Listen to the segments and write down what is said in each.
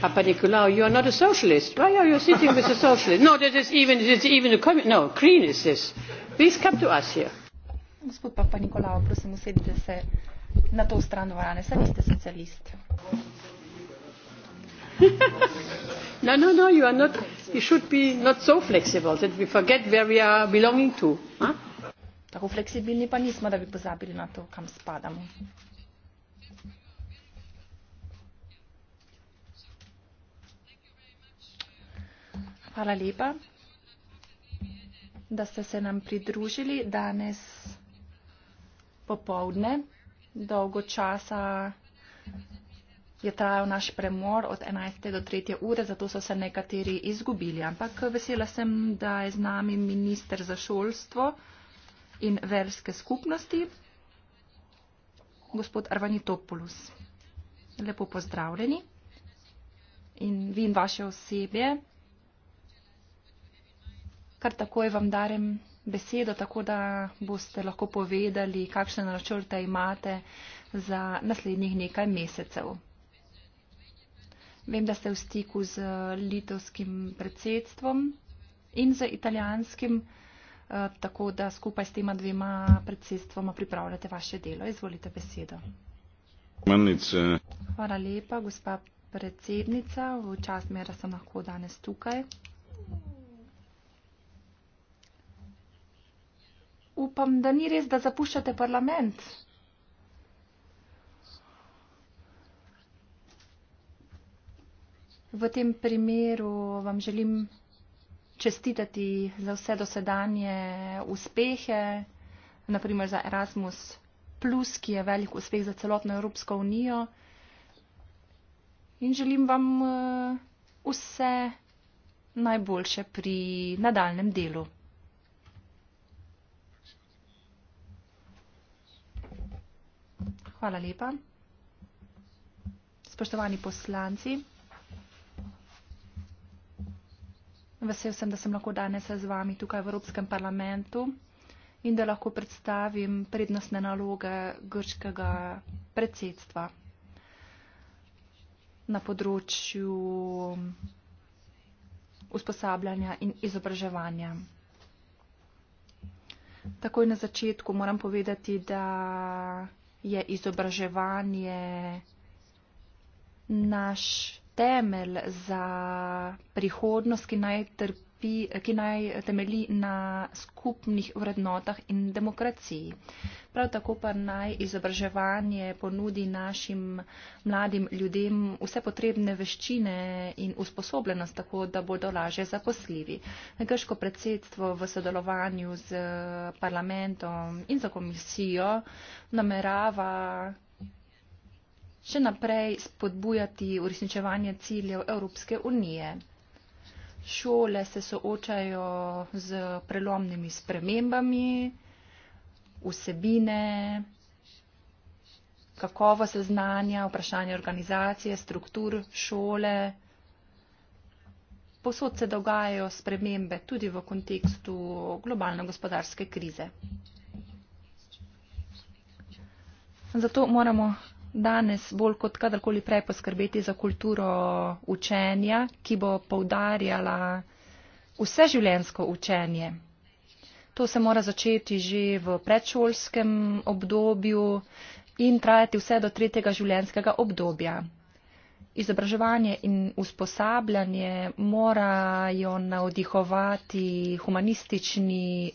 Papa Nicolau, you are not a socialist. Why are you sitting with a socialist? No, this is even, this is even a communist. No, green is this. Please come to us here. Gospod Papa Nicolau, prosim, usedite se na to stran dvorane. Saj ste socialist. no, no, no, you are not, you should be not so flexible that we forget where we are belonging to. Huh? Tako fleksibilni pa nismo, da bi pozabili na to, kam spadamo. Hvala lepa, da ste se nam pridružili danes popovdne. Dolgo časa je trajal naš premor od 11. do 3. ure, zato so se nekateri izgubili. Ampak vesela sem, da je z nami minister za šolstvo in verske skupnosti, gospod Arvanitopoulos. Lepo pozdravljeni. In vi in vaše osebje kar takoj vam darem besedo, tako da boste lahko povedali, kakšne načrte imate za naslednjih nekaj mesecev. Vem, da ste v stiku z litovskim predsedstvom in z italijanskim, eh, tako da skupaj s tema dvema predsedstvoma pripravljate vaše delo. Izvolite besedo. Manice. Hvala lepa, gospa predsednica. V čast mera sem lahko danes tukaj. upam, da ni res, da zapuščate parlament. V tem primeru vam želim čestitati za vse dosedanje uspehe, naprimer za Erasmus, plus, ki je velik uspeh za celotno Evropsko unijo. In želim vam eh, vse najboljše pri nadaljem delu. Hvala lepa. Spoštovani poslanci, vesel sem, da sem lahko danes z vami tukaj v Evropskem parlamentu in da lahko predstavim prednostne naloge grškega predsedstva na področju usposabljanja in izobraževanja. Takoj na začetku moram povedati, da je izobraževanje naš temelj za prihodnost, ki naj trpi bi, ki naj temeli na skupnih vrednotah in demokraciji. Prav tako pa naj izobraževanje ponudi našim mladim ljudem vse potrebne veščine in usposobljenost, tako da bodo laže zaposljivi. Grško predsedstvo v sodelovanju z parlamentom in za komisijo namerava še naprej spodbujati uresničevanje ciljev Evropske unije šole se soočajo z prelomnimi spremembami, vsebine, kakovo seznanja, vprašanje organizacije, struktur šole. Posod se dogajajo spremembe tudi v kontekstu globalne gospodarske krize. Zato moramo danes bolj kot kadarkoli prej poskrbeti za kulturo učenja, ki bo poudarjala vseživljensko učenje. To se mora začeti že v predšolskem obdobju in trajati vse do tretjega življenjskega obdobja. Izobraževanje in usposabljanje morajo navdihovati humanistični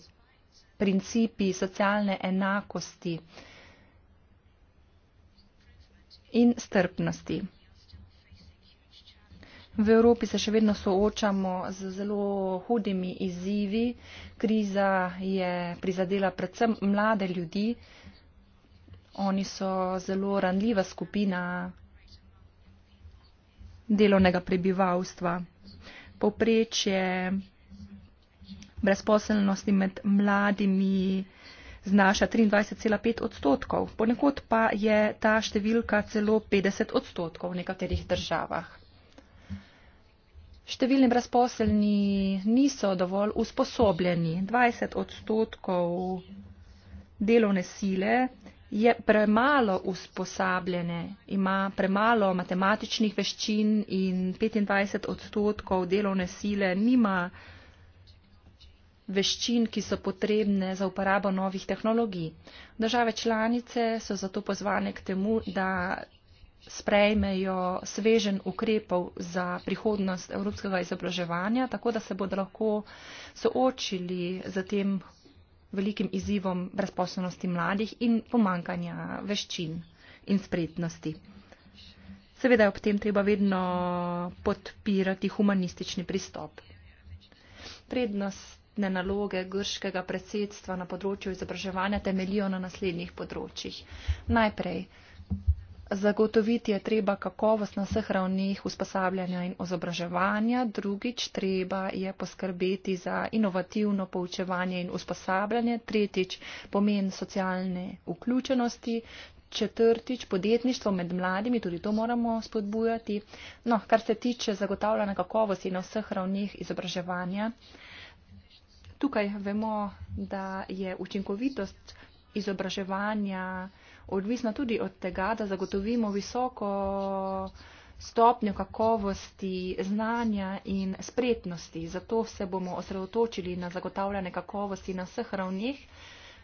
principi socialne enakosti in strpnosti. V Evropi se še vedno soočamo z zelo hudimi izzivi. Kriza je prizadela predvsem mlade ljudi. Oni so zelo ranljiva skupina delovnega prebivalstva. Poprečje brezposelnosti med mladimi znaša 23,5 odstotkov, ponekod pa je ta številka celo 50 odstotkov v nekaterih državah. Številni brezposelni niso dovolj usposobljeni. 20 odstotkov delovne sile je premalo usposabljene, ima premalo matematičnih veščin in 25 odstotkov delovne sile nima veščin, ki so potrebne za uporabo novih tehnologij. Države članice so zato pozvane k temu, da sprejmejo svežen ukrepov za prihodnost evropskega izobraževanja, tako da se bodo lahko soočili z tem velikim izzivom brezposobnosti mladih in pomankanja veščin in spretnosti. Seveda je ob tem treba vedno podpirati humanistični pristop. Prednost letne naloge grškega predsedstva na področju izobraževanja temeljijo na naslednjih področjih. Najprej, zagotoviti je treba kakovost na vseh ravnih usposabljanja in izobraževanja, drugič, treba je poskrbeti za inovativno poučevanje in usposabljanje, tretjič, pomen socialne vključenosti. Četrtič, podjetništvo med mladimi, tudi to moramo spodbujati. No, kar se tiče zagotavljanja kakovosti na vseh ravnih izobraževanja, Tukaj vemo, da je učinkovitost izobraževanja odvisna tudi od tega, da zagotovimo visoko stopnjo kakovosti znanja in spretnosti. Zato se bomo osredotočili na zagotavljanje kakovosti na vseh ravneh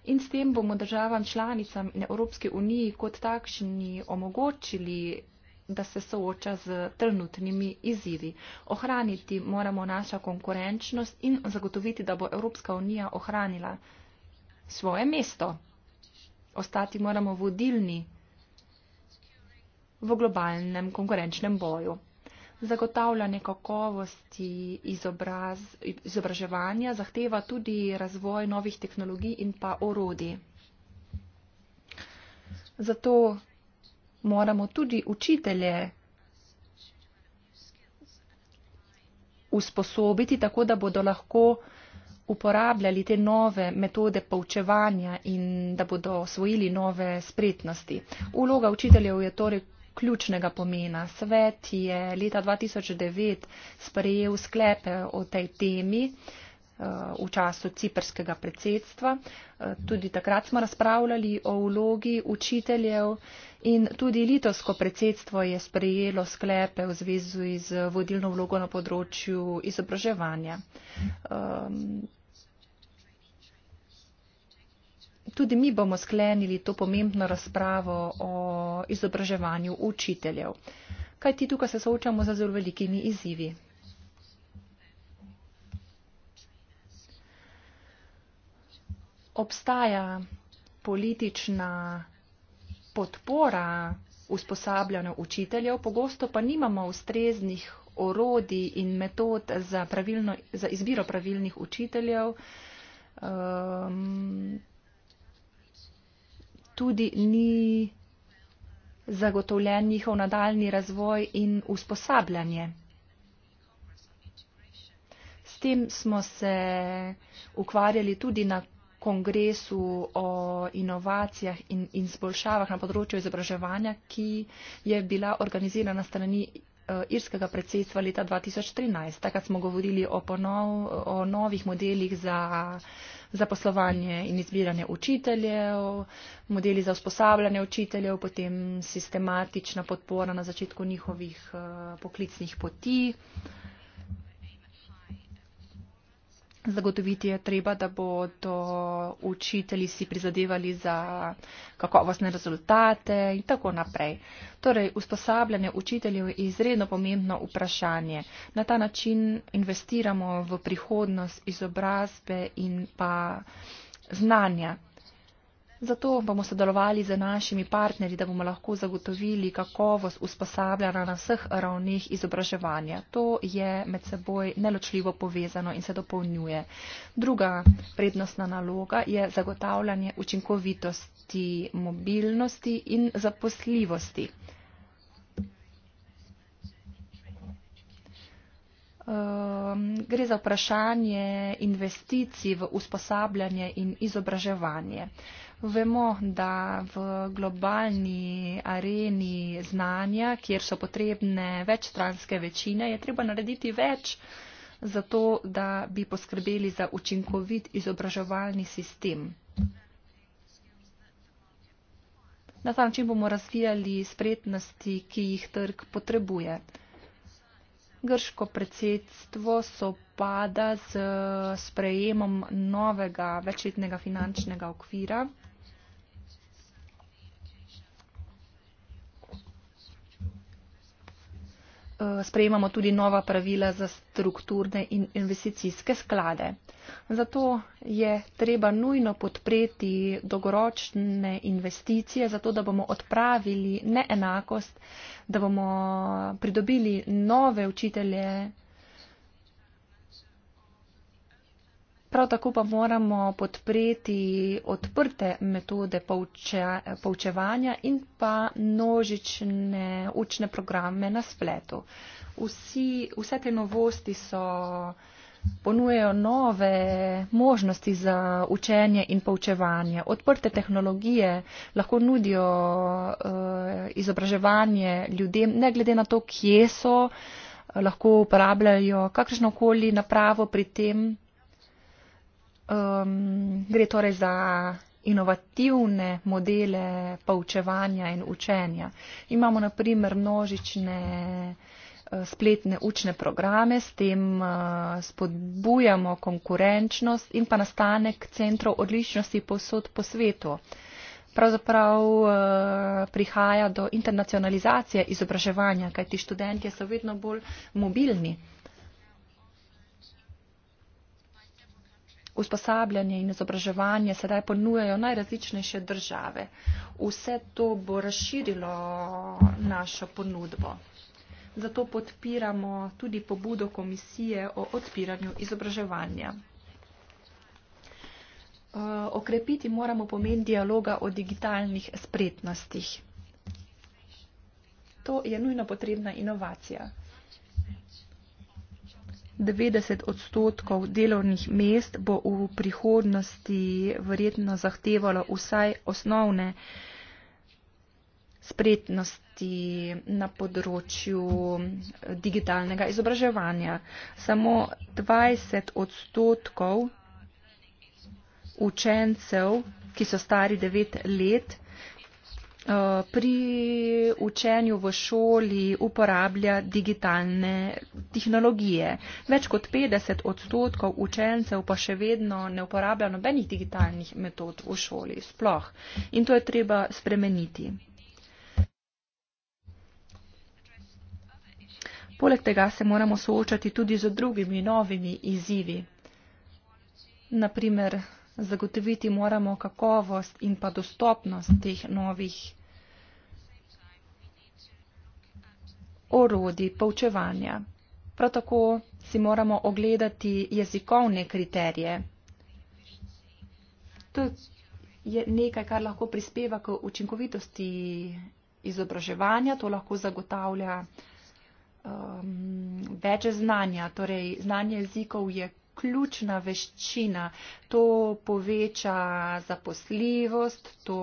in s tem bomo državam članicam Evropske unije kot takšni omogočili da se sooča z trenutnimi izzivi. Ohraniti moramo našo konkurenčnost in zagotoviti, da bo Evropska unija ohranila svoje mesto. Ostati moramo vodilni v globalnem konkurenčnem boju. Zagotavljanje kakovosti izobraz, izobraževanja zahteva tudi razvoj novih tehnologij in pa orodij. Zato moramo tudi učitelje usposobiti tako, da bodo lahko uporabljali te nove metode poučevanja in da bodo osvojili nove spretnosti. Uloga učiteljev je torej ključnega pomena. Svet je leta 2009 sprejel sklepe o tej temi eh, v času ciperskega predsedstva. Eh, tudi takrat smo razpravljali o ulogi učiteljev. In tudi litovsko predsedstvo je sprejelo sklepe v zvezi z vodilno vlogo na področju izobraževanja. Um, tudi mi bomo sklenili to pomembno razpravo o izobraževanju učiteljev, kaj ti tukaj se soočamo za zelo velikimi izzivi. Obstaja politična podpora usposabljanju učiteljev, pogosto pa nimamo ustreznih orodi in metod za, pravilno, za izbiro pravilnih učiteljev. Um, tudi ni zagotovljen njihov nadaljni razvoj in usposabljanje. S tem smo se ukvarjali tudi na kongresu o inovacijah in, in zboljšavah na področju izobraževanja, ki je bila organizirana strani eh, irskega predsedstva leta 2013. Takrat smo govorili o, ponov, o novih modelih za zaposlovanje in izbiranje učiteljev, modeli za usposabljanje učiteljev, potem sistematična podpora na začetku njihovih eh, poklicnih poti. Zagotoviti je treba, da bodo učitelji si prizadevali za kakovostne rezultate in tako naprej. Torej, usposabljanje učiteljev je izredno pomembno vprašanje. Na ta način investiramo v prihodnost izobrazbe in pa znanja Zato bomo sodelovali z našimi partnerji, da bomo lahko zagotovili kakovost usposabljanja na vseh ravneh izobraževanja. To je med seboj neločljivo povezano in se dopolnjuje. Druga prednostna naloga je zagotavljanje učinkovitosti, mobilnosti in zaposljivosti. Um, gre za vprašanje investicij v usposabljanje in izobraževanje. Vemo, da v globalni areni znanja, kjer so potrebne večstranske večine, je treba narediti več za to, da bi poskrbeli za učinkovit izobraževalni sistem. Na ta način bomo razvijali spretnosti, ki jih trg potrebuje. Grško predsedstvo so pada z sprejemom novega večletnega finančnega okvira. Eh, sprejemamo tudi nova pravila za strukturne in investicijske sklade. Zato je treba nujno podpreti dolgoročne investicije, zato da bomo odpravili neenakost, da bomo pridobili nove učitelje Prav tako pa moramo podpreti odprte metode pouče, poučevanja in pa množične učne programe na spletu. Vsi, vse te novosti so ponujejo nove možnosti za učenje in poučevanje. Odprte tehnologije lahko nudijo uh, izobraževanje ljudem, ne glede na to, kje so, lahko uporabljajo kakršnokoli napravo pri tem, Um, gre torej za inovativne modele poučevanja in učenja. Imamo naprimer množične eh, spletne učne programe, s tem eh, spodbujamo konkurenčnost in pa nastanek centrov odličnosti posod po svetu. Pravzaprav eh, prihaja do internacionalizacije izobraževanja, kajti študentje so vedno bolj mobilni. usposabljanje in izobraževanje sedaj ponujajo najrazličnejše države. Vse to bo razširilo našo ponudbo. Zato podpiramo tudi pobudo komisije o odpiranju izobraževanja. Eh, okrepiti moramo pomen dialoga o digitalnih spretnostih. To je nujno potrebna inovacija. 90 odstotkov delovnih mest bo v prihodnosti verjetno zahtevalo vsaj osnovne spretnosti na področju digitalnega izobraževanja. Samo 20 odstotkov učencev, ki so stari 9 let, Eh, pri učenju v šoli uporablja digitalne tehnologije. Več kot 50 odstotkov učencev pa še vedno ne uporablja nobenih digitalnih metod v šoli sploh. In to je treba spremeniti. Poleg tega se moramo soočati tudi z drugimi novimi izzivi. Naprimer, zagotoviti moramo kakovost in pa dostopnost teh novih orodij poučevanja. Prav tako si moramo ogledati jezikovne kriterije. To je nekaj, kar lahko prispeva k učinkovitosti izobraževanja, to lahko zagotavlja um, več znanja, torej znanje jezikov je ključna veščina. To poveča zaposljivost, to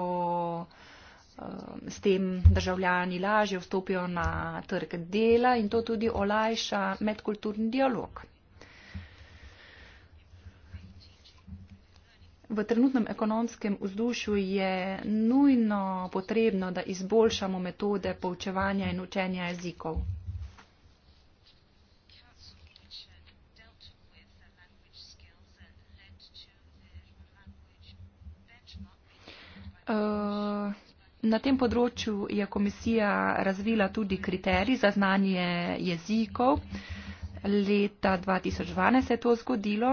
um, s tem državljani lažje vstopijo na trg dela in to tudi olajša medkulturni dialog. V trenutnem ekonomskem vzdušju je nujno potrebno, da izboljšamo metode poučevanja in učenja jezikov. Eh, na tem področju je komisija razvila tudi kriterij za znanje jezikov. Leta 2012 se je to zgodilo,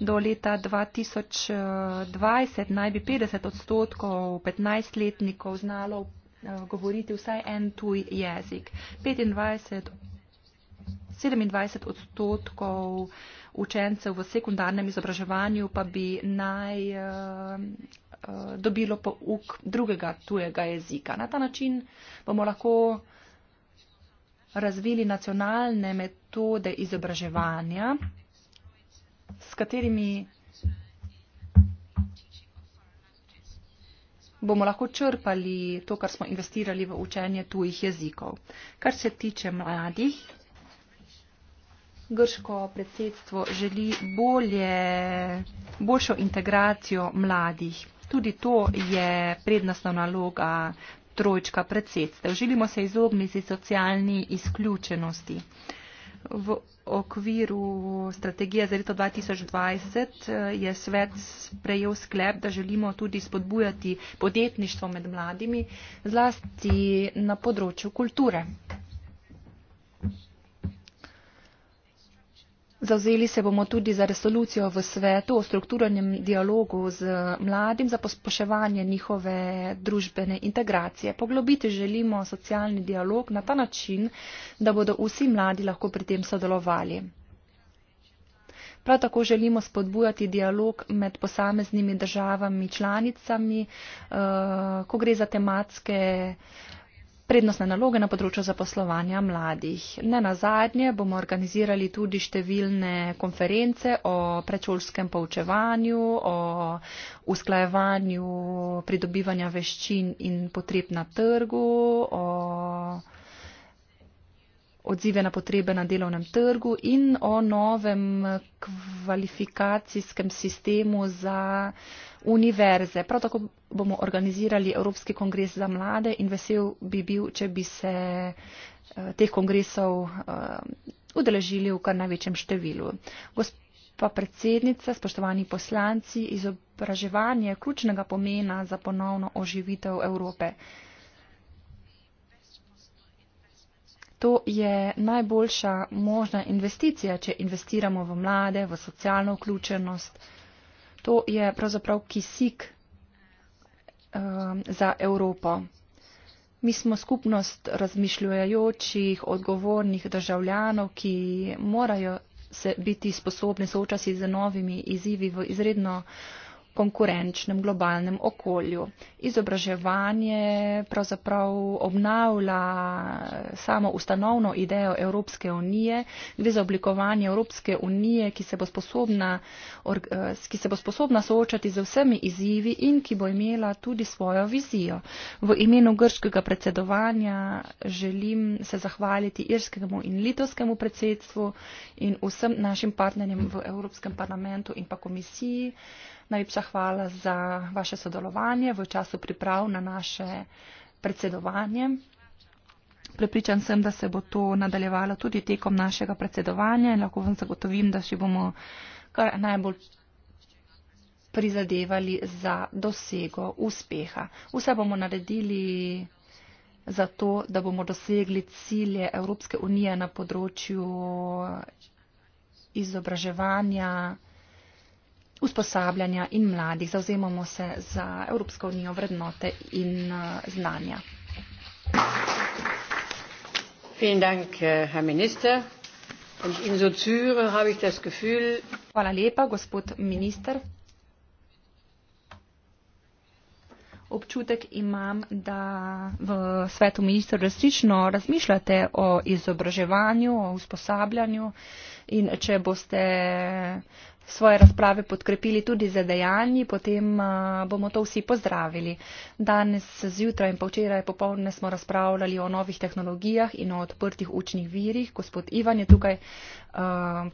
do leta 2020 naj bi 50 odstotkov 15-letnikov znalo eh, govoriti vsaj en tuj jezik. 25, 27 odstotkov učencev v sekundarnem izobraževanju pa bi naj. Uh, Eh, dobilo pouk drugega tujega jezika. Na ta način bomo lahko razvili nacionalne metode izobraževanja, s katerimi bomo lahko črpali to, kar smo investirali v učenje tujih jezikov. Kar se tiče mladih, grško predsedstvo želi bolje, boljšo integracijo mladih. Tudi to je prednostna naloga trojčka predsedstev. Želimo se izogniti socialni izključenosti. V okviru strategije za leto 2020 je svet sprejel sklep, da želimo tudi spodbujati podjetništvo med mladimi, zlasti na področju kulture. Zavzeli se bomo tudi za resolucijo v svetu o strukturnem dialogu z mladim za pospoševanje njihove družbene integracije. Poglobiti želimo socialni dialog na ta način, da bodo vsi mladi lahko pri tem sodelovali. Prav tako želimo spodbujati dialog med posameznimi državami članicami, eh, ko gre za tematske prednostne naloge na področju zaposlovanja mladih. Ne na zadnje bomo organizirali tudi številne konference o predšolskem poučevanju, o usklajevanju pridobivanja veščin in potreb na trgu, o odzive na potrebe na delovnem trgu in o novem kvalifikacijskem sistemu za univerze. Prav tako bomo organizirali Evropski kongres za mlade in vesel bi bil, če bi se eh, teh kongresov eh, udeležili v kar največjem številu. Gospa predsednica, spoštovani poslanci, izobraževanje je ključnega pomena za ponovno oživitev Evrope. To je najboljša možna investicija, če investiramo v mlade, v socialno vključenost in vse. To je pravzaprav kisik um, za Evropo. Mi smo skupnost razmišljujočih, odgovornih državljanov, ki morajo se biti sposobni soočati z novimi izzivi v izredno uh, konkurenčnem globalnem okolju. Izobraževanje pravzaprav obnavlja samo ustanovno idejo Evropske unije, gre za oblikovanje Evropske unije, ki se, sposobna, eh, ki se bo sposobna soočati z vsemi izzivi in ki bo imela tudi svojo vizijo. V imenu grškega predsedovanja želim se zahvaliti irskemu in litovskemu predsedstvu in vsem našim partnerjem v Evropskem parlamentu in pa komisiji. Najlepša hvala za vaše sodelovanje v času priprav na naše predsedovanje. Prepričan sem, da se bo to nadaljevalo tudi tekom našega predsedovanja in lahko vam zagotovim, da še bomo kar najbolj prizadevali za dosego uspeha. Vse bomo naredili za to, da bomo dosegli cilje Evropske unije na področju izobraževanja usposabljanja in mladih. Zauzemamo se za Evropsko unijo vrednote in eh, znanja. Eh, Hvala lepa, gospod minister. Občutek imam, da v svetu ministrov resnično razmišljate o izobraževanju, o usposabljanju in če boste svoje razprave podkrepili tudi za dejanji, potem bomo to vsi pozdravili. Danes zjutraj in pa včeraj popovdne smo razpravljali o novih tehnologijah in o odprtih učnih virih. Gospod Ivan je tukaj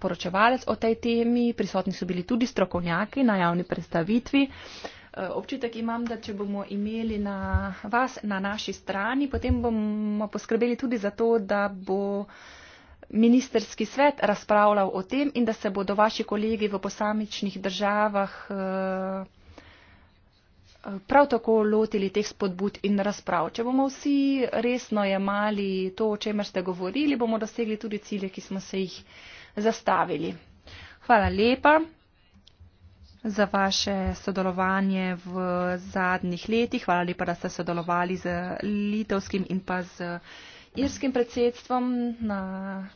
poročevalec o tej temi, prisotni so bili tudi strokovnjaki na javni predstavitvi. Občutek imam, da če bomo imeli na vas na naši strani, potem bomo poskrbeli tudi za to, da bo ministerski svet razpravljal o tem in da se bodo vaši kolegi v posamičnih državah eh, eh, prav tako lotili teh spodbud in razprav. Če bomo vsi resno jemali to, o čemer ste govorili, bomo dosegli tudi cilje, ki smo se jih zastavili. Hvala lepa za vaše sodelovanje v zadnjih letih. Hvala lepa, da ste sodelovali z litovskim in pa z irskim predsedstvom na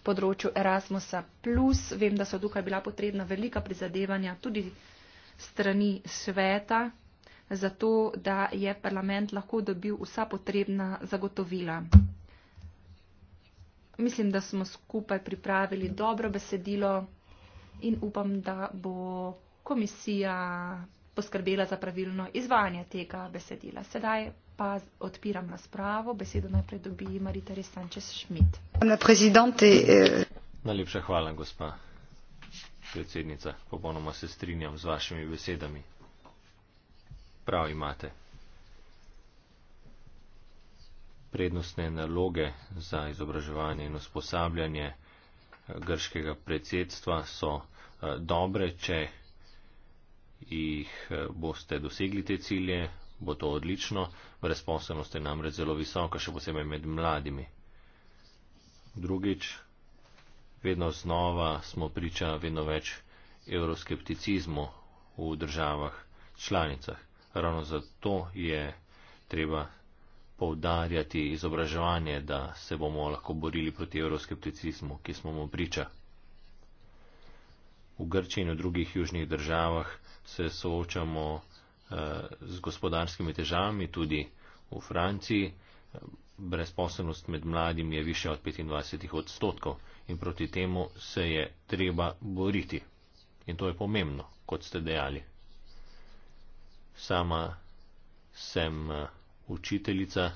področju Erasmusa. Vem, da so tukaj bila potrebna velika prizadevanja tudi strani sveta, zato da je parlament lahko dobil vsa potrebna zagotovila. Mislim, da smo skupaj pripravili dobro besedilo in upam, da bo komisija poskrbela za pravilno izvajanje tega besedila. Sedaj pa odpiram razpravo. Besedo najprej dobi Marita Resančes Šmit. Eh, Najlepša hvala, gospa predsednica. Popolnoma se strinjam z vašimi besedami. Prav imate. Prednostne naloge za izobraževanje in usposabljanje eh, grškega predsedstva so eh, dobre, če jih boste dosegli te cilje, bo to odlično, brezposobnost je namreč zelo visoka, še posebej med mladimi. Drugič, vedno znova smo priča vedno več euroskepticizmu v državah članicah. Ravno zato je treba povdarjati izobraževanje, da se bomo lahko borili proti euroskepticizmu, ki smo mu priča. V Grčiji in v drugih južnih državah se soočamo z gospodarskimi težavami, tudi v Franciji. Brezposobnost med mladimi je više od 25 odstotkov in proti temu se je treba boriti. In to je pomembno, kot ste dejali. Sama sem eh, učiteljica,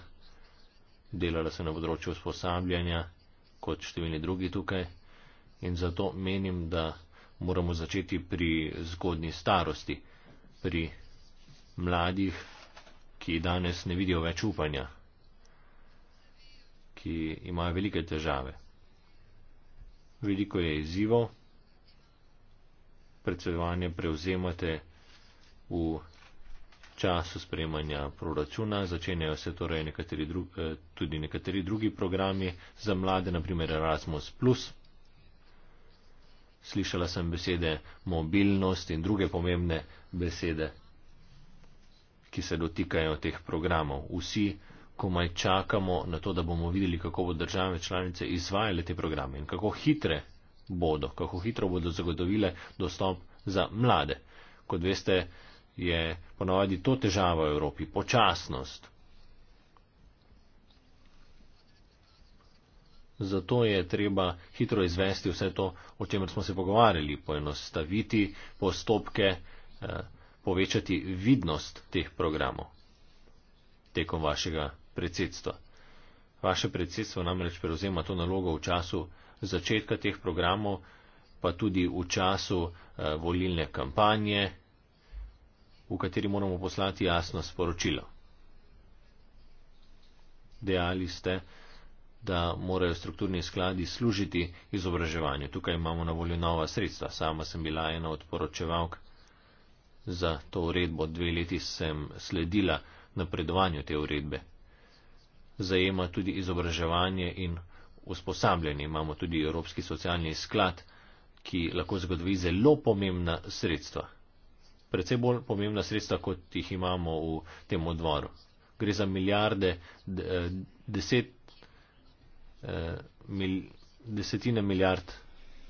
delala sem na področju usposabljanja, kot številni drugi tukaj, in zato menim, da moramo začeti pri zgodni starosti, pri mladih, ki danes ne vidijo več upanja, ki imajo velike težave. Veliko je izzivo, predsedovanje prevzemate v času sprejemanja proračuna, začenjajo se torej nekateri drugi, eh, tudi nekateri drugi programi za mlade, naprimer Erasmus. Slišala sem besede mobilnost in druge pomembne besede ki se dotikajo teh programov. Vsi komaj čakamo na to, da bomo videli, kako bodo države članice izvajale te programe in kako hitre bodo, kako hitro bodo zagotovile dostop za mlade. Kot veste, je ponavadi to težava v Evropi, počasnost. Zato je treba hitro izvesti vse to, o čemer smo se pogovarjali, poenostaviti postopke, eh, povečati vidnost teh programov tekom vašega predsedstva. Vaše predsedstvo namreč prevzema to nalogo v času začetka teh programov, pa tudi v času eh, volilne kampanje, v kateri moramo poslati jasno sporočilo. Dejali ste, da morajo strukturni skladi služiti izobraževanju. Tukaj imamo na voljo nova sredstva. Sama sem bila ena od poročevalk za to uredbo. Dve leti sem sledila napredovanju te uredbe. Zajema tudi izobraževanje in usposabljanje. Imamo tudi Evropski socialni sklad, ki lahko zagotovi zelo pomembna sredstva. Predvsej bolj pomembna sredstva, kot jih imamo v tem odvoru. Gre za milijarde, eh, deset, eh, desetine milijard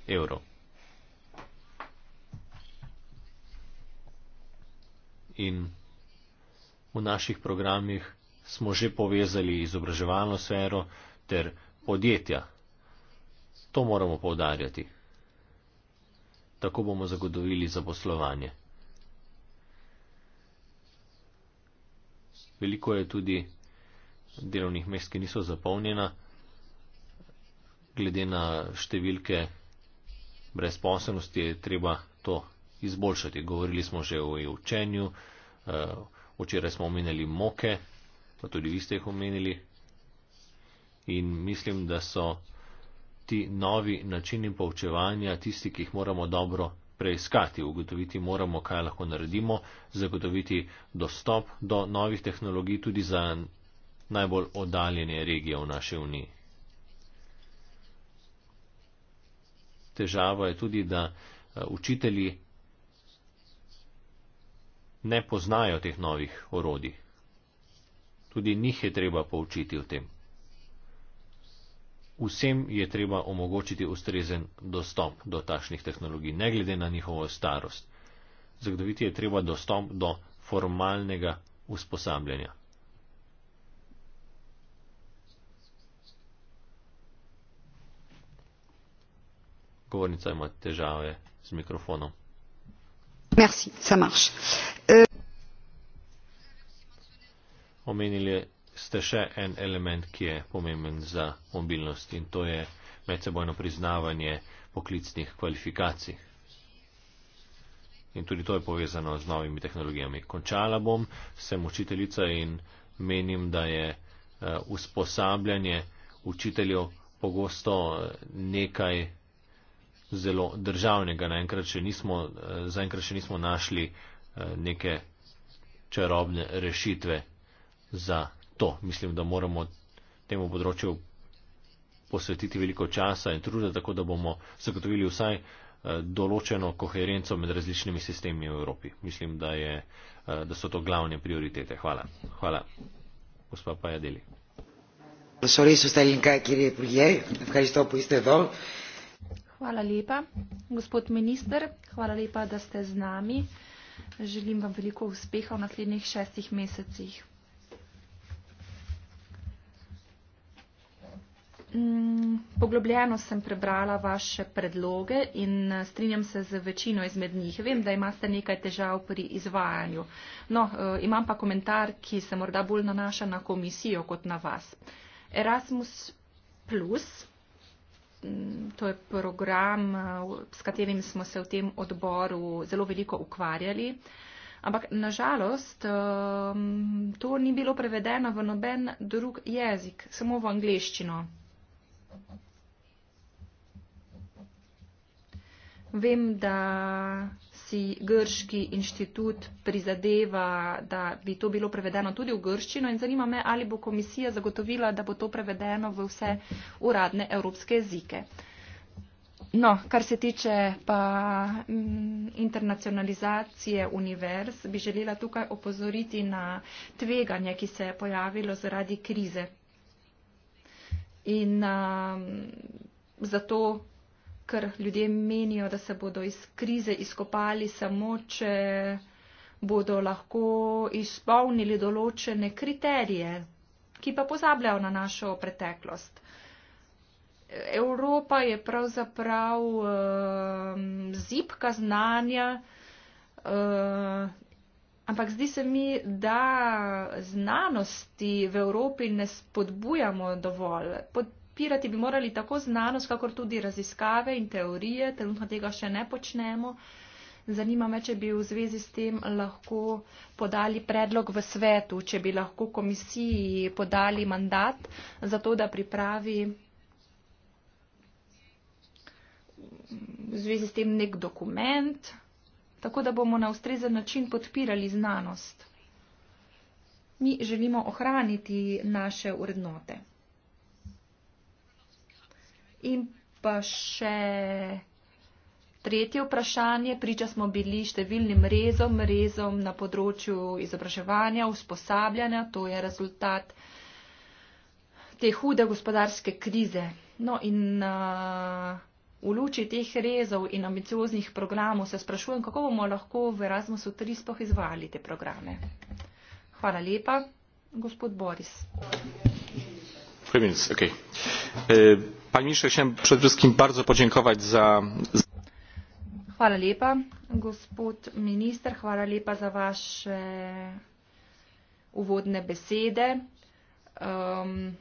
evrov. in v naših programih smo že povezali izobraževalno sfero ter podjetja. To moramo povdarjati. Tako bomo zagotovili zaposlovanje. Veliko je tudi delovnih mest, ki niso zapolnjena, glede na številke brezposobnosti je treba to izboljšati. Govorili smo že o učenju, eh, včeraj smo omenili moke, pa tudi vi ste jih omenili. In mislim, da so ti novi načini poučevanja tisti, ki jih moramo dobro preiskati, ugotoviti moramo, kaj lahko naredimo, zagotoviti dostop do novih tehnologij tudi za najbolj oddaljene regije v naši uniji. Težava je tudi, da eh, učitelji ne poznajo teh novih orodij. Tudi njih je treba poučiti o tem. Vsem je treba omogočiti ustrezen dostop do tašnih tehnologij, ne glede na njihovo starost. Zagotoviti je treba dostop do formalnega usposabljanja. Govornica ima težave z mikrofonom. Euh, omenili ste še en element, ki je pomemben za mobilnost in to je medsebojno priznavanje poklicnih kvalifikacij. In tudi to je povezano z novimi tehnologijami. Končala bom, sem učiteljica in menim, da je eh, usposabljanje učiteljev pogosto eh, nekaj, zelo državnega. Naenkrat še nismo, eh, zaenkrat še nismo našli eh, neke čarobne rešitve za to. Mislim, da moramo temu področju posvetiti veliko časa in truda, tako da bomo zagotovili vsaj eh, določeno koherenco med različnimi sistemi v Evropi. Mislim, da, je, da so to glavne prioritete. Hvala. Hvala. Gospa Pajadeli. Profesor Isus Talinka, ki je prijel, kaj je stopil iz te dol. Hvala lepa. Gospod minister, hvala lepa, da ste z nami. Želim vam veliko uspeha v naslednjih šestih mesecih. Mm, poglobljeno sem prebrala vaše predloge in eh, strinjam se z večino izmed njih. Vem, da imate nekaj težav pri izvajanju. No, eh, imam pa komentar, ki se morda bolj nanaša na komisijo kot na vas. Erasmus plus Mm, to je program, eh, s katerim smo se v tem odboru zelo veliko ukvarjali. Ampak nažalost ehm, to ni bilo prevedeno v noben drug jezik, samo v angleščino. Vem, da si grški inštitut prizadeva, da bi to bilo prevedeno tudi v grščino in zanima me, ali bo komisija zagotovila, da bo to prevedeno v vse uradne evropske jezike. No, kar se tiče pa mm, internacionalizacije univerz, bi želela tukaj opozoriti na tveganje, ki se je pojavilo zaradi krize. In um, zato ker ljudje menijo, da se bodo iz krize izkopali samo, če bodo lahko izpolnili določene kriterije, ki pa pozabljajo na našo preteklost. Evropa je pravzaprav uh, zipka znanja, uh, ampak zdi se mi, da znanosti v Evropi ne spodbujamo dovolj. Pod, podpirati bi morali tako znanost, kakor tudi raziskave in teorije. Trenutno tega še ne počnemo. Zanima me, če bi v zvezi s tem lahko podali predlog v svetu, če bi lahko komisiji podali mandat za to, da pripravi v zvezi s tem nek dokument, tako da bomo na ustrezen način podpirali znanost. Mi želimo ohraniti naše urednote. In pa še tretje vprašanje. Priča smo bili številnim rezom, rezom na področju izobraževanja, usposabljanja. To je rezultat te hude gospodarske krize. No in uh, v luči teh rezov in ambicioznih programov se sprašujem, kako bomo lahko v Erasmusu 3 sploh izvali te programe. Hvala lepa, gospod Boris. Three minutes, okay. Uh, Panie ministrze, chciałem przede wszystkim bardzo podziękować za. Hvala lepa, gospod minister, hvala lepa za vaše eh, uvodne besede. Um,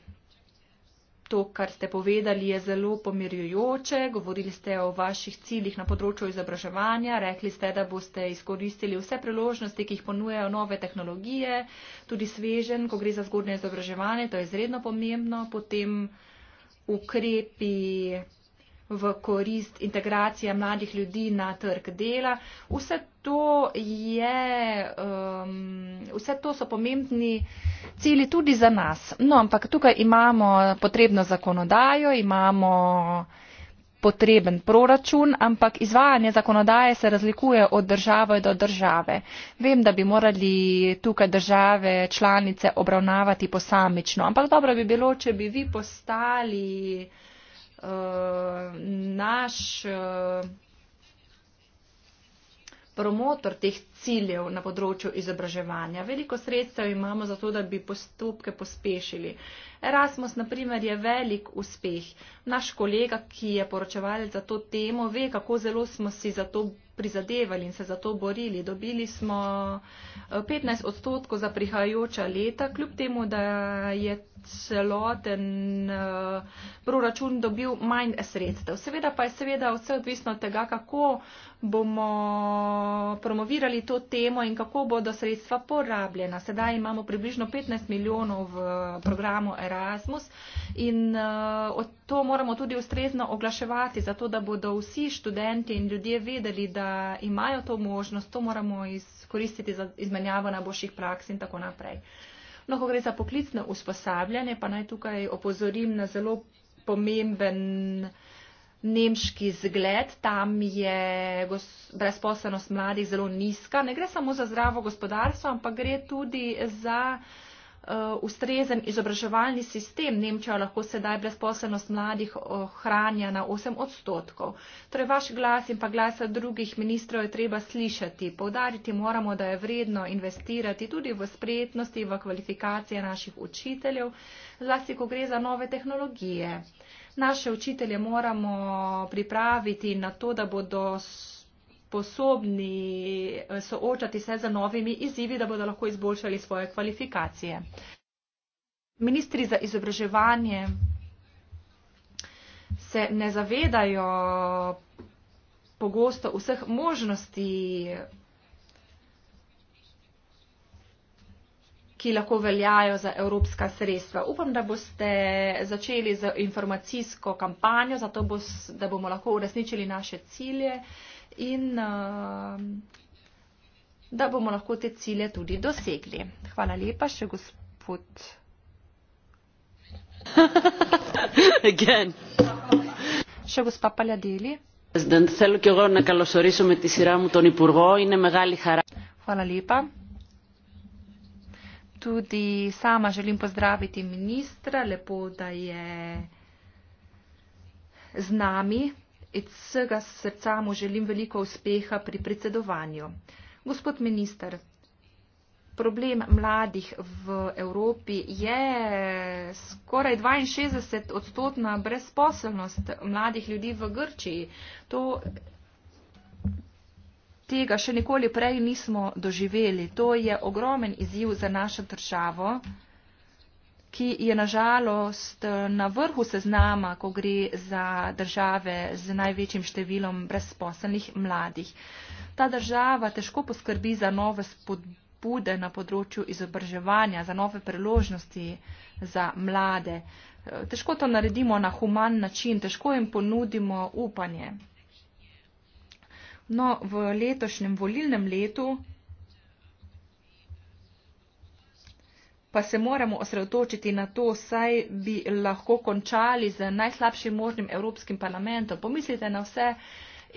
to, kar ste povedali, je zelo pomirjujoče. Govorili ste o vaših ciljih na področju izobraževanja, rekli ste, da boste izkoristili vse priložnosti, ki jih ponujejo nove tehnologije, tudi svežen, ko gre za zgodne izobraževanje, to je izredno pomembno. Potem, uh, ukrepi v korist integracije mladih ljudi na trg dela. Vse to, je, um, vse to so pomembni cili tudi za nas. No, ampak tukaj imamo potrebno zakonodajo, imamo potreben proračun, ampak izvajanje zakonodaje se razlikuje od države do države. Vem, da bi morali tukaj države članice obravnavati posamično, ampak dobro bi bilo, če bi vi postali uh, naš. Uh, promotor teh ciljev na področju izobraževanja. Veliko sredstev imamo za to, da bi postopke pospešili. Erasmus, na primer, je velik uspeh. Naš kolega, ki je poročevalec za to temo, ve, kako zelo smo si za to prizadevali in se za to borili. Dobili smo 15 eh, odstotkov za prihajajoča leta, kljub temu, da je celoten eh, proračun dobil manj sredstev. Seveda pa je seveda vse odvisno od tega, kako bomo promovirali to temo in kako bodo sredstva porabljena. Sedaj imamo približno 15 milijonov v programu Erasmus in eh, to moramo tudi ustrezno oglaševati, zato da bodo vsi študenti in ljudje vedeli, da imajo to možnost, to moramo izkoristiti za izmenjavo najboljših praks in tako naprej. No, ko gre za poklicno usposabljanje, pa naj tukaj opozorim na zelo pomemben nemški zgled, tam je brezposelnost mladih zelo nizka. Ne gre samo za zdravo gospodarstvo, ampak gre tudi za eh, ustrezen izobraževalni sistem. Nemčija lahko sedaj brezposelnost mladih ohranja na 8 odstotkov. Torej, vaš glas in pa glasa drugih ministrov je treba slišati. Povdariti moramo, da je vredno investirati tudi v spretnosti, v kvalifikacije naših učiteljev, zlasti, ko gre za nove tehnologije. Naše učitelje moramo pripraviti na to, da bodo sposobni eh, soočati se z novimi izzivi, da bodo lahko izboljšali svoje kvalifikacije. Ministri za izobraževanje se ne zavedajo pogosto vseh možnosti ki lahko veljajo za evropska sredstva. Upam, da boste začeli z informacijsko kampanjo, zato bo, da bomo lahko uresničili naše cilje in uh, da bomo lahko te cilje tudi dosegli. Hvala lepa še gospod. Še gospa Paljadeli. Hvala lepa tudi sama želim pozdraviti ministra, lepo, da je z nami. Iz vsega srca mu želim veliko uspeha pri predsedovanju. Gospod minister, problem mladih v Evropi je skoraj 62 odstotna brezposelnost mladih ljudi v Grčiji. To tega še nikoli prej nismo doživeli. To je ogromen izziv za našo državo, ki je nažalost eh, na vrhu seznama, ko gre za države z največjim številom brezposelnih mladih. Ta država težko poskrbi za nove spodbude na področju izobraževanja, za nove priložnosti za mlade. Eh, težko to naredimo na human način, težko jim ponudimo upanje. No, v letošnjem volilnem letu pa se moramo osredotočiti na to, saj bi lahko končali z najslabšim možnim Evropskim parlamentom. Pomislite na vse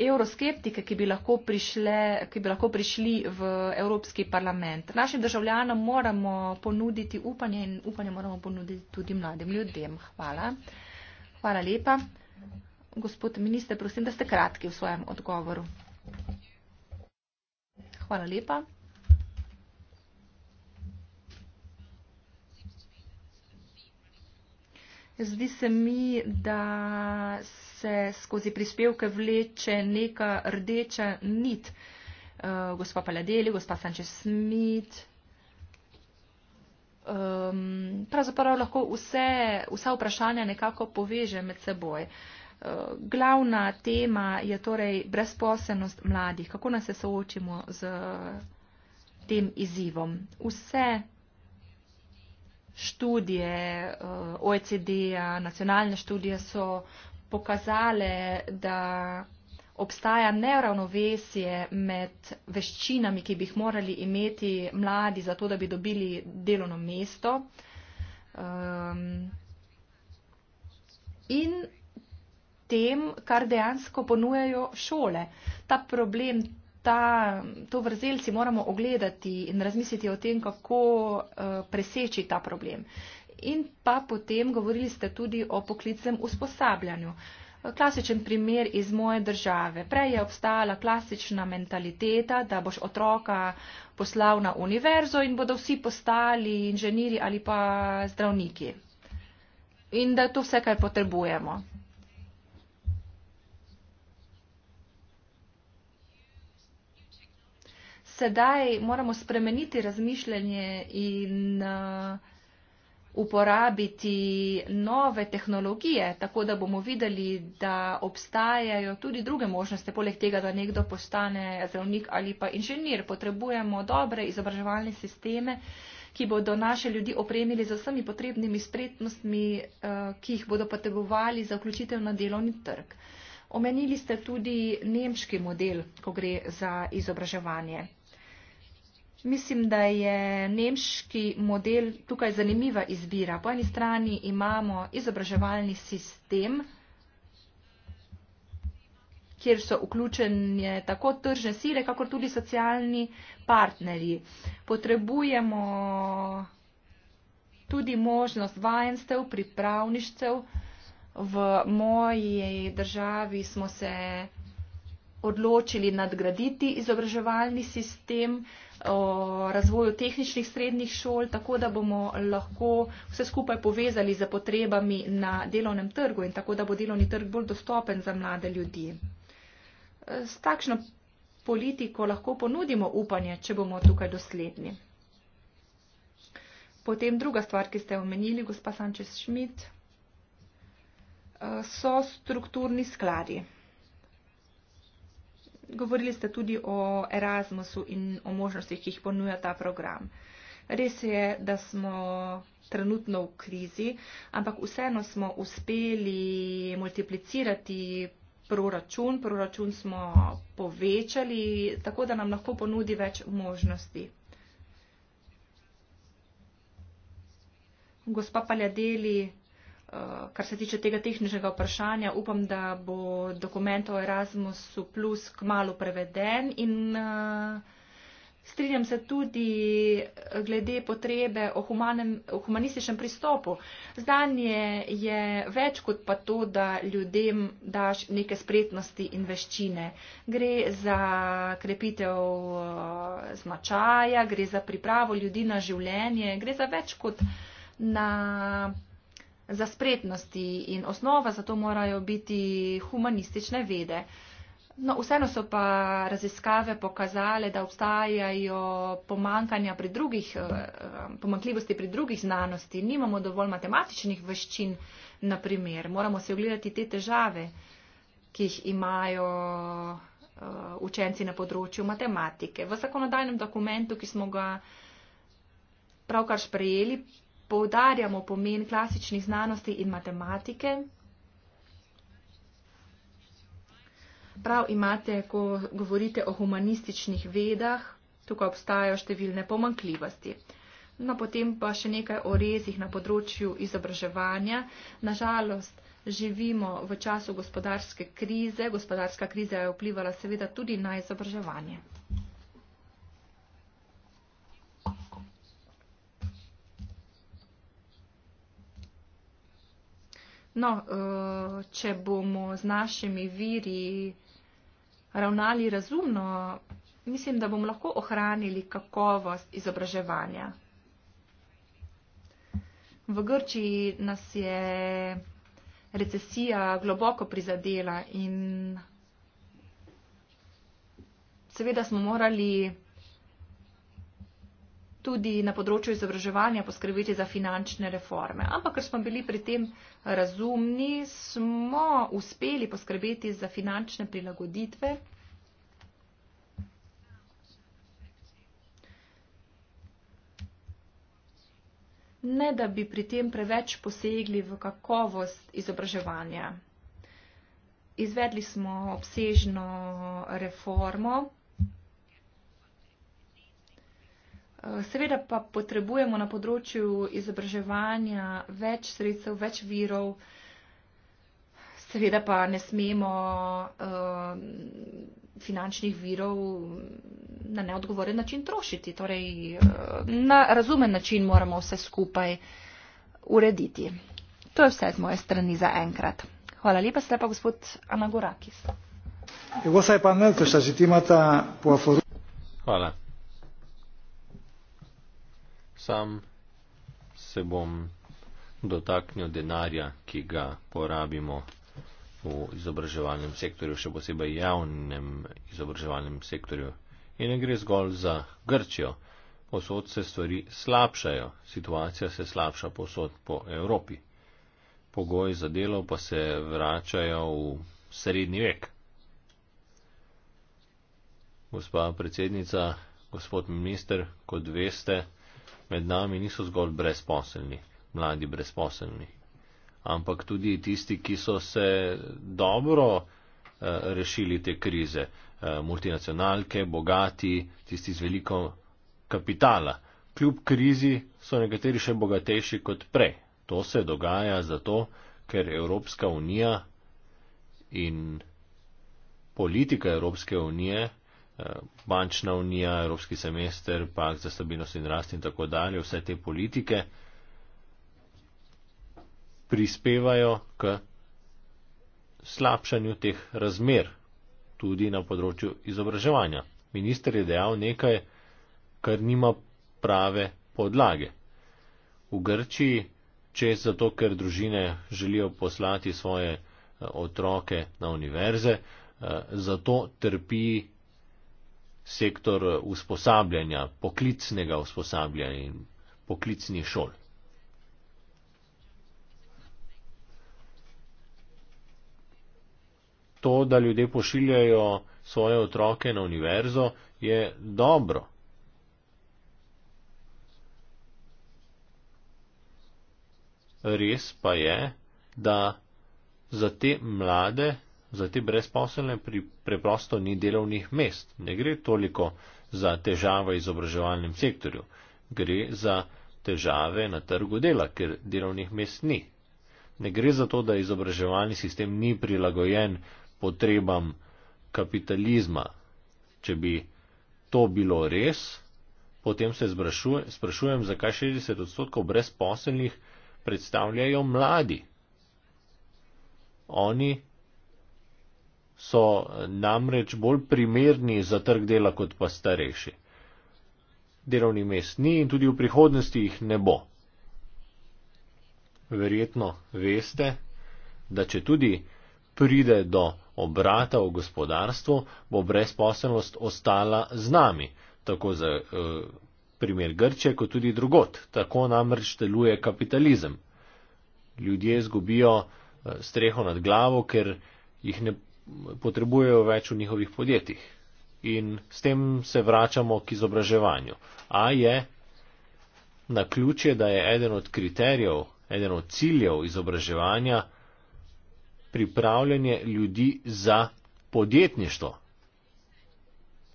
euroskeptike, ki bi lahko, prišle, ki bi lahko prišli v Evropski parlament. Našim državljanom moramo ponuditi upanje in upanje moramo ponuditi tudi mladim ljudem. Hvala. Hvala lepa. Gospod minister, prosim, da ste kratki v svojem odgovoru. Hvala lepa. Zdi se mi, da se skozi prispevke vleče neka rdeča nit. Eh, gospa Paladeli, gospa Sanče Smit. Ehm, pravzaprav lahko vse, vsa vprašanja nekako poveže med seboj glavna tema je torej brezposelnost mladih. Kako nas se soočimo z tem izzivom? Vse študije eh, OECD-a, nacionalne študije so pokazale, da obstaja neravnovesje med veščinami, ki bi jih morali imeti mladi za to, da bi dobili delovno mesto. Um, in tem, kar dejansko ponujajo šole. Ta problem, ta, to vrzel si moramo ogledati in razmisliti o tem, kako uh, preseči ta problem. In pa potem govorili ste tudi o poklicnem usposabljanju. Klasičen primer iz moje države. Prej je obstajala klasična mentaliteta, da boš otroka poslal na univerzo in bodo vsi postali inženiri ali pa zdravniki. In da je to vse, kar potrebujemo. sedaj moramo spremeniti razmišljanje in eh, uporabiti nove tehnologije, tako da bomo videli, da obstajajo tudi druge možnosti, poleg tega, da nekdo postane zdravnik ali pa inženir. Potrebujemo dobre izobraževalne sisteme, ki bodo naše ljudi opremili z vsemi potrebnimi spretnostmi, eh, ki jih bodo potrebovali za vključitev na delovni trg. Omenili ste tudi nemški model, ko gre za izobraževanje. Mislim, da je nemški model tukaj zanimiva izbira. Po eni strani imamo izobraževalni sistem, kjer so vključenje tako tržne sile, kakor tudi socialni partnerji. Potrebujemo tudi možnost vajenstev, pripravništev. V moji državi smo se vključili odločili nadgraditi izobraževalni sistem eh, o razvoju tehničnih srednjih šol, tako da bomo lahko vse skupaj povezali z potrebami na delovnem trgu in tako, da bo delovni trg bolj dostopen za mlade ljudi. Eh, s takšno politiko lahko ponudimo upanje, če bomo tukaj dosledni. Potem druga stvar, ki ste omenili, gospa Sančez Šmit, eh, so strukturni skladi. Govorili ste tudi o Erasmusu in o možnostih, ki jih ponuja ta program. Res je, da smo trenutno v krizi, ampak vseeno smo uspeli multiplicirati proračun, proračun smo povečali, tako da nam lahko ponudi več možnosti. Gospa Paljadeli, Eh, kar se tiče tega tehničnega vprašanja, upam, da bo dokument o Erasmusu plus kmalo preveden in eh, strinjam se tudi glede potrebe o, humanem, o humanističnem pristopu. Zdanje je več kot pa to, da ljudem daš neke spretnosti in veščine. Gre za krepitev eh, značaja, gre za pripravo ljudi na življenje, gre za več kot na za spretnosti in osnova za to morajo biti humanistične vede. No, vseeno so pa raziskave pokazale, da obstajajo pomankanja pri drugih, eh, eh, pomankljivosti pri drugih znanosti. Nimamo dovolj matematičnih veščin, na primer. Moramo se ogledati te težave, ki jih imajo eh, učenci na področju matematike. V zakonodajnem dokumentu, ki smo ga pravkar sprejeli, poudarjamo pomen klasičnih znanosti in matematike. Prav imate, ko govorite o humanističnih vedah, tukaj obstajajo številne pomankljivosti. No, potem pa še nekaj o rezih na področju izobraževanja. Nažalost, živimo v času gospodarske krize. Gospodarska kriza je vplivala seveda tudi na izobraževanje. No, eh, če bomo z našimi viri ravnali razumno, mislim, da bomo lahko ohranili kakovost izobraževanja. V Grčiji nas je recesija globoko prizadela in seveda smo morali tudi na področju izobraževanja poskrbeti za finančne reforme. Ampak, ker smo bili pri tem razumni, smo uspeli poskrbeti za finančne prilagoditve. Ne, da bi pri tem preveč posegli v kakovost izobraževanja. Izvedli smo obsežno reformo. Seveda pa potrebujemo na področju izobraževanja več sredstev, več virov. Seveda pa ne smemo uh, finančnih virov na neodgovoren način trošiti. Torej, uh, na razumen način moramo vse skupaj urediti. To je vse z moje strani za enkrat. Hvala lepa, se lepa gospod Anagorakis. Hvala sam se bom dotaknil denarja, ki ga porabimo v izobraževalnem sektorju, še posebej javnem izobraževalnem sektorju. In ne gre zgolj za Grčijo. Posod se stvari slabšajo, situacija se slabša posod po Evropi. Pogoji za delo pa se vračajo v srednji vek. Gospa predsednica, gospod minister, kot veste, med nami niso zgolj brezposelni, mladi brezposelni, ampak tudi tisti, ki so se dobro eh, rešili te krize, eh, multinacionalke, bogati, tisti z veliko kapitala. Kljub krizi so nekateri še bogatejši kot prej. To se dogaja zato, ker Evropska unija in politika Evropske unije Eh, bančna unija, evropski semester, pakt za stabilnost in rast in tako dalje, vse te politike prispevajo k slabšanju teh razmer tudi na področju izobraževanja. Minister je dejal nekaj, kar nima prave podlage. V Grčiji, če zato, ker družine želijo poslati svoje eh, otroke na univerze, eh, zato trpi sektor eh, usposabljanja, poklicnega usposabljanja in poklicni šol. To, da ljudje pošiljajo svoje otroke na univerzo, je dobro. Res pa je, da za te mlade za te brezposelne pri preprosto ni delovnih mest. Ne gre toliko za težave v izobraževalnem sektorju, gre za težave na trgu dela, ker delovnih mest ni. Ne gre za to, da izobraževalni sistem ni prilagojen potrebam kapitalizma. Če bi to bilo res, potem se sprašujem, zakaj 60 odstotkov brezposelnih predstavljajo mladi. Oni so namreč bolj primerni za trg dela kot pa starejši. Delovni mest ni in tudi v prihodnosti jih ne bo. Verjetno veste, da če tudi pride do obrata v gospodarstvu, bo brezposelnost ostala z nami, tako za eh, primer Grče, kot tudi drugot. Tako namreč deluje kapitalizem. Ljudje izgubijo eh, streho nad glavo, ker jih ne potrebujejo več v njihovih podjetjih. In s tem se vračamo k izobraževanju. A je na ključje, da je eden od kriterijev, eden od ciljev izobraževanja pripravljanje ljudi za podjetništvo,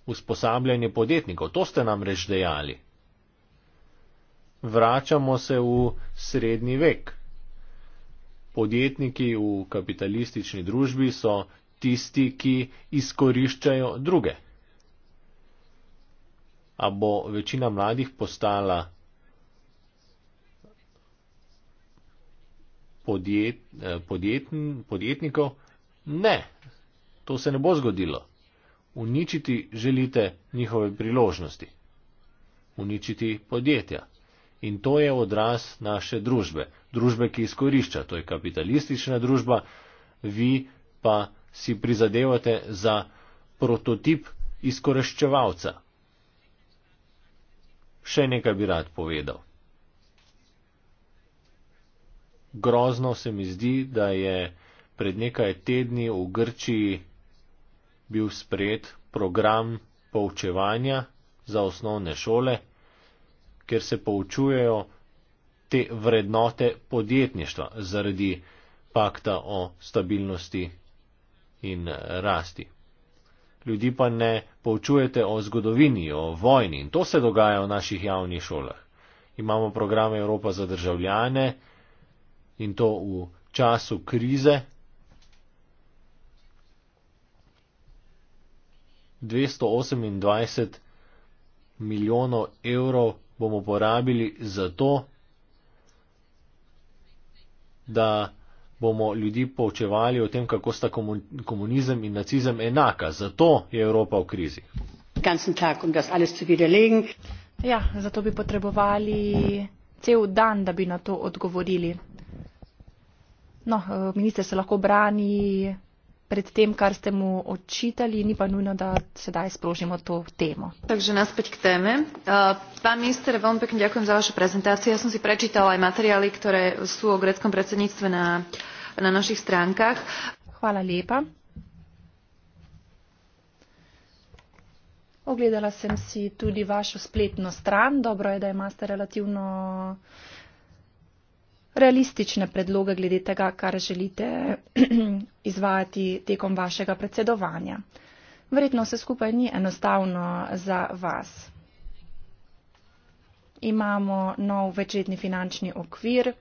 usposabljanje podjetnikov. To ste nam reč dejali. Vračamo se v srednji vek. Podjetniki v kapitalistični družbi so tisti, ki izkoriščajo druge. A bo večina mladih postala podjet, eh, podjet, podjetnikov? Ne, to se ne bo zgodilo. Uničiti želite njihove priložnosti, uničiti podjetja. In to je odraz naše družbe, družbe, ki izkorišča, to je kapitalistična družba, vi pa si prizadevate za prototip izkoriščevalca. Še nekaj bi rad povedal. Grozno se mi zdi, da je pred nekaj tedni v Grčiji bil sprejet program poučevanja za osnovne šole, ker se poučujejo te vrednote podjetništva zaradi pakta o stabilnosti in eh, rasti. Ljudi pa ne poučujete o zgodovini, o vojni in to se dogaja v naših javnih šolah. Imamo program Evropa za državljane in to v času krize. 228 milijonov evrov bomo porabili za to, da bomo ljudi poučevali o tem, kako sta komunizem in nacizem enaka. Zato je Evropa v krizi. Um ja, zato bi potrebovali cel dan, da bi na to odgovorili. No, eh, minister se lahko brani pred tem, kar ste mu očitali, ni pa nujno, da sedaj sprožimo to temo. Takže naspäť k téme. Uh, pán minister, veľmi pekne ďakujem za vašu prezentáciu. Ja som si prečítala aj materiály, ktoré sú o greckom predsedníctve na, na našich stránkach. Hvala lepa. Ogledala sem si tudi vašo spletno stran. Dobro je, da imate relativno uh, realistične predloge glede tega, kar želite izvajati tekom vašega predsedovanja. Verjetno vse skupaj ni enostavno za vas. Imamo nov večletni finančni okvir,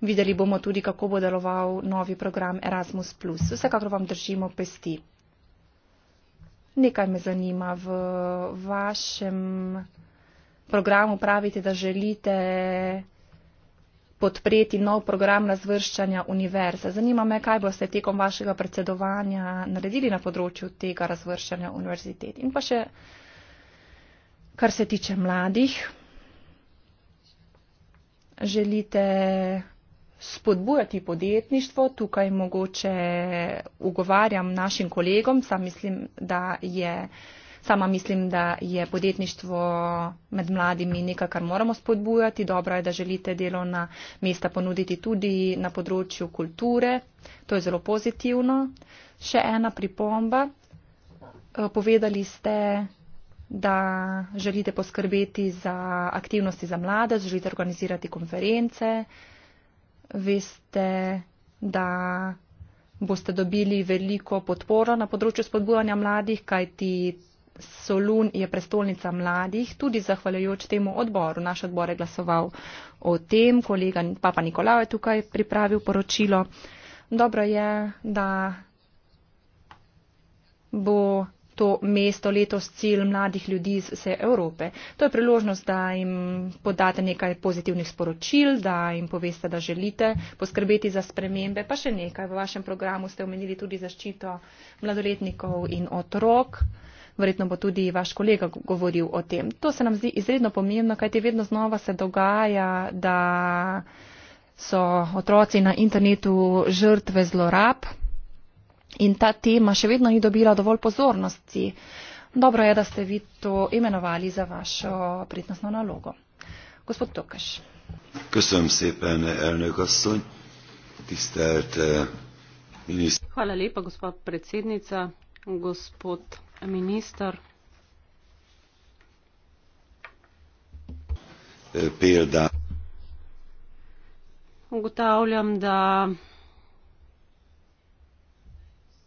videli bomo tudi, kako bo deloval novi program Erasmus. Vsekakor vam držimo pesti. Nekaj me zanima v vašem programu. Pravite, da želite podpreti nov program razvrščanja univerze. Zanima me, kaj boste tekom vašega predsedovanja naredili na področju tega razvrščanja univerzitet. In pa še, kar se tiče mladih, želite spodbujati podjetništvo. Tukaj mogoče ugovarjam našim kolegom, sam mislim, da je. Sama mislim, da je podjetništvo med mladimi nekaj, kar moramo spodbujati. Dobro je, da želite delovna mesta ponuditi tudi na področju kulture. To je zelo pozitivno. Še ena pripomba. E, povedali ste, da želite poskrbeti za aktivnosti za mlade, želite organizirati konference. Veste, da boste dobili veliko podporo na področju spodbujanja mladih, kajti Solun je prestolnica mladih, tudi zahvaljujoč temu odboru. Naš odbor je glasoval o tem, kolega Papa Nikolao je tukaj pripravil poročilo. Dobro je, da bo to mesto letos cilj mladih ljudi iz vse Evrope. To je priložnost, da jim podate nekaj pozitivnih sporočil, da jim poveste, da želite poskrbeti za spremembe. Pa še nekaj, v vašem programu ste omenili tudi zaščito mladoletnikov in otrok verjetno bo tudi vaš kolega govoril o tem. To se nam zdi izredno pomembno, kajti vedno znova se dogaja, da so otroci na internetu žrtve zlorab in ta tema še vedno ni dobila dovolj pozornosti. Dobro je, da ste vi to imenovali za vašo prednostno nalogo. Gospod Tokaš. Köszönöm szépen, elnök asszony, tisztelt eh, miniszter. Hvala lepa, gospod predsednica, gospod. Példa. Ugotavljam, da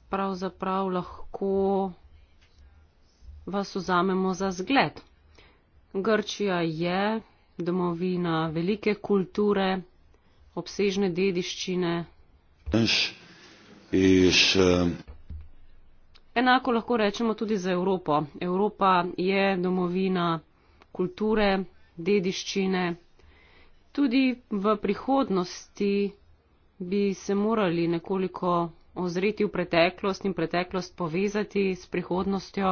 pravzaprav lahko vas vzamemo za zgled. Grčija je domovina velike kulture, obsežne dediščine. Eš, eš, uh... Enako lahko rečemo tudi za Evropo. Evropa je domovina kulture, dediščine. Tudi v prihodnosti bi se morali nekoliko ozreti v preteklost in preteklost povezati s prihodnostjo.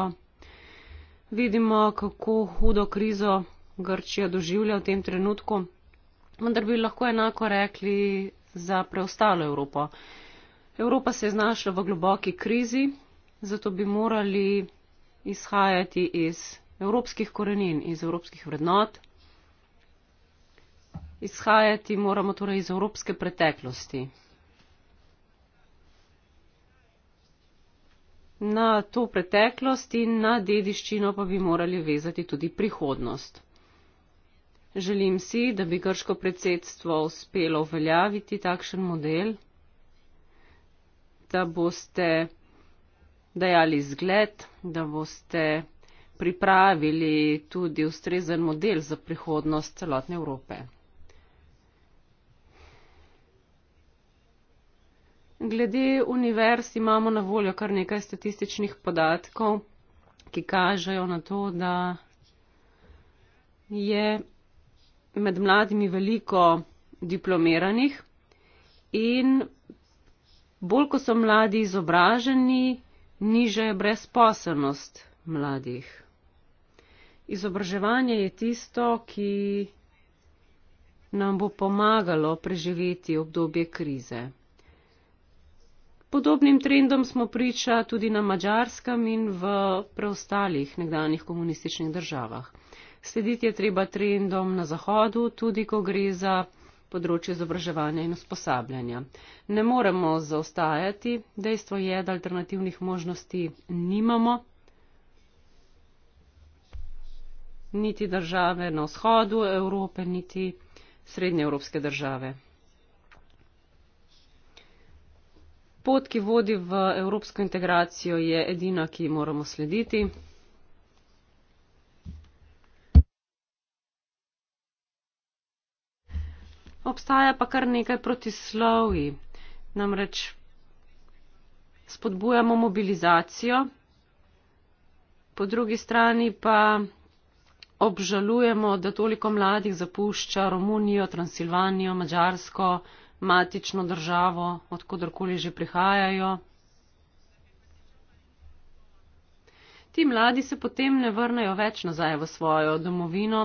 Vidimo, kako hudo krizo Grčija doživlja v tem trenutku, vendar bi lahko enako rekli za preostalo Evropo. Evropa se je znašla v globoki krizi, zato bi morali izhajati iz evropskih korenin, iz evropskih vrednot. Izhajati moramo torej iz evropske preteklosti. Na to preteklost in na dediščino pa bi morali vezati tudi prihodnost. Želim si, da bi grško predsedstvo uspelo uveljaviti takšen model, da boste dajali zgled, da boste pripravili tudi ustrezen model za prihodnost celotne Evrope. Glede univerz imamo na voljo kar nekaj statističnih podatkov, ki kažejo na to, da je med mladimi veliko diplomiranih in bolj, ko so mladi izobraženi, niža je brezposelnost mladih. Izobraževanje je tisto, ki nam bo pomagalo preživeti obdobje krize. Podobnim trendom smo priča tudi na Mačarskem in v preostalih nekdanjih komunističnih državah. Slediti je treba trendom na Zahodu, tudi ko gre za področju izobraževanja in usposabljanja. Ne moremo zaostajati, dejstvo je, da alternativnih možnosti nimamo, niti države na vzhodu Evrope, niti srednje evropske države. Pot, ki vodi v evropsko integracijo, je edina, ki moramo slediti. obstaja pa kar nekaj protislovji. Namreč spodbujamo mobilizacijo, po drugi strani pa obžalujemo, da toliko mladih zapušča Romunijo, Transilvanijo, Mačarsko, matično državo, odkudorkoli že prihajajo. Ti mladi se potem ne vrnejo več nazaj v svojo domovino,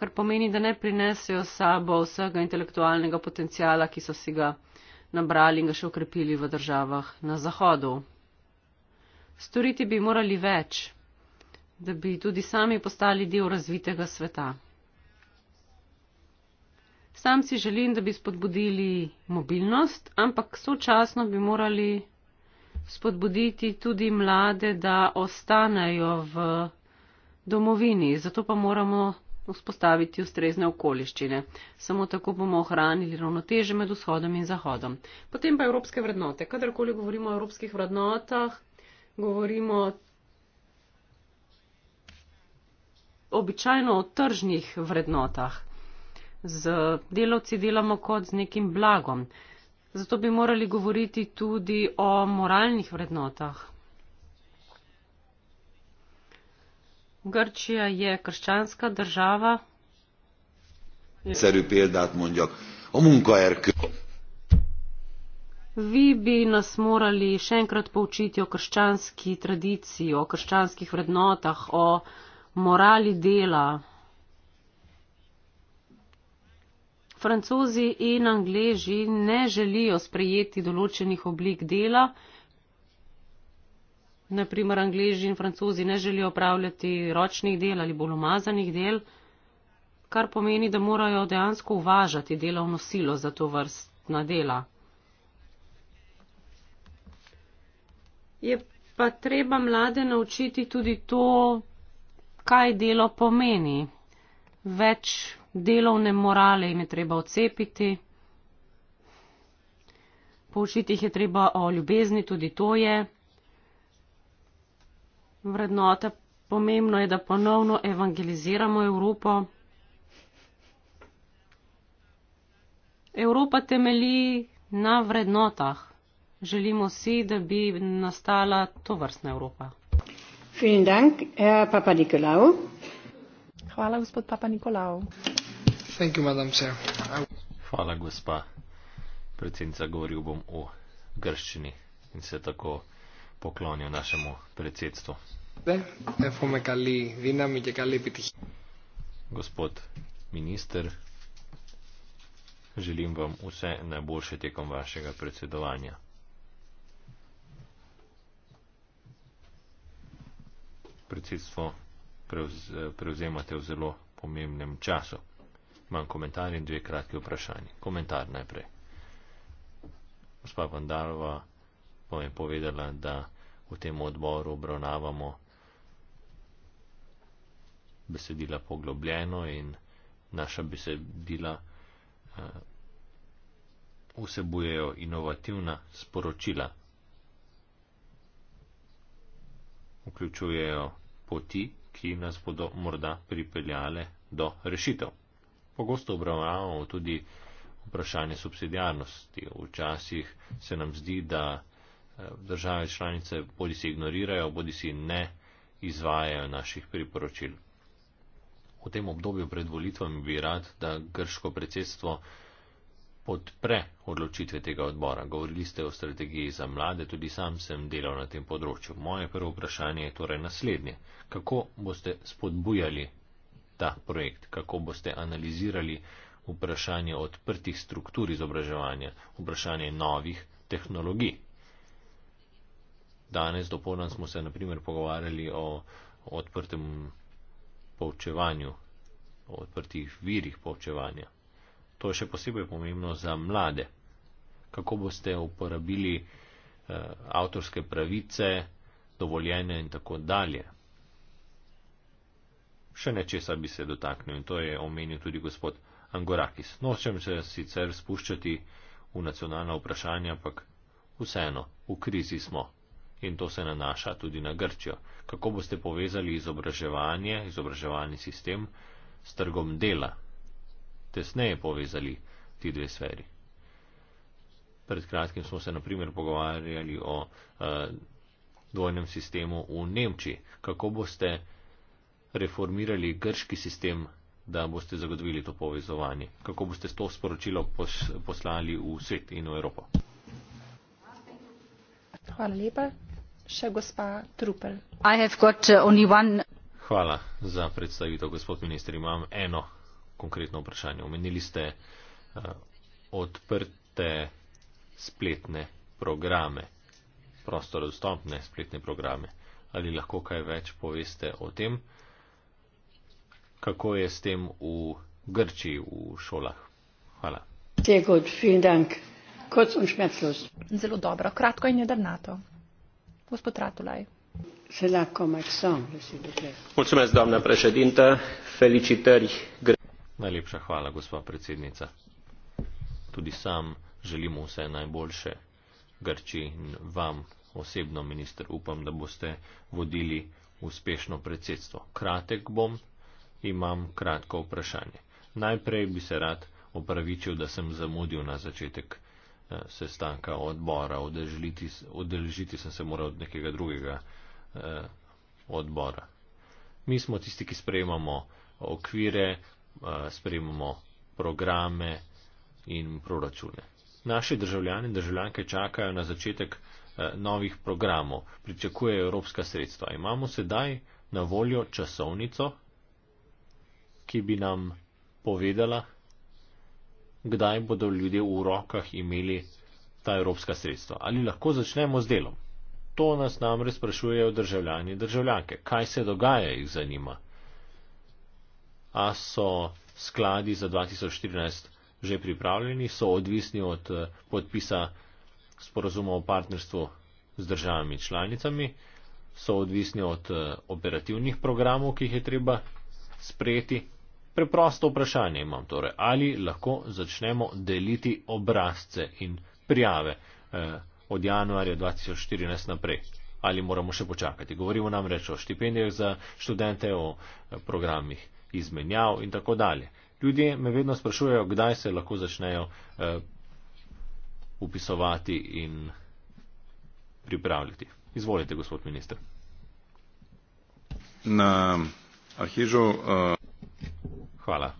kar pomeni, da ne prinesejo sabo vsega intelektualnega potencijala, ki so si ga nabrali in ga še ukrepili v državah na zahodu. Storiti bi morali več, da bi tudi sami postali del razvitega sveta. Sam si želim, da bi spodbudili mobilnost, ampak sočasno bi morali spodbuditi tudi mlade, da ostanejo v domovini. Zato pa moramo vzpostaviti ustrezne okoliščine. Samo tako bomo ohranili ravnoteže med vzhodom in zahodom. Potem pa evropske vrednote. Kadarkoli govorimo o evropskih vrednotah, govorimo običajno o tržnih vrednotah. Z delavci delamo kot z nekim blagom. Zato bi morali govoriti tudi o moralnih vrednotah. Grčija je krščanska država. Szerű példát mondjak. A munkaerkő. Vi bi nas morali še enkrat poučiti o krščanski tradiciji, o krščanskih vrednotah, o morali dela. francozi in angleži ne želijo sprejeti določenih oblik dela. Naprimer, angleži in francozi ne želijo upravljati ročnih del ali bolj umazanih del, kar pomeni, da morajo dejansko uvažati delovno silo za to vrstna dela. Je pa treba mlade naučiti tudi to, kaj delo pomeni. Več delovne morale jim je treba odcepiti. Poučiti jih je treba o ljubezni, tudi to je vrednota. Pomembno je, da ponovno evangeliziramo Evropo. Evropa temelji na vrednotah. Želimo si, da bi nastala to vrstna Evropa. Dank, Papa Hvala, gospod Papa Nikolau. Thank you, madam, sir. I... Hvala, gospa predsednica. Govoril bom o grščini in se tako poklonil našemu predsedstvu. Eh, Gospod minister, želim vam vse najboljše tekom vašega predsedovanja. Predsedstvo prevzemate v zelo pomembnem času. Imam komentar in dve kratke vprašanje. Komentar najprej. Gospa Vandalova vam je povedala, da v tem odboru obravnavamo besedila poglobljeno in naša besedila uh, vsebujejo inovativna sporočila. Vključujejo poti, ki nas bodo morda pripeljale do rešitev pogosto obravnavamo tudi vprašanje subsidijarnosti. Včasih se nam zdi, da eh, države članice bodi si ignorirajo, bodi si ne izvajajo naših priporočil. V tem obdobju pred volitvami bi rad, da grško predsedstvo podpre odločitve tega odbora. Govorili ste o strategiji za mlade, tudi sam sem delal na tem področju. Moje prvo vprašanje je torej naslednje. Kako boste spodbujali ta projekt, kako boste analizirali vprašanje odprtih struktur izobraževanja, vprašanje novih tehnologij. Danes dopolnjen smo se naprimer pogovarjali o odprtem poučevanju, o odprtih virih poučevanja. To je še posebej pomembno za mlade. Kako boste uporabili eh, avtorske pravice, dovoljene in tako dalje še nečesa bi se dotaknil in to je omenil tudi gospod Angorakis. Nočem se sicer spuščati v nacionalna vprašanja, ampak vseeno, v krizi smo in to se nanaša tudi na Grčijo. Kako boste povezali izobraževanje, izobraževalni sistem s trgom dela? Tesneje povezali ti dve sferi. Pred kratkim smo se naprimer pogovarjali o uh, dvojnem sistemu v Nemčiji. Kako boste reformirali grški sistem, da boste zagotovili to povezovanje? Kako boste to sporočilo poslali v svet in v Evropo? Hvala lepa. Še gospa Trupel. Uh, Hvala za predstavitev, gospod minister. Imam eno konkretno vprašanje. Omenili ste uh, odprte spletne programe, prostorodostopne spletne programe. Ali lahko kaj več poveste o tem? kako je s tem v Grčiji v šolah. Hvala. Zelo dobro, kratko in jedrnato. Gospod Ratulaj. Najlepša hvala, gospod predsednica. Tudi sam želim vse najboljše Grčiji in vam osebno, minister, upam, da boste vodili uspešno predsedstvo. Kratek bom, imam kratko vprašanje. Najprej bi se rad opravičil, da sem zamudil na začetek eh, sestanka odbora, odeležiti sem se moral od nekega drugega eh, odbora. Mi smo tisti, ki sprejemamo okvire, eh, sprejemamo programe in proračune. Naši državljani in državljanke čakajo na začetek eh, novih programov, pričakujejo evropska sredstva. Imamo sedaj na voljo časovnico, ki bi nam povedala, kdaj bodo ljudje v rokah imeli ta evropska sredstva. Ali lahko začnemo z delom? To nas namreč sprašujejo državljani in državljanke. Kaj se dogaja, jih zanima? A so skladi za 2014 že pripravljeni, so odvisni od eh, podpisa sporozuma o partnerstvu z državami članicami, so odvisni od eh, operativnih programov, ki jih je treba sprejeti Preprosto vprašanje imam torej, ali lahko začnemo deliti obrazce in prijave eh, od januarja 2014 naprej. Ali moramo še počakati? Govorimo nam reč o štipendijah za študente, o eh, programih izmenjav in tako dalje. Ljudje me vedno sprašujejo, kdaj se lahko začnejo eh, upisovati in pripravljati. Izvolite, gospod minister. Na arhižu. Uh... Hvala.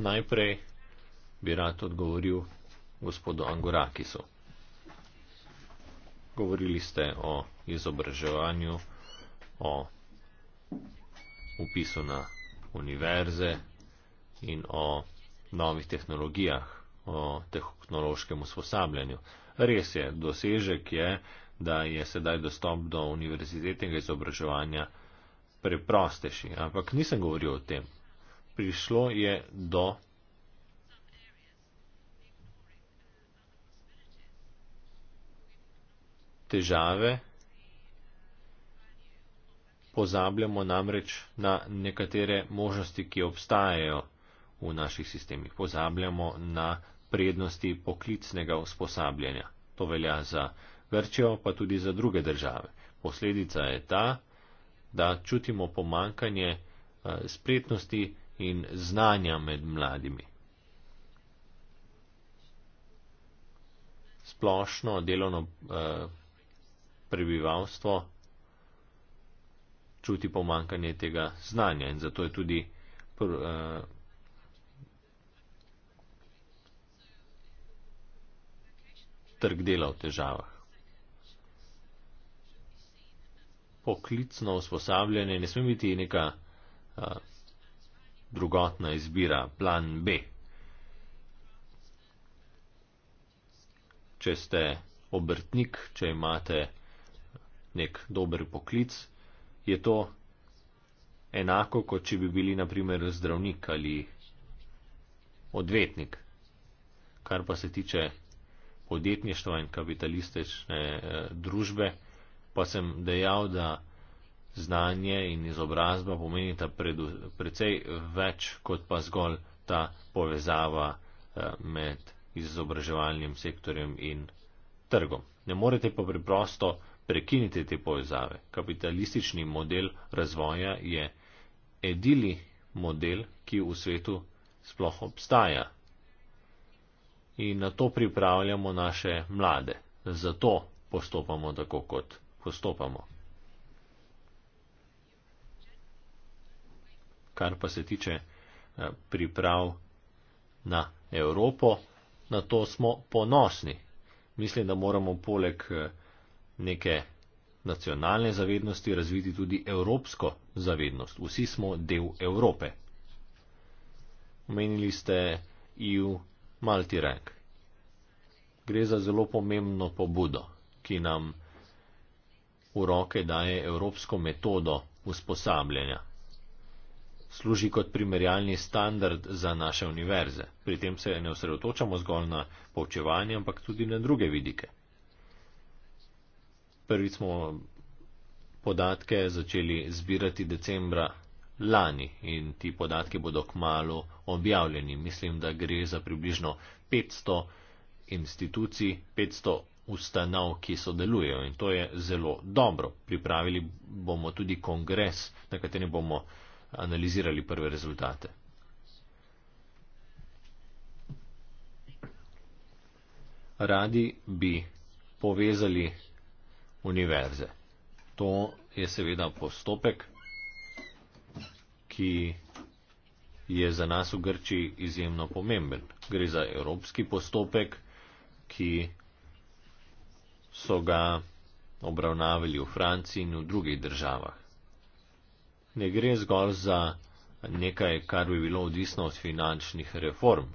Najprej bi rad odgovoril gospodu Angurakisu. Govorili ste o izobraževanju, o upisu na univerze in o novih tehnologijah, o tehnološkem usposabljanju. Res je, dosežek je, da je sedaj dostop do univerzitetnega izobraževanja preprostejši, ampak nisem govoril o tem. Prišlo je do težave, pozabljamo namreč na nekatere možnosti, ki obstajajo v naših sistemih, pozabljamo na prednosti poklicnega usposabljanja. To velja za Grčijo, pa tudi za druge države. Posledica je ta, da čutimo pomankanje eh, spretnosti in znanja med mladimi. Splošno delovno eh, prebivalstvo čuti pomankanje tega znanja in zato je tudi eh, trg dela v težavah. poklicno usposabljanje ne sme biti neka a, drugotna izbira, plan B. Če ste obrtnik, če imate nek dober poklic, je to enako, kot če bi bili naprimer zdravnik ali odvetnik. Kar pa se tiče podjetništva in kapitalistične eh, družbe, pa sem dejal, da znanje in izobrazba pomenita precej več kot pa zgolj ta povezava eh, med izobraževalnim sektorjem in trgom. Ne morete pa preprosto prekiniti te povezave. Kapitalistični model razvoja je edini model, ki v svetu sploh obstaja. In na to pripravljamo naše mlade. Zato postopamo tako kot postopamo. Kar pa se tiče eh, priprav na Evropo, na to smo ponosni. Mislim, da moramo poleg eh, neke nacionalne zavednosti razviti tudi evropsko zavednost. Vsi smo del Evrope. Omenili ste EU Multirank. Gre za zelo pomembno pobudo, ki nam v roke daje evropsko metodo usposabljanja. Služi kot primerjalni standard za naše univerze. Pri tem se ne osredotočamo zgolj na poučevanje, ampak tudi na druge vidike. Prvi smo podatke začeli zbirati decembra lani in ti podatki bodo k malu objavljeni. Mislim, da gre za približno 500 institucij, 500 ustanov, ki sodelujejo in to je zelo dobro. Pripravili bomo tudi kongres, na katerem bomo analizirali prve rezultate. Radi bi povezali univerze. To je seveda postopek, ki je za nas v Grčiji izjemno pomemben. Gre za evropski postopek, ki so ga obravnavali v Franciji in v drugih državah. Ne gre zgolj za nekaj, kar bi bilo odvisno od finančnih reform.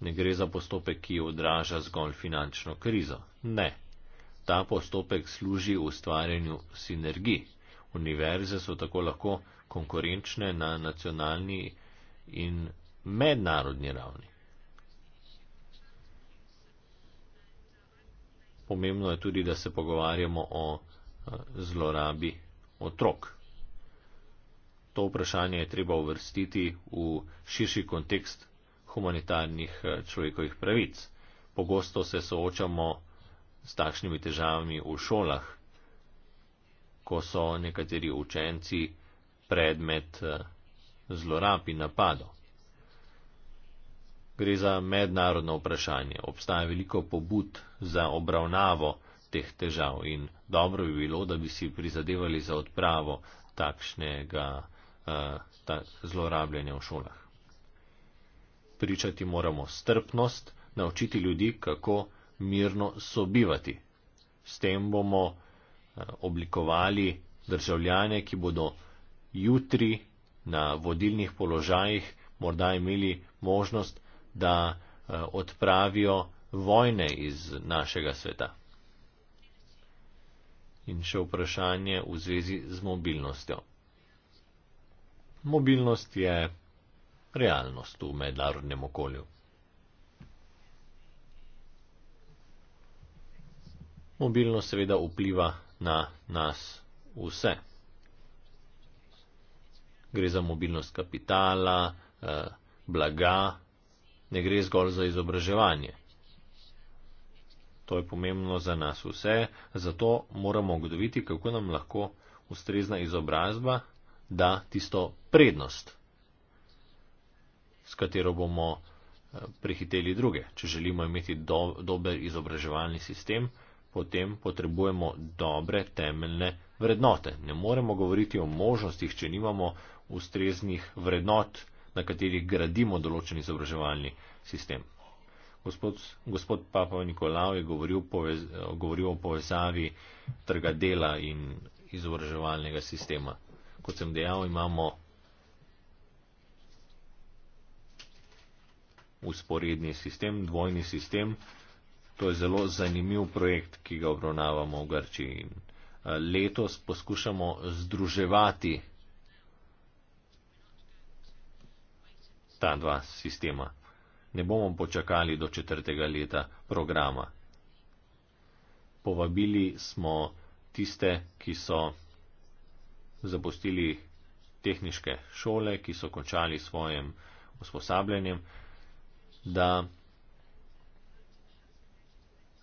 Ne gre za postopek, ki odraža zgolj finančno krizo. Ne. Ta postopek služi ustvarjanju sinergij. Univerze so tako lahko konkurenčne na nacionalni in mednarodni ravni. pomembno je tudi, da se pogovarjamo o eh, zlorabi otrok. To vprašanje je treba uvrstiti v širši kontekst humanitarnih eh, človekovih pravic. Pogosto se soočamo s takšnimi težavami v šolah, ko so nekateri učenci predmet eh, zlorab in napadov. Gre za mednarodno vprašanje. Obstaja veliko pobud za obravnavo teh težav in dobro bi bilo, da bi si prizadevali za odpravo takšnega eh, ta, zlorabljanja v šolah. Pričati moramo strpnost, naučiti ljudi, kako mirno sobivati. S tem bomo eh, oblikovali državljane, ki bodo jutri na vodilnih položajih morda imeli možnost da eh, odpravijo vojne iz našega sveta. In še vprašanje v zvezi z mobilnostjo. Mobilnost je realnost v mednarodnem okolju. Mobilnost seveda vpliva na nas vse. Gre za mobilnost kapitala, eh, blaga, ne gre zgolj za izobraževanje. To je pomembno za nas vse, zato moramo ugotoviti, kako nam lahko ustrezna izobrazba da tisto prednost, s katero bomo eh, prehiteli druge. Če želimo imeti do, dober izobraževalni sistem, potem potrebujemo dobre temeljne vrednote. Ne moremo govoriti o možnostih, če nimamo ustreznih vrednot, na katerih gradimo določen izobraževalni sistem. Gospod, gospod Papa Nikolao je govoril, povez, govoril o povezavi trga dela in izobraževalnega sistema. Kot sem dejal, imamo usporedni sistem, dvojni sistem. To je zelo zanimiv projekt, ki ga obravnavamo v Grčiji. Eh, letos poskušamo združevati ta dva sistema. Ne bomo počakali do četrtega leta programa. Povabili smo tiste, ki so zapustili tehniške šole, ki so končali svojim usposabljanjem, da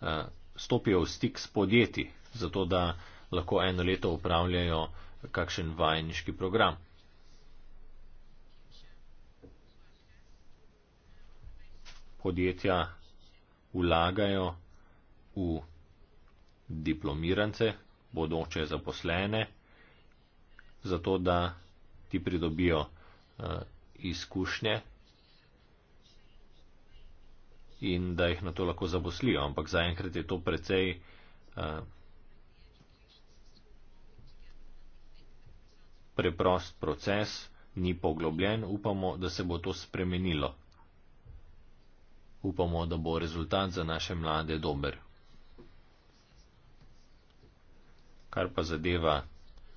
eh, stopijo v stik s podjetji, zato da lahko eno leto upravljajo kakšen vajniški program. podjetja vlagajo v diplomirance, bodoče zaposlene, zato da ti pridobijo uh, izkušnje in da jih na to lahko zaposlijo. Ampak zaenkrat je to precej uh, preprost proces, ni poglobljen, upamo, da se bo to spremenilo upamo, da bo rezultat za naše mlade dober. Kar pa zadeva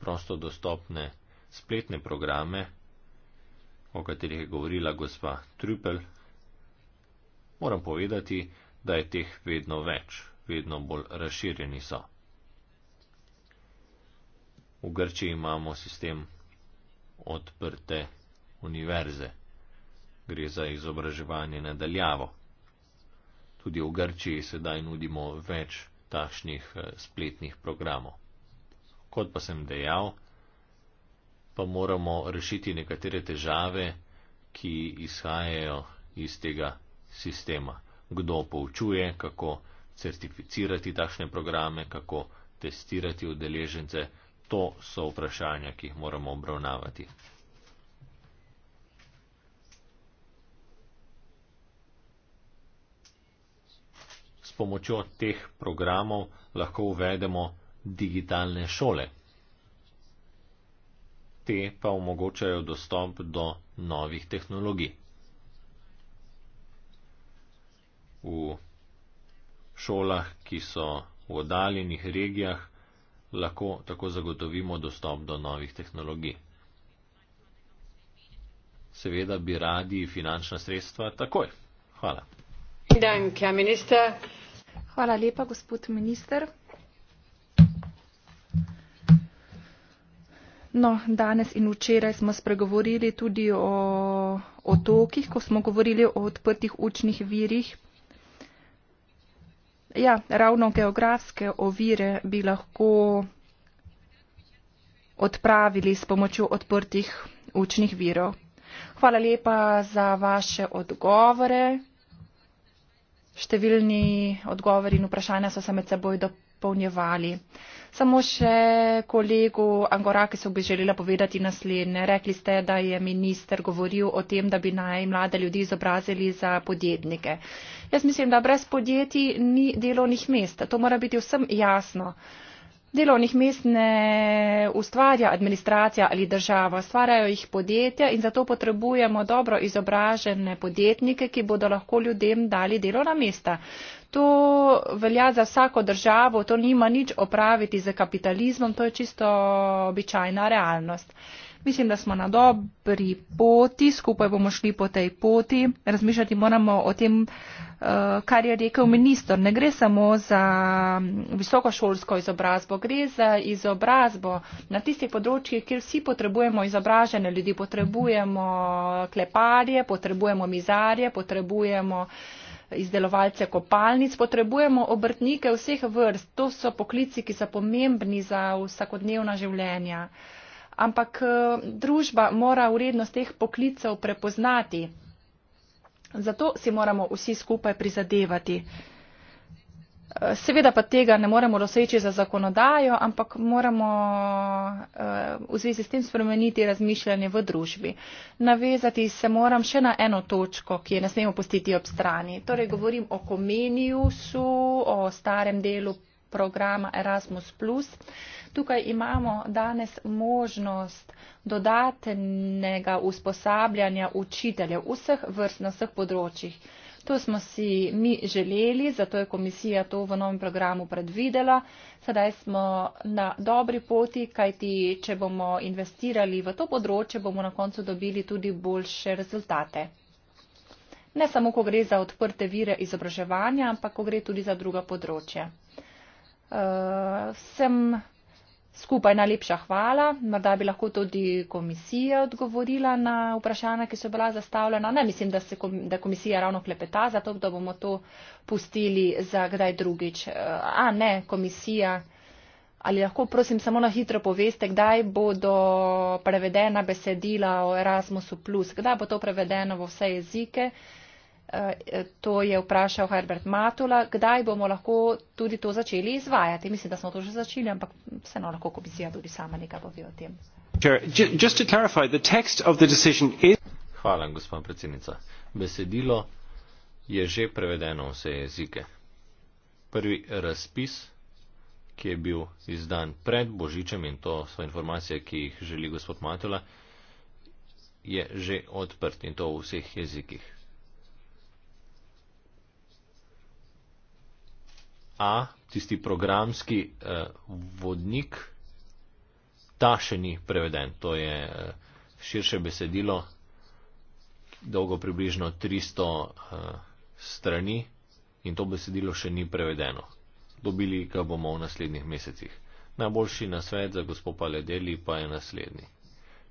prosto dostopne spletne programe, o katerih je govorila gospa Trupel, moram povedati, da je teh vedno več, vedno bolj razširjeni so. V Grčiji imamo sistem odprte univerze, gre za izobraževanje nadaljavo. Tudi v Grčiji sedaj nudimo več takšnih eh, spletnih programov. Kot pa sem dejal, pa moramo rešiti nekatere težave, ki izhajajo iz tega sistema. Kdo poučuje, kako certificirati takšne programe, kako testirati udeležence, to so vprašanja, ki jih moramo obravnavati. pomočjo teh programov lahko uvedemo digitalne šole. Te pa omogočajo dostop do novih tehnologij. V šolah, ki so v oddaljenih regijah, lahko tako zagotovimo dostop do novih tehnologij. Seveda bi radi finančna sredstva takoj. Hvala. Danke, Herr Minister. Hvala lepa, gospod minister. No, danes in včeraj smo spregovorili tudi o otokih, ko smo govorili o odprtih učnih virih. Ja, ravno geografske ovire bi lahko odpravili s pomočjo odprtih učnih virov. Hvala lepa za vaše odgovore številni odgovori in vprašanja so se med seboj dopolnjevali. Samo še kolegu Angorakisu bi želela povedati naslednje. Rekli ste, da je minister govoril o tem, da bi naj mlade ljudi izobrazili za podjetnike. Jaz mislim, da brez podjetij ni delovnih mest. To mora biti vsem jasno delovnih mest ne ustvarja administracija ali država, stvarjajo jih podjetja in zato potrebujemo dobro izobražene podjetnike, ki bodo lahko ljudem dali delovna mesta. To velja za vsako državo, to nima nič opraviti z kapitalizmom, to je čisto običajna realnost. Mislim, da smo na dobri poti, skupaj bomo šli po tej poti. Razmišljati moramo o tem, eh, kar je rekel ministr. Ne gre samo za visokošolsko izobrazbo, gre za izobrazbo na tistih področjih, kjer vsi potrebujemo izobražene ljudi. Potrebujemo kleparje, potrebujemo mizarje, potrebujemo izdelovalce kopalnic, potrebujemo obrtnike vseh vrst. To so poklici, ki so pomembni za vsakodnevna življenja ampak eh, družba mora vrednost teh poklicev prepoznati. Zato si moramo vsi skupaj prizadevati. Eh, seveda pa tega ne moremo doseči za zakonodajo, ampak moramo eh, v zvezi s tem spremeniti razmišljanje v družbi. Navezati se moram še na eno točko, ki je ne smemo pustiti ob strani. Torej govorim o komeniusu, o starem delu programa Erasmus tukaj imamo danes možnost dodatnega usposabljanja učiteljev vseh vrst na vseh področjih. To smo si mi želeli, zato je komisija to v novem programu predvidela. Sedaj smo na dobri poti, kajti če bomo investirali v to področje, bomo na koncu dobili tudi boljše rezultate. Ne samo, ko gre za odprte vire izobraževanja, ampak ko gre tudi za druga področja. Uh, sem skupaj najlepša hvala. Morda bi lahko tudi komisija odgovorila na vprašanja, ki so bila zastavljena. Ne mislim, da, se, da komisija ravno klepeta, zato da bomo to pustili za kdaj drugič. Eh, a ne, komisija. Ali lahko, prosim, samo na hitro poveste, kdaj bodo prevedena besedila o Erasmusu, kdaj bo to prevedeno v vse jezike? Uh, Eh, to je vprašal Herbert Matula, kdaj bomo lahko tudi to začeli izvajati. Mislim, da smo to že začeli, ampak vseeno lahko komisija tudi sama nekaj pove o tem. Hvala, gospod predsednica. Besedilo je že prevedeno v vse jezike. Prvi razpis, ki je bil izdan pred Božičem in to so informacije, ki jih želi gospod Matula, je že odprt in to v vseh jezikih. A, tisti programski eh, vodnik, ta še ni preveden. To je eh, širše besedilo, dolgo približno 300 eh, strani in to besedilo še ni prevedeno. Dobili ga bomo v naslednjih mesecih. Najboljši na svet za gospod Paledeli pa je naslednji.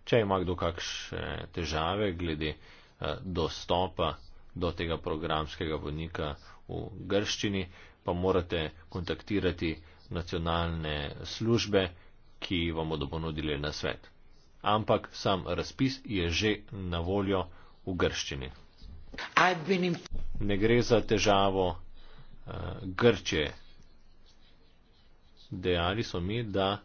Če ima kdo kakšne težave glede eh, dostopa do tega programskega vodnika v grščini, pa morate kontaktirati nacionalne službe, ki vam bodo ponudili na svet. Ampak sam razpis je že na voljo v grščini. Ne gre za težavo uh, Grče. Dejali so mi, da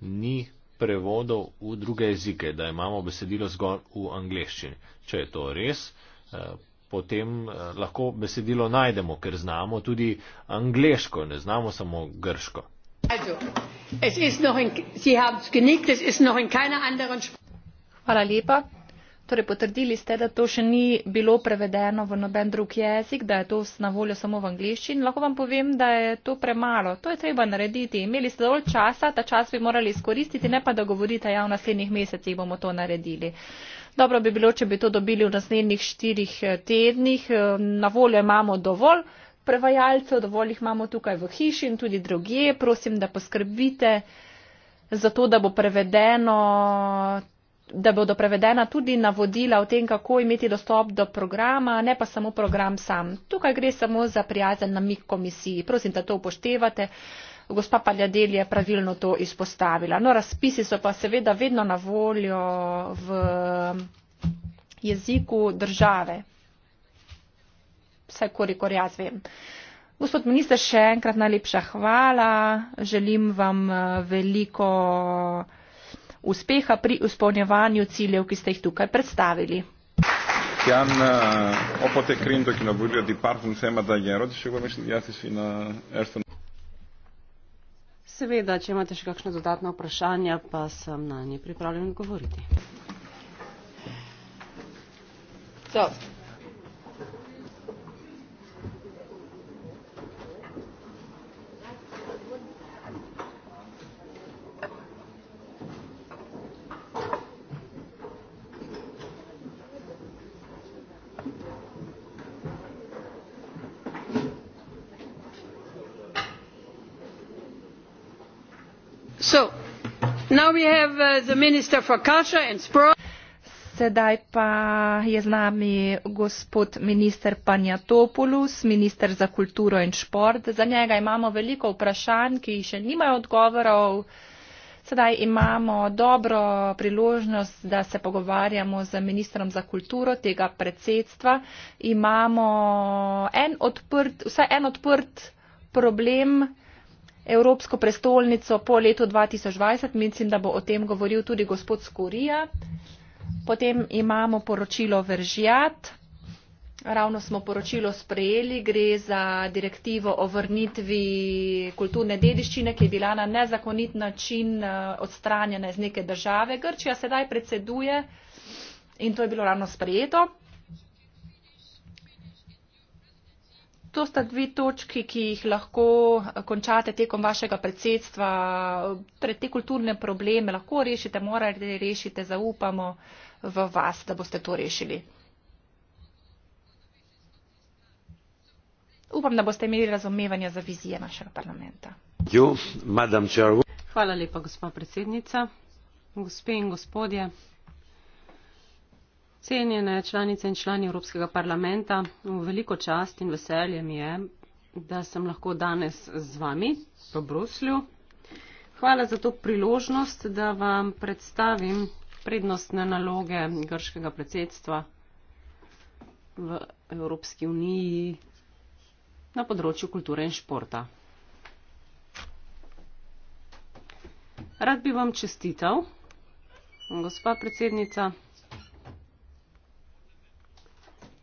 ni prevodov v druge jezike, da imamo besedilo zgolj v angleščini. Če je to res, uh, potem eh, lahko besedilo najdemo, ker znamo tudi angliško, ne znamo samo grško. Hvala lepa. Torej, potrdili ste, da to še ni bilo prevedeno v noben drug jezik, da je to na voljo samo v angliščini. Lahko vam povem, da je to premalo. To je treba narediti. Imeli ste dovolj časa, ta čas bi morali izkoristiti, ne pa da govorite, ja, v naslednjih mesecih bomo to naredili dobro bi bilo če bi to dobili v naslednjih štirih eh, tednih eh, na voljo imamo dovolj prevajalcev dovolj jih imamo tukaj v hiši in tudi drugje prosim da poskrbite za to da bo prevedeno da bodo prevedena tudi navodila o tem, kako imeti dostop do programa, ne pa samo program sam. Tukaj gre samo za prijazen namik komisiji. Prosim, da to upoštevate gospa paliadeli je pravilno to izpostavila. no razpisi so pa seveda vedno na voljo v jeziku države vsaj kolikor jaz vem. Gospod minister, še enkrat najlepša hvala. Želim vam eh, veliko eh, uspeha pri usponjevanju ciljev, ki ste jih tukaj predstavili. Jan, opote krim, dokino vrljo di parfum sema da jen rodiš, ja si si na ersten. Seveda, če imate še kakšno dodatno vprašanje, pa sem na nje pripravljen govoriti. So. Uh, sedaj pa je z nami gospod minister panjatopoulos minister za kulturo in šport za njega imamo veliko vprašanj ki še nimajo odgovorov sedaj imamo dobro priložnost da se pogovarjamo z ministrom za kulturo tega predsedstva imamo en odprt vsaj en odprt problem evropsko prestolnico po letu 2020. Mislim, da bo o tem govoril tudi gospod Skorija. Potem imamo poročilo Veržjat. Ravno smo poročilo sprejeli, gre za direktivo o vrnitvi kulturne dediščine, ki je bila na nezakonit način eh, odstranjena iz neke države. Grčija sedaj predseduje in to je bilo ravno sprejeto. to sta dve točki, ki jih lahko končate tekom vašega predsedstva. Torej, te kulturne probleme lahko rešite, morate rešite, zaupamo v vas, da boste to rešili. Upam, da boste imeli razumevanje za vizije našega parlamenta. Hvala lepa, gospa predsednica. Gospe in gospodje. Cenjene članice in člani Evropskega parlamenta, v veliko čast in veselje mi je, da sem lahko danes z vami v Bruslju. Hvala za to priložnost, da vam predstavim prednostne naloge grškega predsedstva v Evropski uniji na področju kulture in športa. Rad bi vam čestital, gospa predsednica.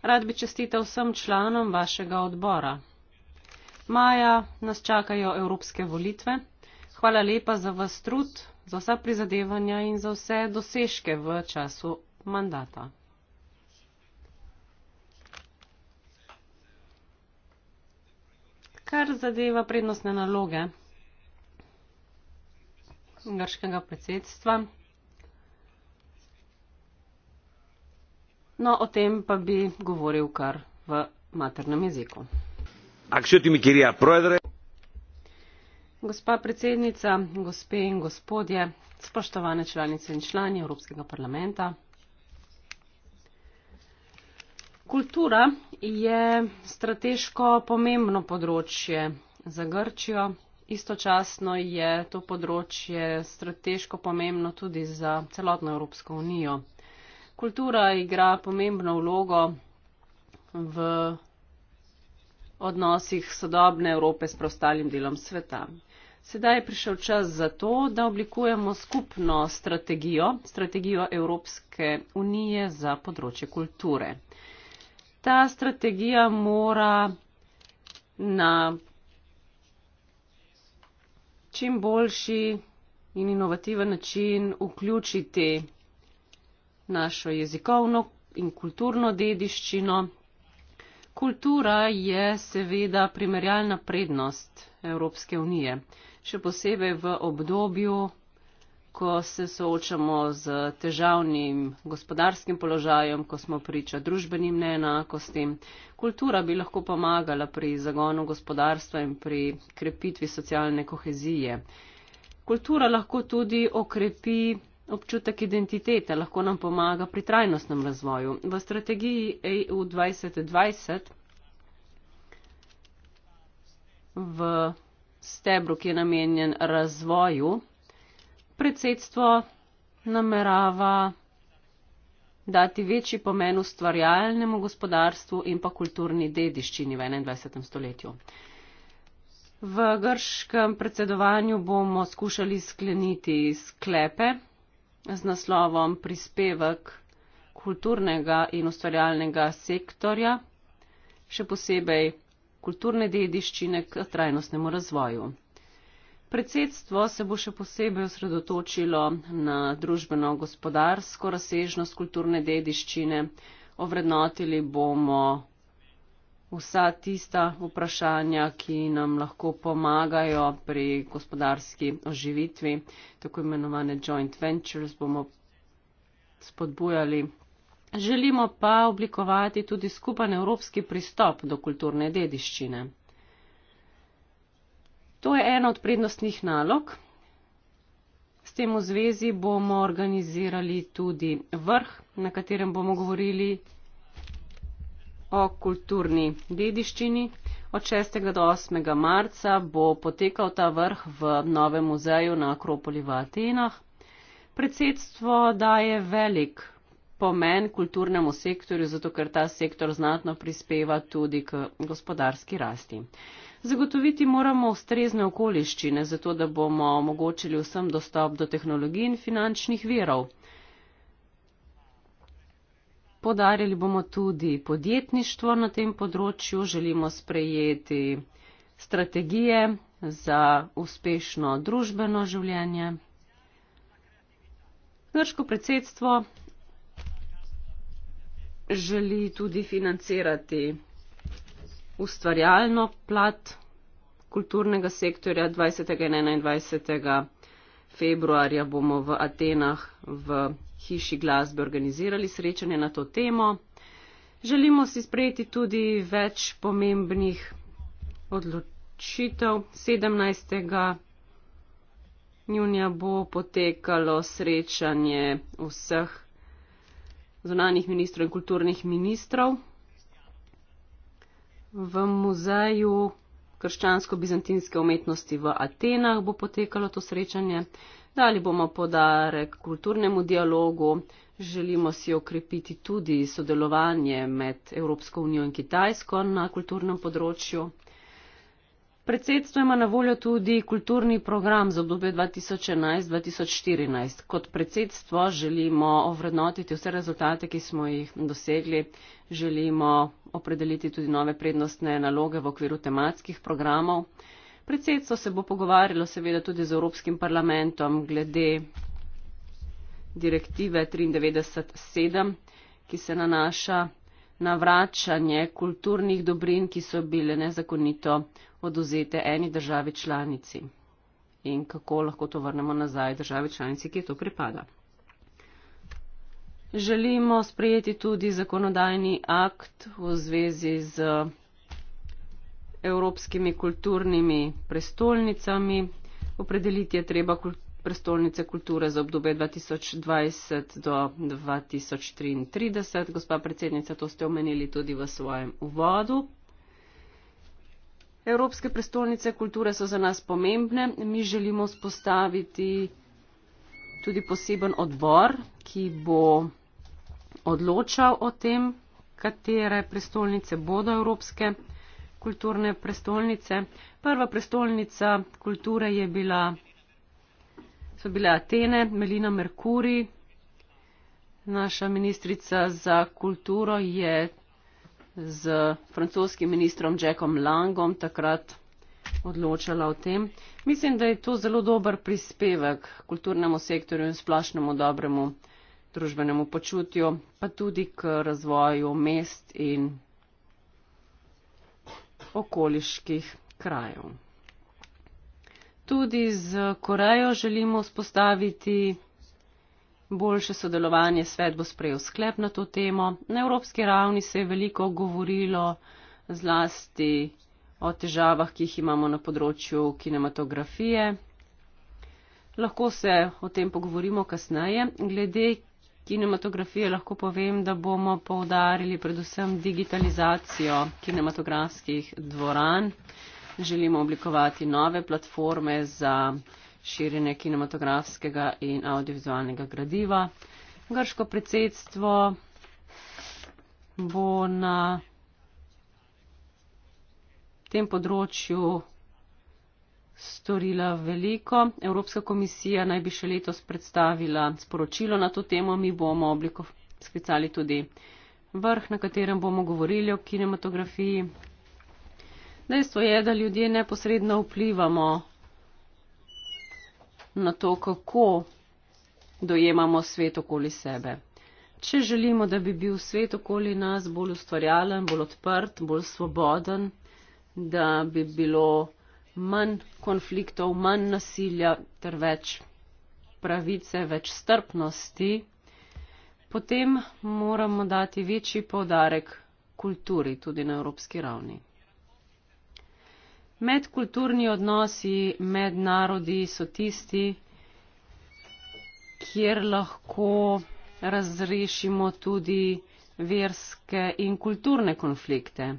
Rad bi čestital vsem članom vašega odbora. Maja nas čakajo evropske volitve. Hvala lepa za vas trud, za vsa prizadevanja in za vse dosežke v času mandata. Kar zadeva prednostne naloge grškega predsedstva. No, o tem pa bi govoril kar v maternem jeziku. Gospa predsednica, gospe in gospodje, spoštovane članice in člani Evropskega parlamenta. Kultura je strateško pomembno področje za Grčijo, istočasno je to področje strateško pomembno tudi za celotno Evropsko unijo kultura igra pomembno vlogo v odnosih sodobne Evrope s prostalim delom sveta. Sedaj je prišel čas za to, da oblikujemo skupno strategijo, strategijo Evropske unije za področje kulture. Ta strategija mora na čim boljši in inovativen način vključiti našo jezikovno in kulturno dediščino. Kultura je seveda primerjalna prednost Evropske unije, še posebej v obdobju, ko se soočamo z težavnim gospodarskim položajem, ko smo priča družbenim neenakostim. Kultura bi lahko pomagala pri zagonu gospodarstva in pri krepitvi socialne kohezije. Kultura lahko tudi okrepi občutek identitete lahko nam pomaga pri trajnostnem razvoju. V strategiji EU 2020 v stebru, ki je namenjen razvoju, predsedstvo namerava dati večji pomen ustvarjalnemu gospodarstvu in pa kulturni dediščini v 21. stoletju. V grškem predsedovanju bomo skušali skleniti sklepe z naslovom Prispevek kulturnega in ustvarjalnega sektorja, še posebej kulturne dediščine k trajnostnemu razvoju. Predsedstvo se bo še posebej osredotočilo na družbeno-gospodarsko razsežnost kulturne dediščine, ovrednotili bomo vsa tista vprašanja, ki nam lahko pomagajo pri gospodarski oživitvi, tako imenovane joint ventures, bomo spodbujali. Želimo pa oblikovati tudi skupen evropski pristop do kulturne dediščine. To je ena od prednostnih nalog. S tem v zvezi bomo organizirali tudi vrh, na katerem bomo govorili o kulturni dediščini. Od 6. do 8. marca bo potekal ta vrh v novem muzeju na Akropoli v Atenah. Predsedstvo daje velik pomen kulturnemu sektorju, zato ker ta sektor znatno prispeva tudi k gospodarski rasti. Zagotoviti moramo ustrezne okoliščine, zato da bomo omogočili vsem dostop do tehnologij in finančnih verov podarili bomo tudi podjetništvo na tem področju, želimo sprejeti strategije za uspešno družbeno življenje. Grško predsedstvo želi tudi financirati ustvarjalno plat kulturnega sektorja 20. in 21. februarja bomo v Atenah v hiši glasbe organizirali srečanje na to temo. Želimo si sprejeti tudi več pomembnih odločitev. 17. junija bo potekalo srečanje vseh zunanih ministrov in kulturnih ministrov v muzeju krščansko-bizantinske umetnosti v Atenah bo potekalo to srečanje dali bomo podarek kulturnemu dialogu, želimo si okrepiti tudi sodelovanje med Evropsko unijo in Kitajsko na kulturnem področju. Predsedstvo ima na voljo tudi kulturni program za obdobje 2011-2014. Kot predsedstvo želimo ovrednotiti vse rezultate, ki smo jih dosegli, želimo opredeliti tudi nove prednostne naloge v okviru tematskih programov. Predsedstvo se bo pogovarjalo seveda tudi z Evropskim parlamentom glede direktive 93.7, ki se nanaša na vračanje kulturnih dobrin, ki so bile nezakonito oduzete eni državi članici in kako lahko to vrnemo nazaj državi članici, ki je to pripada. Želimo sprejeti tudi zakonodajni akt v zvezi z evropskimi kulturnimi prestolnicami. Opredeliti je treba prestolnice kulture za obdobje 2020 do 2033. Gospa predsednica, to ste omenili tudi v svojem uvodu. Evropske prestolnice kulture so za nas pomembne. Mi želimo spostaviti tudi poseben odbor, ki bo odločal o tem, katere prestolnice bodo evropske kulturne prestolnice. Prva prestolnica kulture je bila, so bile Atene, Melina Merkuri. Naša ministrica za kulturo je z francoskim ministrom Jackom Langom takrat odločala o tem. Mislim, da je to zelo dober prispevek kulturnemu sektorju in splašnemu dobremu družbenemu počutju, pa tudi k razvoju mest in okoliških krajev. Tudi z Korejo želimo spostaviti boljše sodelovanje. Svet bo sprejel sklep na to temo. Na evropski ravni se je veliko govorilo zlasti o težavah, ki jih imamo na področju kinematografije. Lahko se o tem pogovorimo kasneje. Glede kinematografije lahko povem, da bomo poudarili predvsem digitalizacijo kinematografskih dvoran. Želimo oblikovati nove platforme za širjenje kinematografskega in audiovizualnega gradiva. Grško predsedstvo bo na tem področju storila veliko. Evropska komisija naj bi še letos predstavila sporočilo na to temo. Mi bomo oblikov sklicali tudi vrh, na katerem bomo govorili o kinematografiji. Dejstvo je, da ljudje neposredno vplivamo na to, kako dojemamo svet okoli sebe. Če želimo, da bi bil svet okoli nas bolj ustvarjalen, bolj odprt, bolj svoboden, da bi bilo manj konfliktov, manj nasilja ter več pravice, več strpnosti, potem moramo dati večji povdarek kulturi tudi na evropski ravni. Medkulturni odnosi med narodi so tisti, kjer lahko razrešimo tudi verske in kulturne konflikte.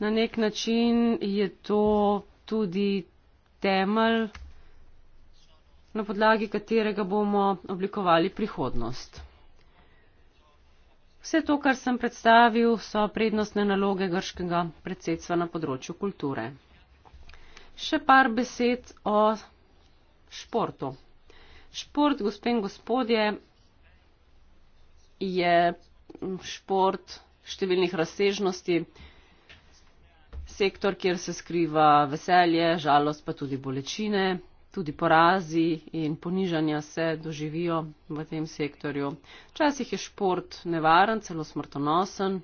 Na nek način je to tudi temelj, na podlagi katerega bomo oblikovali prihodnost. Vse to, kar sem predstavil, so prednostne naloge grškega predsedstva na področju kulture. Še par besed o športu. Šport, gospe in gospodje, je šport številnih razsežnosti sektor, kjer se skriva veselje, žalost, pa tudi bolečine, tudi porazi in ponižanja se doživijo v tem sektorju. Včasih je šport nevaren, celo smrtonosen.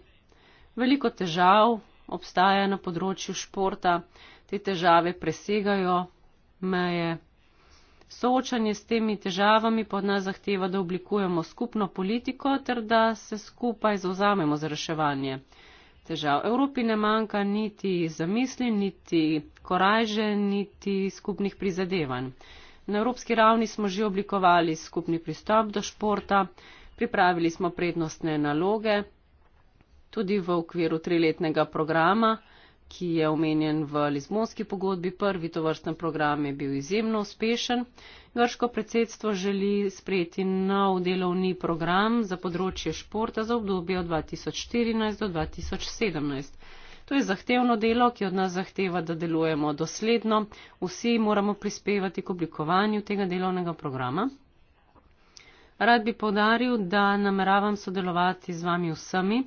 Veliko težav obstaja na področju športa, te težave presegajo meje. Soočanje s temi težavami pod nas zahteva, da oblikujemo skupno politiko ter da se skupaj zauzamemo za reševanje. Težav Evropi ne manjka niti zamisli, niti koraže, niti skupnih prizadevanj. Na evropski ravni smo že oblikovali skupni pristop do športa, pripravili smo prednostne naloge, tudi v okviru triletnega programa ki je omenjen v Lizbonski pogodbi, prvi to vrsten program je bil izjemno uspešen. Grško predsedstvo želi sprejeti nov delovni program za področje športa za obdobje od 2014 do 2017. To je zahtevno delo, ki od nas zahteva, da delujemo dosledno. Vsi moramo prispevati k oblikovanju tega delovnega programa. Rad bi povdaril, da nameravam sodelovati z vami vsemi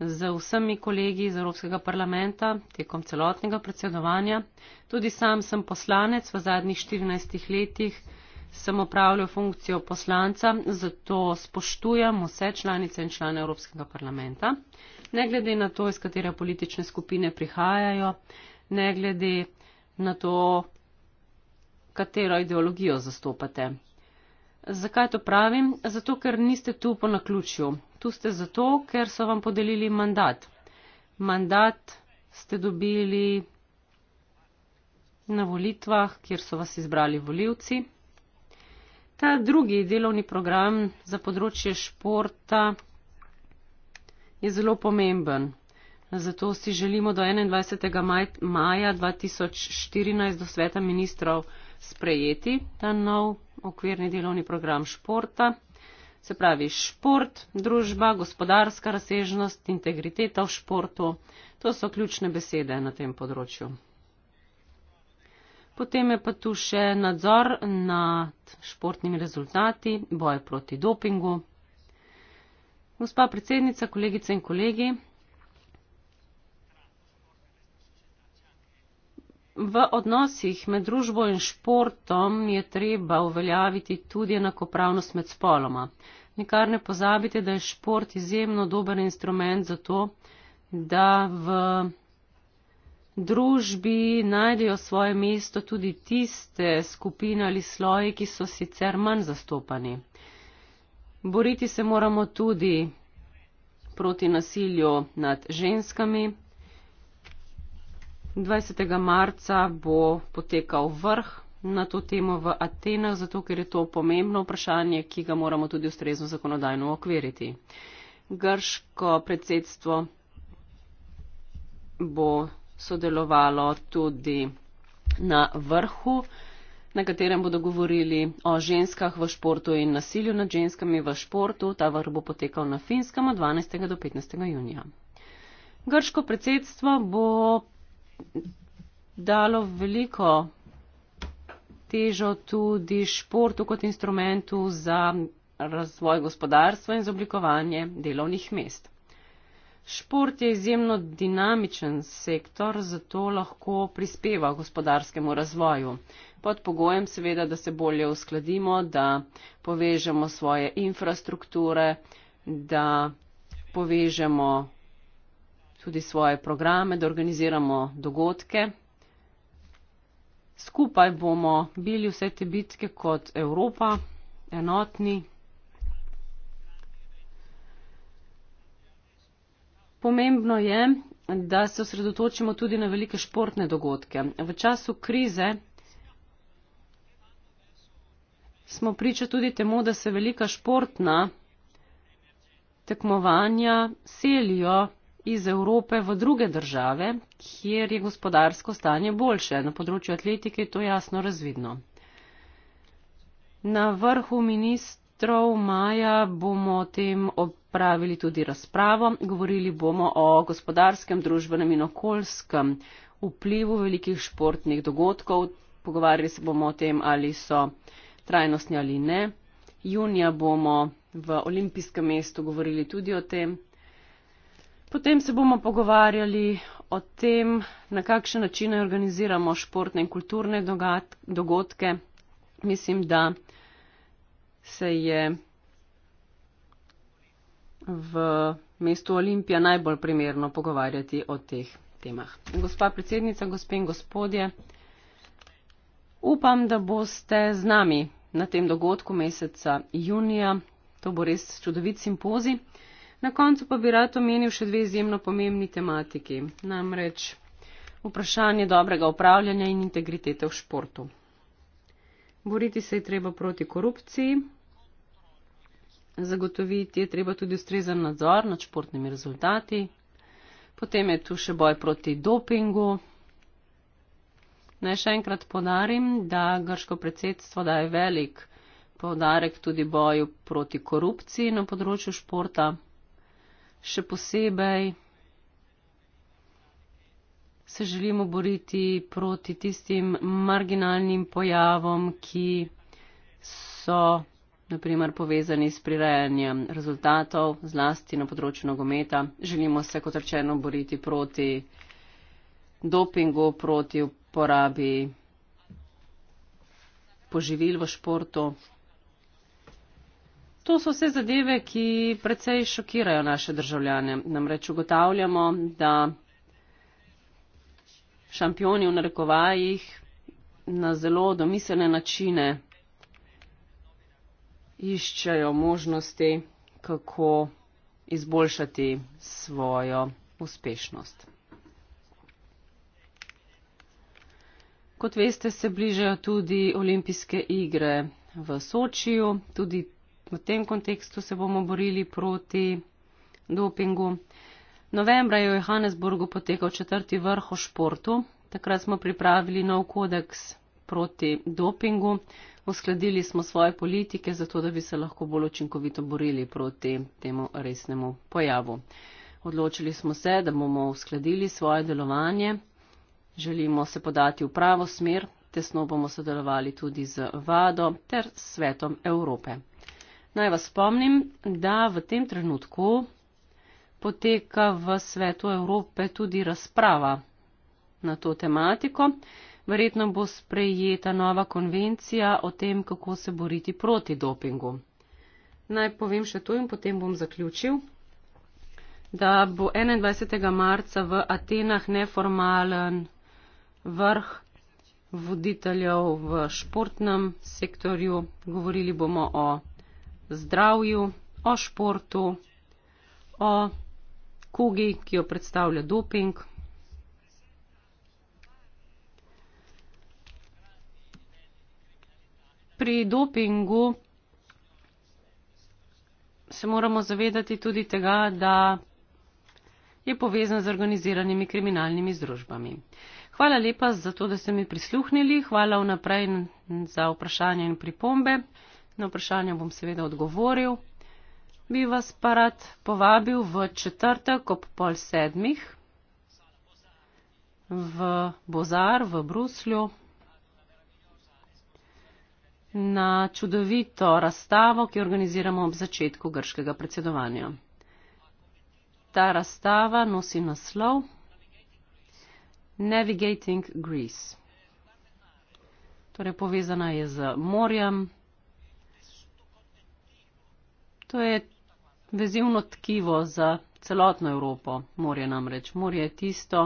z vsemi kolegi iz Evropskega parlamenta tekom celotnega predsedovanja. Tudi sam sem poslanec v zadnjih 14 letih. Sem opravljal funkcijo poslanca, zato spoštujem vse članice in člane Evropskega parlamenta, ne glede na to, iz katere politične skupine prihajajo, ne glede na to, katero ideologijo zastopate. Zakaj to pravim? Zato, ker niste tu po naključju. Tu ste zato, ker so vam podelili mandat. Mandat ste dobili na volitvah, kjer so vas izbrali voljivci. Ta drugi delovni program za področje športa je zelo pomemben. Zato si želimo do 21. maja 2014 do sveta ministrov sprejeti ta nov okvirni delovni program športa. Se pravi šport, družba, gospodarska razsežnost, integriteta v športu. To so ključne besede na tem področju. Potem je pa tu še nadzor nad športnimi rezultati, boj proti dopingu. Gospa predsednica, kolegice in kolegi, V odnosih med družbo in športom je treba uveljaviti tudi enakopravnost med spoloma. Nikar ne pozabite, da je šport izjemno dober instrument za to, da v družbi najdejo svoje mesto tudi tiste skupine ali sloje, ki so sicer manj zastopani. Boriti se moramo tudi proti nasilju nad ženskami. 20. marca bo potekal vrh na to temo v Atenah, zato ker je to pomembno vprašanje, ki ga moramo tudi ustrezno zakonodajno okviriti. Grško predsedstvo bo sodelovalo tudi na vrhu, na katerem bodo govorili o ženskah v športu in nasilju nad ženskami v športu. Ta vrh bo potekal na Finskem od 12. do 15. junija. Grško predsedstvo bo dalo veliko težo tudi športu kot instrumentu za razvoj gospodarstva in za oblikovanje delovnih mest. Šport je izjemno dinamičen sektor, zato lahko prispeva gospodarskemu razvoju. Pod pogojem seveda, da se bolje uskladimo, da povežemo svoje infrastrukture, da povežemo tudi svoje programe, da organiziramo dogodke. Skupaj bomo bili vse te bitke kot Evropa, enotni. Pomembno je, da se osredotočimo tudi na velike športne dogodke. V času krize smo priča tudi temu, da se velika športna tekmovanja selijo iz Evrope v druge države, kjer je gospodarsko stanje boljše. Na področju atletike je to jasno razvidno. Na vrhu ministrov maja bomo o tem opravili tudi razpravo. Govorili bomo o gospodarskem, družbenem in okoljskem vplivu velikih športnih dogodkov. Pogovarjali se bomo o tem, ali so trajnostni ali ne. Junija bomo v olimpijskem mestu govorili tudi o tem. Potem se bomo pogovarjali o tem, na kakšen način organiziramo športne in kulturne dogodke. Mislim, da se je v mestu Olimpija najbolj primerno pogovarjati o teh temah. Gospa predsednica, gospe in gospodje, upam, da boste z nami na tem dogodku meseca junija. To bo res čudovit simpozij. Na koncu pa bi rad omenil še dve izjemno pomembni tematiki, namreč vprašanje dobrega upravljanja in integritete v športu. Boriti se je treba proti korupciji, zagotoviti je treba tudi ustrezen nadzor nad športnimi rezultati, potem je tu še boj proti dopingu. Naj še enkrat podarim, da grško predsedstvo daje velik povdarek tudi boju proti korupciji na področju športa še posebej se želimo boriti proti tistim marginalnim pojavom, ki so naprimer povezani s prirejanjem rezultatov, zlasti na področju nogometa. Želimo se, kot rečeno, boriti proti dopingu, proti uporabi poživil v športu. To so vse zadeve, ki precej šokirajo naše državljane. Namreč ugotavljamo, da šampioni v narekovajih na zelo domiselne načine iščejo možnosti, kako izboljšati svojo uspešnost. Kot veste, se bližajo tudi olimpijske igre v Sočiju. Tudi v tem kontekstu se bomo borili proti dopingu. Novembra je v Johannesburgu potekal četrti vrh o športu. Takrat smo pripravili nov kodeks proti dopingu. Uskladili smo svoje politike, zato da bi se lahko bolj učinkovito borili proti temu resnemu pojavu. Odločili smo se, da bomo uskladili svoje delovanje. Želimo se podati v pravo smer, tesno bomo sodelovali tudi z vado ter svetom Evrope. Naj vas spomnim, da v tem trenutku poteka v svetu Evrope tudi razprava na to tematiko. Verjetno bo sprejeta nova konvencija o tem, kako se boriti proti dopingu. Naj povem še to in potem bom zaključil, da bo 21. marca v Atenah neformalen vrh voditeljev v športnem sektorju. Govorili bomo o zdravju, o športu, o kugi, ki jo predstavlja doping. Pri dopingu se moramo zavedati tudi tega, da je povezan z organiziranimi kriminalnimi združbami. Hvala lepa za to, da ste mi prisluhnili. Hvala vnaprej za vprašanje in pripombe. Na vprašanje bom seveda odgovoril. Bi vas pa rad povabil v četrtek ob pol sedmih v Bozar v Bruslju na čudovito razstavo, ki jo organiziramo ob začetku grškega predsedovanja. Ta razstava nosi naslov Navigating Greece. Torej povezana je z morjem. To je vezivno tkivo za celotno Evropo, morje namreč. Morje je tisto,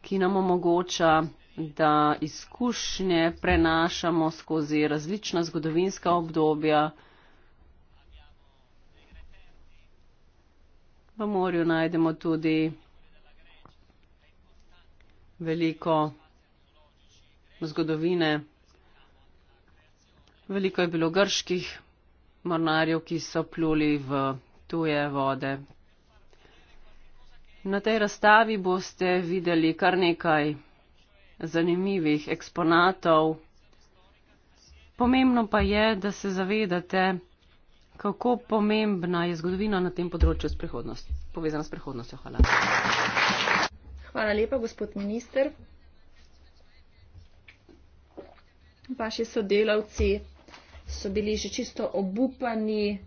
ki nam omogoča, da izkušnje prenašamo skozi različna zgodovinska obdobja. V morju najdemo tudi veliko zgodovine. Veliko je bilo grških mornarjev, ki so pluli v tuje vode. Na tej razstavi boste videli kar nekaj zanimivih eksponatov. Pomembno pa je, da se zavedate, kako pomembna je zgodovina na tem področju s povezana s prihodnostjo. Hvala. Hvala lepa, gospod minister. Vaši sodelavci, so bili že čisto obupani,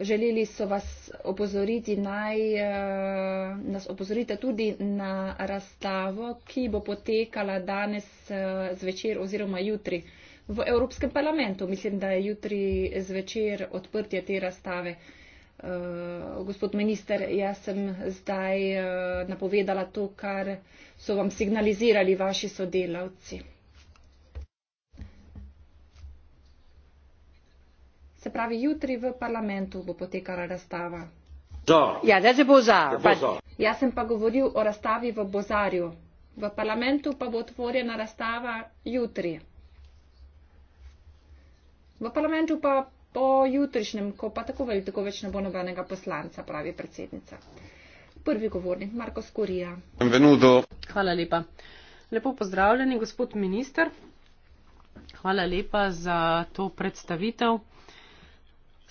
želeli so vas opozoriti, naj eh, nas opozorite tudi na razstavo, ki bo potekala danes eh, zvečer oziroma jutri v Evropskem parlamentu. Mislim, da je jutri zvečer odprtje te razstave. Eh, gospod minister, jaz sem zdaj napovedala to, kar so vam signalizirali vaši sodelavci. Se pravi, jutri v parlamentu bo potekala razstava. Ja, bozar, ja, pa... Jaz sem pa govoril o razstavi v Bozarju. V parlamentu pa bo otvorjena razstava jutri. V parlamentu pa po jutrišnjem, ko pa tako veliko, tako več ne bo nobenega poslanca, pravi predsednica. Prvi govornik, Marko Skurija. Benvenuto. Hvala lepa. Lepo pozdravljeni, gospod minister. Hvala lepa za to predstavitev.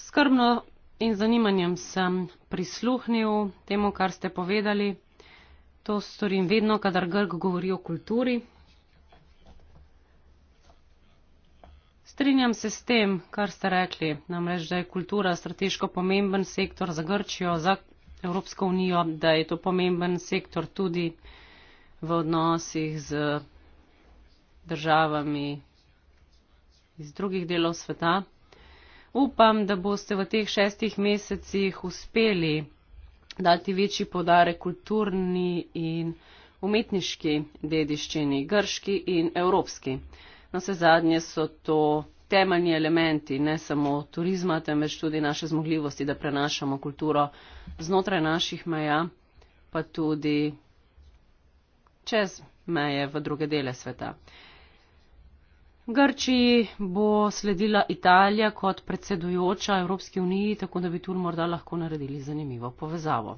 Skrbno in zanimanjem sem prisluhnil temu, kar ste povedali. To storim vedno, kadar Grg govori o kulturi. Strinjam se s tem, kar ste rekli, namreč, da je kultura strateško pomemben sektor za Grčijo, za Evropsko unijo, da je to pomemben sektor tudi v odnosih z državami iz drugih delov sveta upam, da boste v teh šestih mesecih uspeli dati večji podare kulturni in umetniški dediščini, grški in evropski. Na vse zadnje so to temeljni elementi ne samo turizma, temveč tudi naše zmogljivosti, da prenašamo kulturo znotraj naših meja, pa tudi čez meje v druge dele sveta. Grčiji bo sledila Italija kot predsedujoča Evropski uniji, tako da bi tu morda lahko naredili zanimivo povezavo.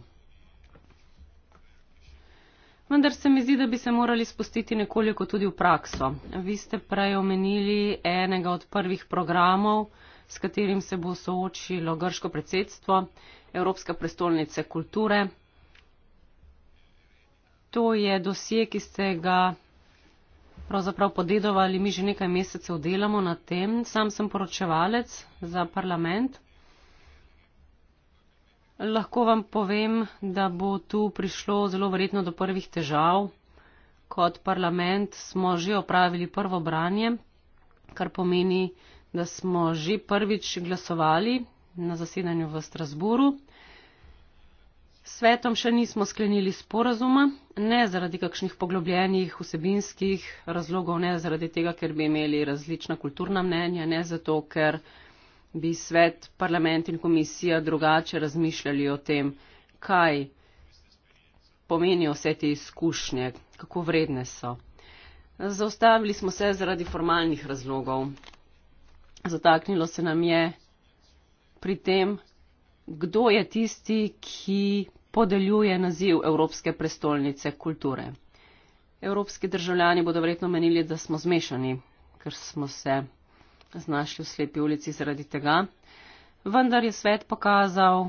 Vendar se mi zdi, da bi se morali spustiti nekoliko tudi v prakso. Vi ste prej omenili enega od prvih programov, s katerim se bo soočilo grško predsedstvo, Evropska prestolnica kulture. To je dosje, ki ste ga pravzaprav podedovali, mi že nekaj mesecev delamo na tem. Sam sem poročevalec za parlament. Lahko vam povem, da bo tu prišlo zelo verjetno do prvih težav. Kot parlament smo že opravili prvo branje, kar pomeni, da smo že prvič glasovali na zasedanju v Strasburu svetom še nismo sklenili sporazuma, ne zaradi kakšnih poglobljenih vsebinskih razlogov, ne zaradi tega, ker bi imeli različna kulturna mnenja, ne zato, ker bi svet, parlament in komisija drugače razmišljali o tem, kaj pomenijo vse te izkušnje, kako vredne so. Zaustavili smo se zaradi formalnih razlogov. Zataknilo se nam je pri tem, kdo je tisti, ki podeljuje naziv Evropske prestolnice kulture. Evropski državljani bodo verjetno menili, da smo zmešani, ker smo se znašli v slepi ulici zaradi tega. Vendar je svet pokazal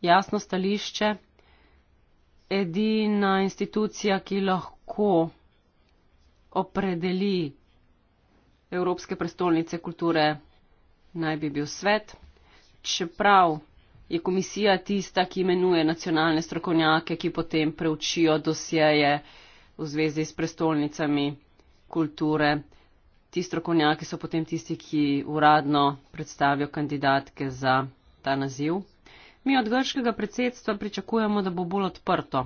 jasno stališče. Edina institucija, ki lahko opredeli Evropske prestolnice kulture, naj bi bil svet čeprav je komisija tista, ki imenuje nacionalne strokovnjake, ki potem preučijo dosjeje v zvezi s prestolnicami kulture. Ti strokovnjaki so potem tisti, ki uradno predstavijo kandidatke za ta naziv. Mi od grškega predsedstva pričakujemo, da bo bolj odprto.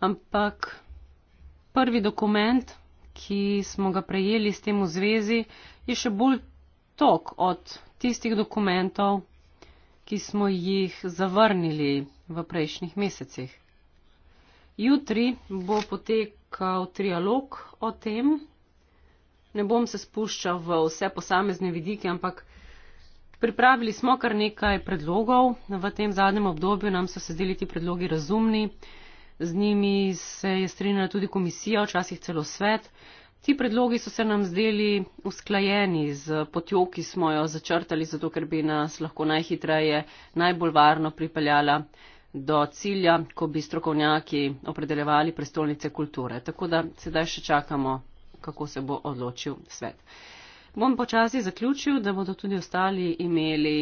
Ampak prvi dokument, ki smo ga prejeli s tem v zvezi, je še bolj odtok od tistih dokumentov, ki smo jih zavrnili v prejšnjih mesecih. Jutri bo potekal trialog o tem. Ne bom se spuščal v vse posamezne vidike, ampak pripravili smo kar nekaj predlogov. V tem zadnjem obdobju nam so se zdeli ti predlogi razumni. Z njimi se je strinjala tudi komisija, včasih celo svet. Uh, Ti predlogi so se nam zdeli usklajeni z potjo, ki smo jo začrtali, zato ker bi nas lahko najhitreje, najbolj varno pripeljala do cilja, ko bi strokovnjaki opredeljevali prestolnice kulture. Tako da sedaj še čakamo, kako se bo odločil svet. Bom počasi zaključil, da bodo tudi ostali imeli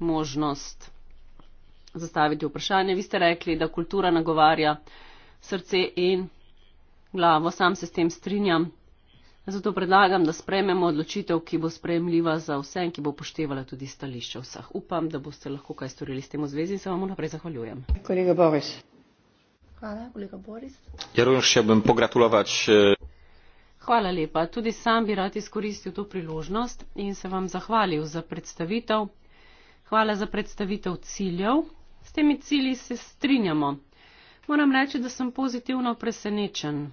možnost zastaviti vprašanje. Vi ste rekli, da kultura nagovarja srce in glavo, sam se s tem strinjam. Zato predlagam, da sprejmemo odločitev, ki bo sprejemljiva za vse in ki bo poštevala tudi stališče vseh. Upam, da boste lahko kaj storili s tem v zvezi in se vam naprej zahvaljujem. Kolega Boris. Hvala, kolega Boris. Ja, Rojno še bom pogratulovač. E, Hvala lepa. Tudi sam bi rad izkoristil to priložnost in se vam zahvalil za predstavitev. Hvala za predstavitev ciljev. S temi cilji se strinjamo. Moram reči, da sem pozitivno presenečen.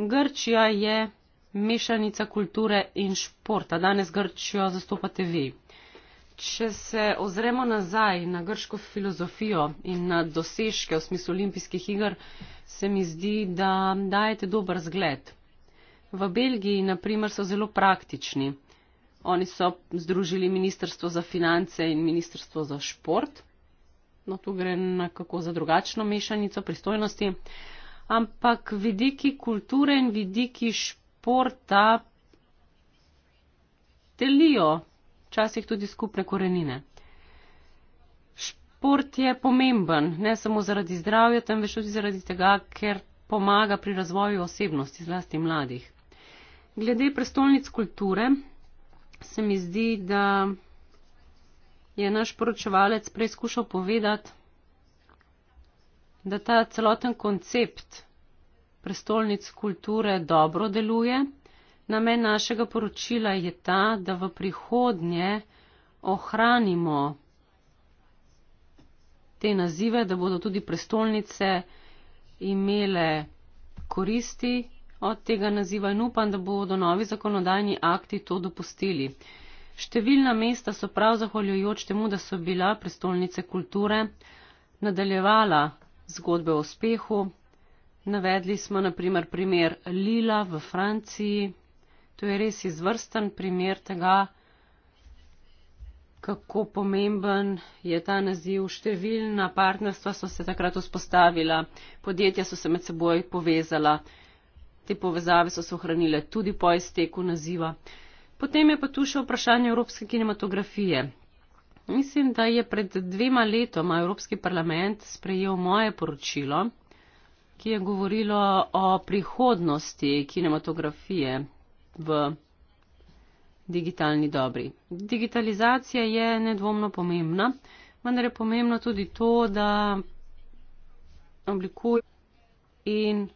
Grčija je mešanica kulture in športa. Danes Grčijo zastopate vi. Če se ozremo nazaj na grško filozofijo in na dosežke v smislu olimpijskih igr, se mi zdi, da dajete dober zgled. V Belgiji, na primer, so zelo praktični. Oni so združili Ministrstvo za finance in Ministrstvo za šport. No, tu gre nekako za drugačno mešanico pristojnosti ampak vidiki kulture in vidiki športa delijo včasih tudi skupne korenine. Šport je pomemben ne samo zaradi zdravja, temveč tudi zaradi tega, ker pomaga pri razvoju osebnosti, zlasti mladih. Glede prestolnic kulture se mi zdi, da je naš poročevalec preizkušal povedati, da ta celoten koncept prestolnic kulture dobro deluje. Namen našega poročila je ta, da v prihodnje ohranimo te nazive, da bodo tudi prestolnice imele koristi od tega naziva in upam, da bodo novi zakonodajni akti to dopustili. Številna mesta so prav zahvaljujoč temu, da so bila prestolnice kulture nadaljevala zgodbe o uspehu. Navedli smo naprimer primer Lila v Franciji. To je res izvrsten primer tega, kako pomemben je ta naziv. Številna partnerstva so se takrat vzpostavila, podjetja so se med seboj povezala. Te povezave so se ohranile tudi po izteku naziva. Potem je pa tu še vprašanje evropske kinematografije. Mislim, da je pred dvema letoma Evropski parlament sprejel moje poročilo, ki je govorilo o prihodnosti kinematografije v digitalni dobri. Digitalizacija je nedvomno pomembna, vendar je pomembno tudi to, da oblikuje in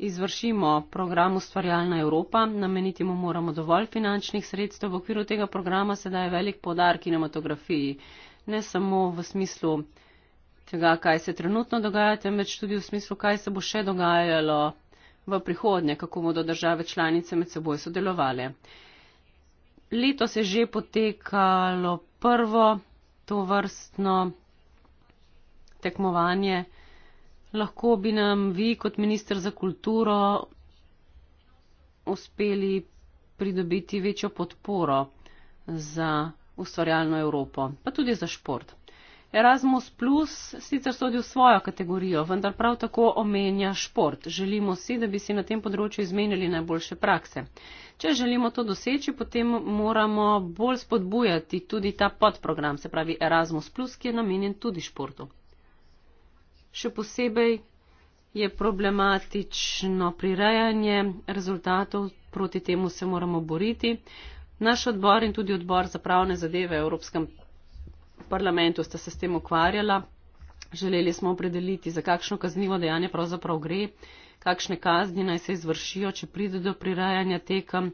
izvršimo program Ustvarjalna Evropa, nameniti mu moramo dovolj finančnih sredstev. V okviru tega programa se daje velik podar kinematografiji, ne samo v smislu tega, kaj se trenutno dogaja, temveč tudi v smislu, kaj se bo še dogajalo v prihodnje, kako bodo države članice med seboj sodelovali. Leto se je že potekalo prvo to vrstno tekmovanje. Lahko bi nam vi kot minister za kulturo uspeli pridobiti večjo podporo za ustvarjalno Evropo, pa tudi za šport. Erasmus Plus sicer sodi v svojo kategorijo, vendar prav tako omenja šport. Želimo si, da bi si na tem področju izmenili najboljše prakse. Če želimo to doseči, potem moramo bolj spodbujati tudi ta podprogram, se pravi Erasmus Plus, ki je namenjen tudi športu še posebej je problematično prirejanje rezultatov, proti temu se moramo boriti. Naš odbor in tudi odbor za pravne zadeve v Evropskem parlamentu sta se s tem ukvarjala. Želeli smo opredeliti, za kakšno kaznivo dejanje pravzaprav gre, kakšne kazni naj se izvršijo, če pride do prirejanja tekem.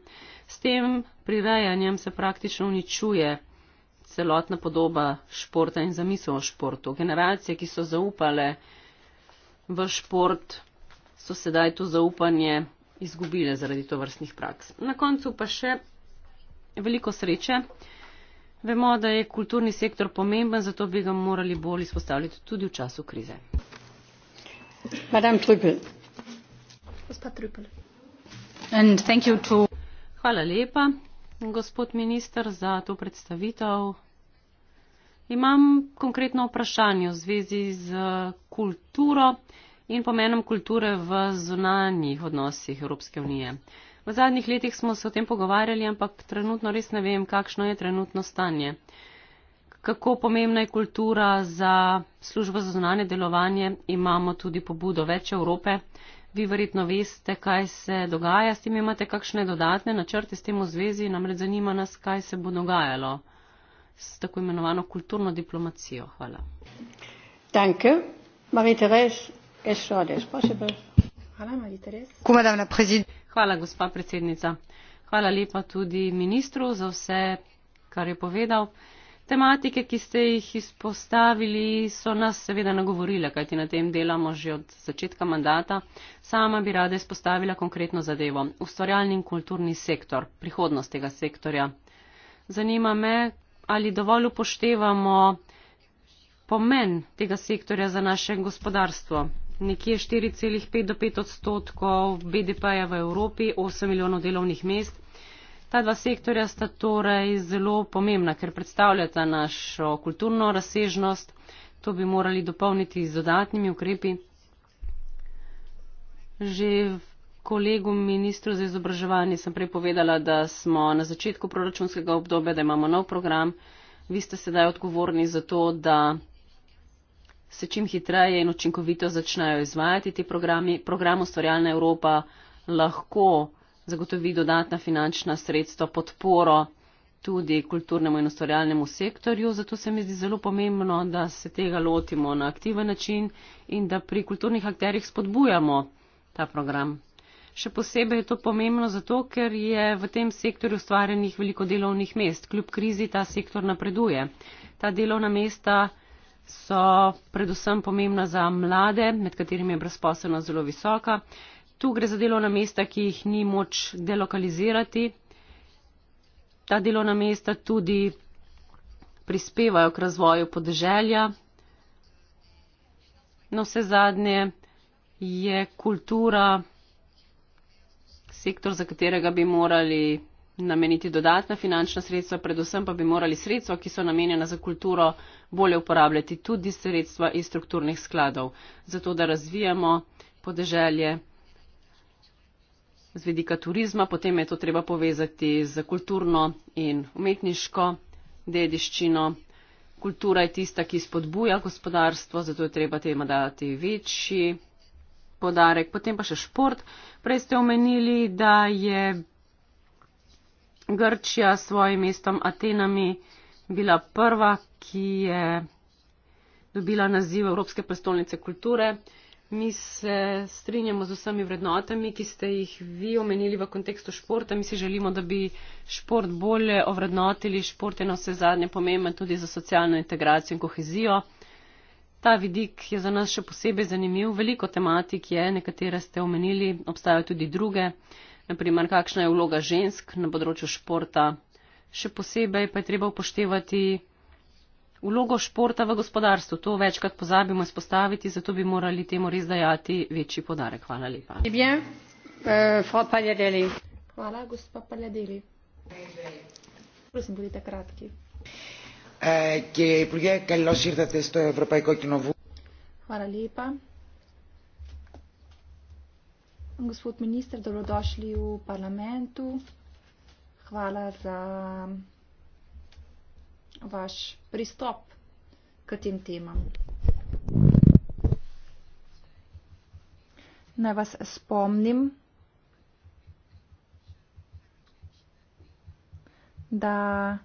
S tem prirejanjem se praktično uničuje celotna podoba športa in zamisel o športu. Generacije, ki so zaupale v šport, so sedaj to zaupanje izgubile zaradi to vrstnih praks. Na koncu pa še veliko sreče. Vemo, da je kulturni sektor pomemben, zato bi ga morali bolj izpostavljati tudi v času krize. Hvala lepa gospod minister, za to predstavitev. Imam konkretno vprašanje v zvezi z kulturo in pomenom kulture v zunanjih odnosih Evropske unije. V zadnjih letih smo se o tem pogovarjali, ampak trenutno res ne vem, kakšno je trenutno stanje. Kako pomembna je kultura za službo za zunanje delovanje, imamo tudi pobudo več Evrope, vi verjetno veste, kaj se dogaja s tem, imate kakšne dodatne načrte s tem v zvezi, namreč zanima nas, kaj se bo dogajalo s tako imenovano kulturno diplomacijo. Hvala. Danke, Hvala, Hvala, gospa predsednica. Hvala lepa tudi ministru za vse, kar je povedal. Tematike, ki ste jih izpostavili, so nas seveda nagovorile, kajti na tem delamo že od začetka mandata. Sama bi rada izpostavila konkretno zadevo. Ustvarjalni in kulturni sektor, prihodnost tega sektorja. Zanima me, ali dovolj upoštevamo pomen tega sektorja za naše gospodarstvo. Nekje 4,5 do 5 odstotkov BDP-ja v Evropi, 8 milijonov delovnih mest. Ta dva sektorja sta torej zelo pomembna, ker predstavljata našo kulturno razsežnost. To bi morali dopolniti z dodatnimi ukrepi. Že kolegu ministru za izobraževanje sem prej povedala, da smo na začetku proračunskega obdobja, da imamo nov program. Vi ste sedaj odgovorni za to, da se čim hitreje in učinkovito začnejo izvajati ti programi. Program Ustvarjalna Evropa lahko zagotovi dodatna finančna sredstva, podporo tudi kulturnemu in ustvarjalnemu sektorju. Zato se mi zdi zelo pomembno, da se tega lotimo na aktiven način in da pri kulturnih akterjih spodbujamo ta program. Še posebej je to pomembno zato, ker je v tem sektorju ustvarjenih veliko delovnih mest. Kljub krizi ta sektor napreduje. Ta delovna mesta so predvsem pomembna za mlade, med katerimi je brezposelnost zelo visoka. Tu gre za delovna mesta, ki jih ni moč delokalizirati. Ta delovna mesta tudi prispevajo k razvoju podeželja. No vse zadnje je kultura sektor, za katerega bi morali nameniti dodatna finančna sredstva, predvsem pa bi morali sredstva, ki so namenjena za kulturo, bolje uporabljati tudi sredstva iz strukturnih skladov, zato da razvijamo podeželje z vidika turizma, potem je to treba povezati z kulturno in umetniško dediščino. Kultura je tista, ki spodbuja gospodarstvo, zato je treba tema dati večji podarek. Potem pa še šport. Prej ste omenili, da je Grčija s svojim mestom Atenami bila prva, ki je dobila naziv Evropske prestolnice kulture. Mi se strinjamo z vsemi vrednotami, ki ste jih vi omenili v kontekstu športa. Mi si želimo, da bi šport bolje ovrednotili. Šport je na vse zadnje pomemben tudi za socialno integracijo in kohezijo. Ta vidik je za nas še posebej zanimiv. Veliko tematik je, nekatere ste omenili, obstajajo tudi druge. Naprimer, kakšna je vloga žensk na področju športa. Še posebej pa je treba upoštevati Vlogo športa v gospodarstvu, to večkrat pozabimo izpostaviti, zato bi morali temu res dajati večji podarek. Hvala lepa. Eh eh, Hvala, gospod Paljadeli. Prosim, budite kratki. Eh, no Hvala lepa. Gospod minister, dobrodošli v parlamentu. Hvala za vaš pristop k tem temam. Naj vas spomnim, da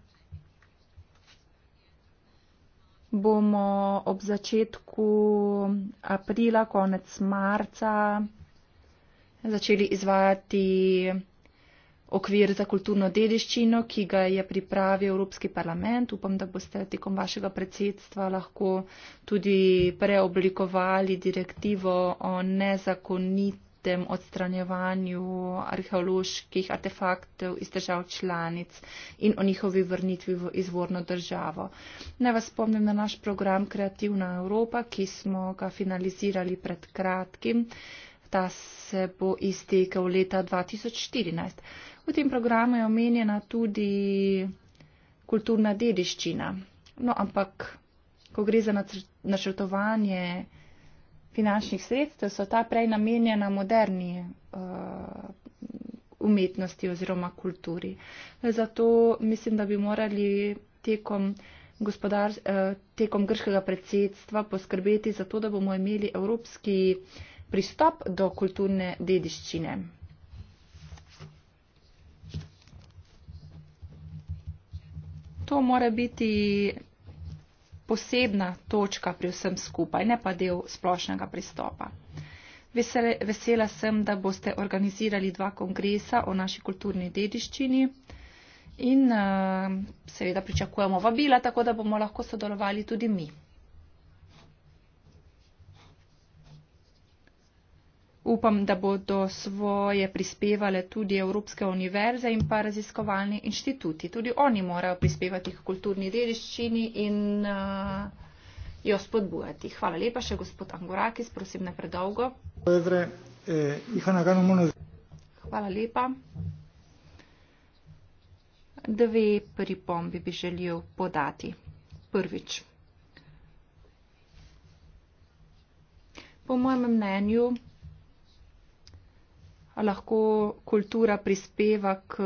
bomo ob začetku aprila, konec marca začeli izvajati okvir za kulturno dediščino, ki ga je pripravil Evropski parlament. Upam, da boste tekom vašega predsedstva lahko tudi preoblikovali direktivo o nezakonitem odstranjevanju arheoloških artefaktov iz držav članic in o njihovi vrnitvi v izvorno državo. Ne vas spomnim na naš program Kreativna Evropa, ki smo ga finalizirali pred kratkim. Ta se bo iztekel leta 2014. V tem programu je omenjena tudi kulturna dediščina. No, ampak, ko gre za načrtovanje finančnih sredstev, so ta prej namenjena moderni uh, umetnosti oziroma kulturi. Zato mislim, da bi morali tekom, gospodar, uh, tekom grškega predsedstva poskrbeti za to, da bomo imeli evropski pristop do kulturne dediščine. to mora biti posebna točka pri vsem skupaj, ne pa del splošnega pristopa. Vesele, vesela sem, da boste organizirali dva kongresa o naši kulturni dediščini in uh, seveda pričakujemo vabila, tako da bomo lahko sodelovali tudi mi. upam, da bodo svoje prispevale tudi Evropske univerze in pa raziskovalni inštituti. Tudi oni morajo prispevati k kulturni dediščini in uh, jo spodbujati. Hvala lepa še gospod Angorakis, prosim ne predolgo. Eh, Hvala lepa. Dve pripombi bi želel podati. Prvič. Po mojem mnenju lahko kultura prispeva k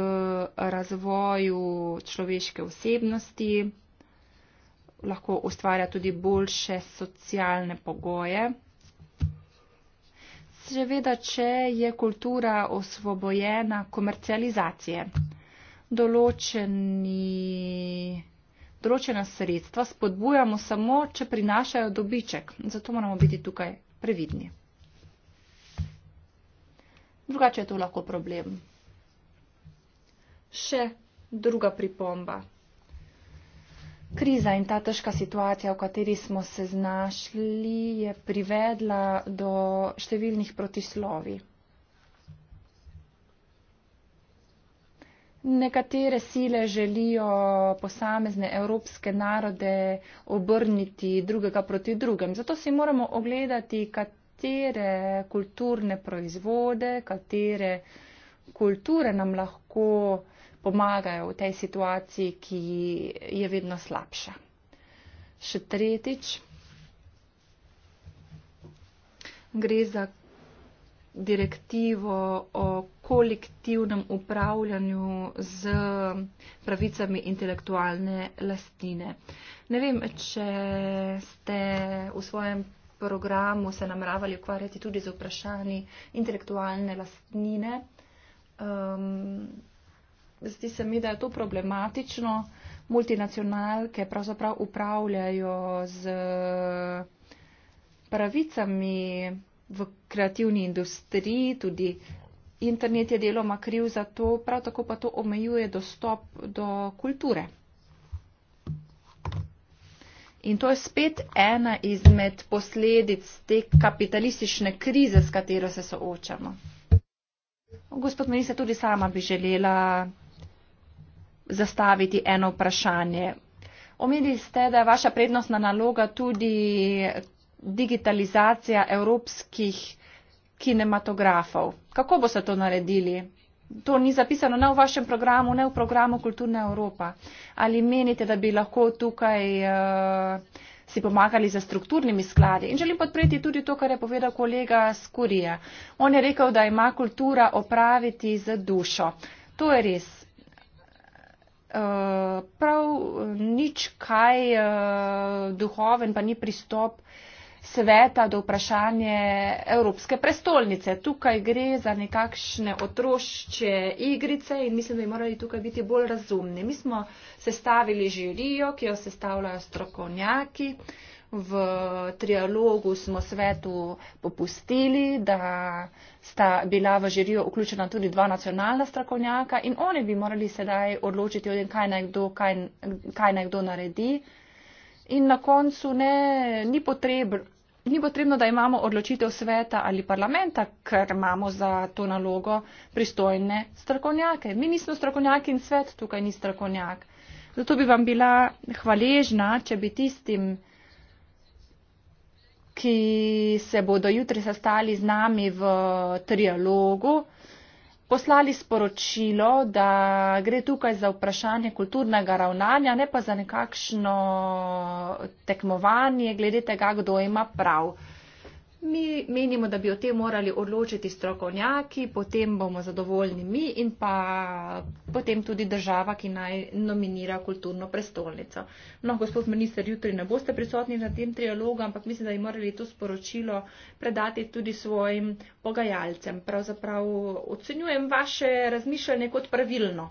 razvoju človeške osebnosti, lahko ustvarja tudi boljše socialne pogoje. Seveda, če je kultura osvobojena komercializacije, določeni, določena sredstva spodbujamo samo, če prinašajo dobiček. Zato moramo biti tukaj previdni drugače je to lahko problem. Še druga pripomba. Kriza in ta težka situacija, v kateri smo se znašli, je privedla do številnih protislovi. Nekatere sile želijo posamezne evropske narode obrniti drugega proti drugem. Zato si moramo ogledati, katere kulturne proizvode, katere kulture nam lahko pomagajo v tej situaciji, ki je vedno slabša. Še tretjič, gre za direktivo o kolektivnem upravljanju z pravicami intelektualne lastnine. Ne vem, če ste v svojem programu se namravali ukvarjati tudi z vprašanji intelektualne lastnine. Um, zdi se mi, da je to problematično. Multinacionalke pravzaprav upravljajo z eh, pravicami v kreativni industriji, tudi internet je deloma kriv za to, prav tako pa to omejuje dostop do kulture. In to je spet ena izmed posledic te kapitalistične krize, s katero se soočamo. Gospod minister, tudi sama bi želela zastaviti eno vprašanje. Omenili ste, da je vaša prednostna naloga tudi digitalizacija evropskih kinematografov. Kako boste to naredili? to ni zapisano ne v vašem programu, ne v programu Kulturna Evropa. Ali menite, da bi lahko tukaj uh, si pomagali za strukturnimi skladi? In želim podpreti tudi to, kar je povedal kolega Skurija. On je rekel, da ima kultura opraviti z dušo. To je res. Uh, prav nič kaj uh, duhoven pa ni pristop uh, sveta do vprašanje Evropske prestolnice. Tukaj gre za nekakšne otroščje igrice in mislim, da bi morali tukaj biti bolj razumni. Mi smo sestavili žirijo, ki jo sestavljajo strokovnjaki. V trialogu smo svetu popustili, da sta bila v žirijo vključena tudi dva nacionalna strokovnjaka in oni bi morali sedaj odločiti, kaj nekdo, kaj, kaj nekdo naredi. In na koncu ne, ni potrebno, Ni potrebno, da imamo odločitev sveta ali parlamenta, ker imamo za to nalogo pristojne strokovnjake. Mi nismo strokovnjaki in svet tukaj ni strokovnjak. Zato bi vam bila hvaležna, če bi tistim, ki se bodo jutri sestali z nami v trialogu, poslali sporočilo, da gre tukaj za vprašanje kulturnega ravnanja, ne pa za nekakšno tekmovanje glede tega, kdo ima prav mi menimo, da bi o tem morali odločiti strokovnjaki, potem bomo zadovoljni mi in pa potem tudi država, ki naj nominira kulturno prestolnico. No, gospod minister, jutri ne boste prisotni na tem trialogu, ampak mislim, da bi morali to sporočilo predati tudi svojim pogajalcem. Pravzaprav ocenjujem vaše razmišljanje kot pravilno.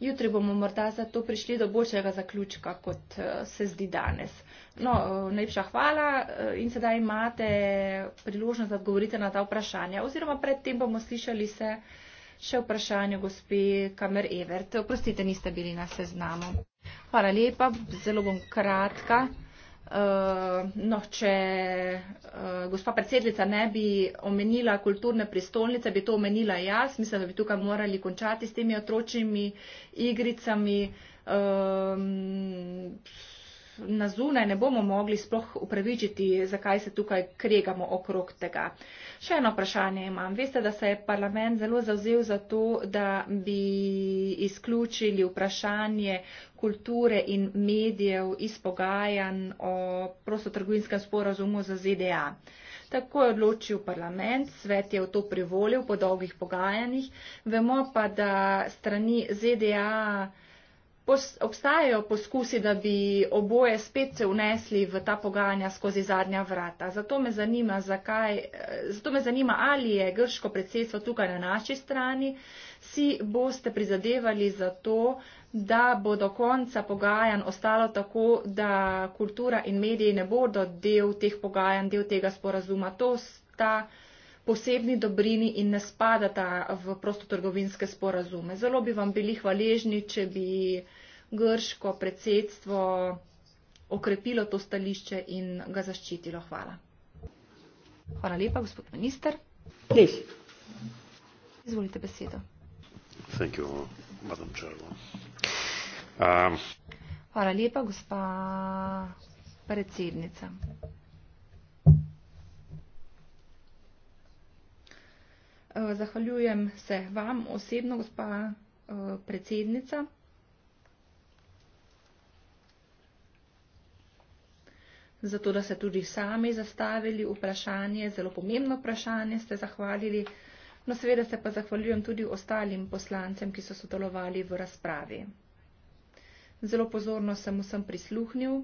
Jutri bomo morda zato prišli do boljšega zaključka, kot eh, se zdi danes. No, eh, najlepša hvala eh, in sedaj imate priložnost, da odgovorite na ta vprašanja. Oziroma predtem bomo slišali se še vprašanje gospe Kamer Evert. Oprostite, niste bili na seznamu. Hvala lepa, zelo bom kratka. Uh, no, če uh, gospa predsednica ne bi omenila kulturne pristolnice, bi to omenila jaz. Mislim, da bi tukaj morali končati s temi otročjimi igricami. Um, na zunaj ne bomo mogli sploh upravičiti, zakaj se tukaj kregamo okrog tega. Uh, Še eno vprašanje imam. Veste, da se je parlament zelo zauzel za to, da bi izključili vprašanje kulture in medijev iz pogajanj o prostotrgovinskem sporazumu za ZDA. Tako je odločil parlament, svet je v to privolil po dolgih pogajanjih. Vemo pa, da strani ZDA obstajajo poskusi, da bi oboje spet se unesli v ta pogajanja skozi zadnja vrata. Zato me zanima, zakaj, eh, zato me zanima ali je grško predsedstvo tukaj na naši strani, si boste prizadevali za to, da bo do konca pogajanj ostalo tako, da kultura in mediji ne bodo del teh pogajanj, del tega sporazuma. To sta posebni dobrini in ne spadata v prostotrgovinske sporazume. Zelo bi vam bili hvaležni, če bi grško predsedstvo okrepilo to stališče in ga zaščitilo. Hvala. Hvala lepa, gospod minister. Yes. Izvolite besedo. Thank you, madam chair. Um. Hvala lepa, gospa predsednica. Eh, zahvaljujem se vam osebno, gospa eh, predsednica. Zato, da ste tudi sami zastavili vprašanje, zelo pomembno vprašanje ste zahvalili. No, seveda se pa zahvaljujem tudi ostalim poslancem, ki so sodelovali v razpravi. Zelo pozorno sem vsem prisluhnil.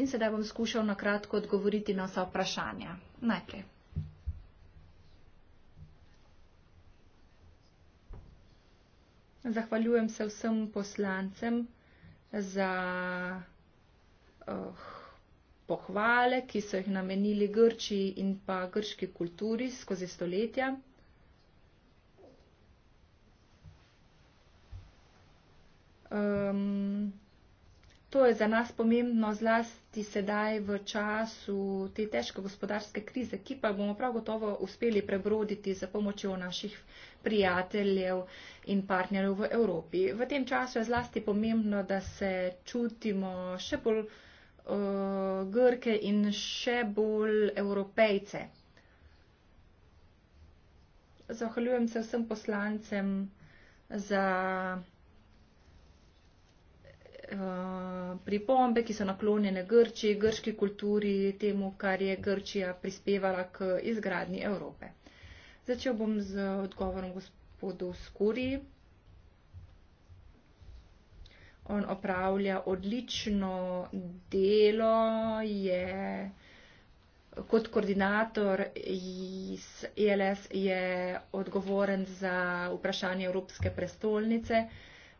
In sedaj bom skušal na kratko odgovoriti na vsa vprašanja. Najprej. Zahvaljujem se vsem poslancem za oh, pohvale, ki so jih namenili Grčiji in pa grški kulturi skozi stoletja. Um, To je za nas pomembno zlasti sedaj v času te težke gospodarske krize, ki pa bomo prav gotovo uspeli prebroditi za pomočjo naših prijateljev in partnerjev v Evropi. V tem času je zlasti pomembno, da se čutimo še bolj uh, grke in še bolj evropejce. Zahvaljujem se vsem poslancem za Eh, pripombe, ki so naklonjene Grči, grški kulturi, temu, kar je Grčija prispevala k izgradnji Evrope. Začel bom z odgovorom gospodu Skuri. On opravlja odlično delo, je kot koordinator iz ELS je odgovoren za vprašanje Evropske prestolnice.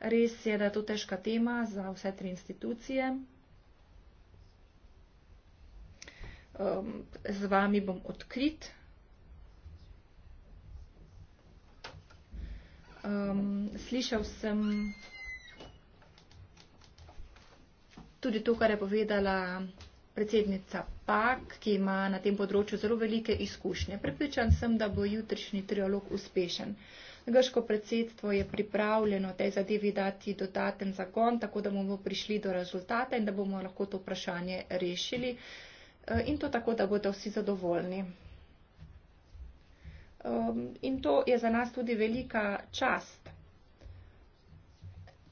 Res je, da je to težka tema za vse tri institucije. Um, z vami bom odkrit. Um, slišal sem tudi to, kar je povedala predsednica PAK, ki ima na tem področju zelo velike izkušnje. Prepričan sem, da bo jutrišnji trialog uspešen. Uh, Grško predsedstvo je pripravljeno tej zadevi dati dodaten zakon, tako da bomo prišli do rezultata in da bomo lahko to vprašanje rešili eh, in to tako, da bodo vsi zadovoljni. Ehm, in to je za nas tudi velika čast.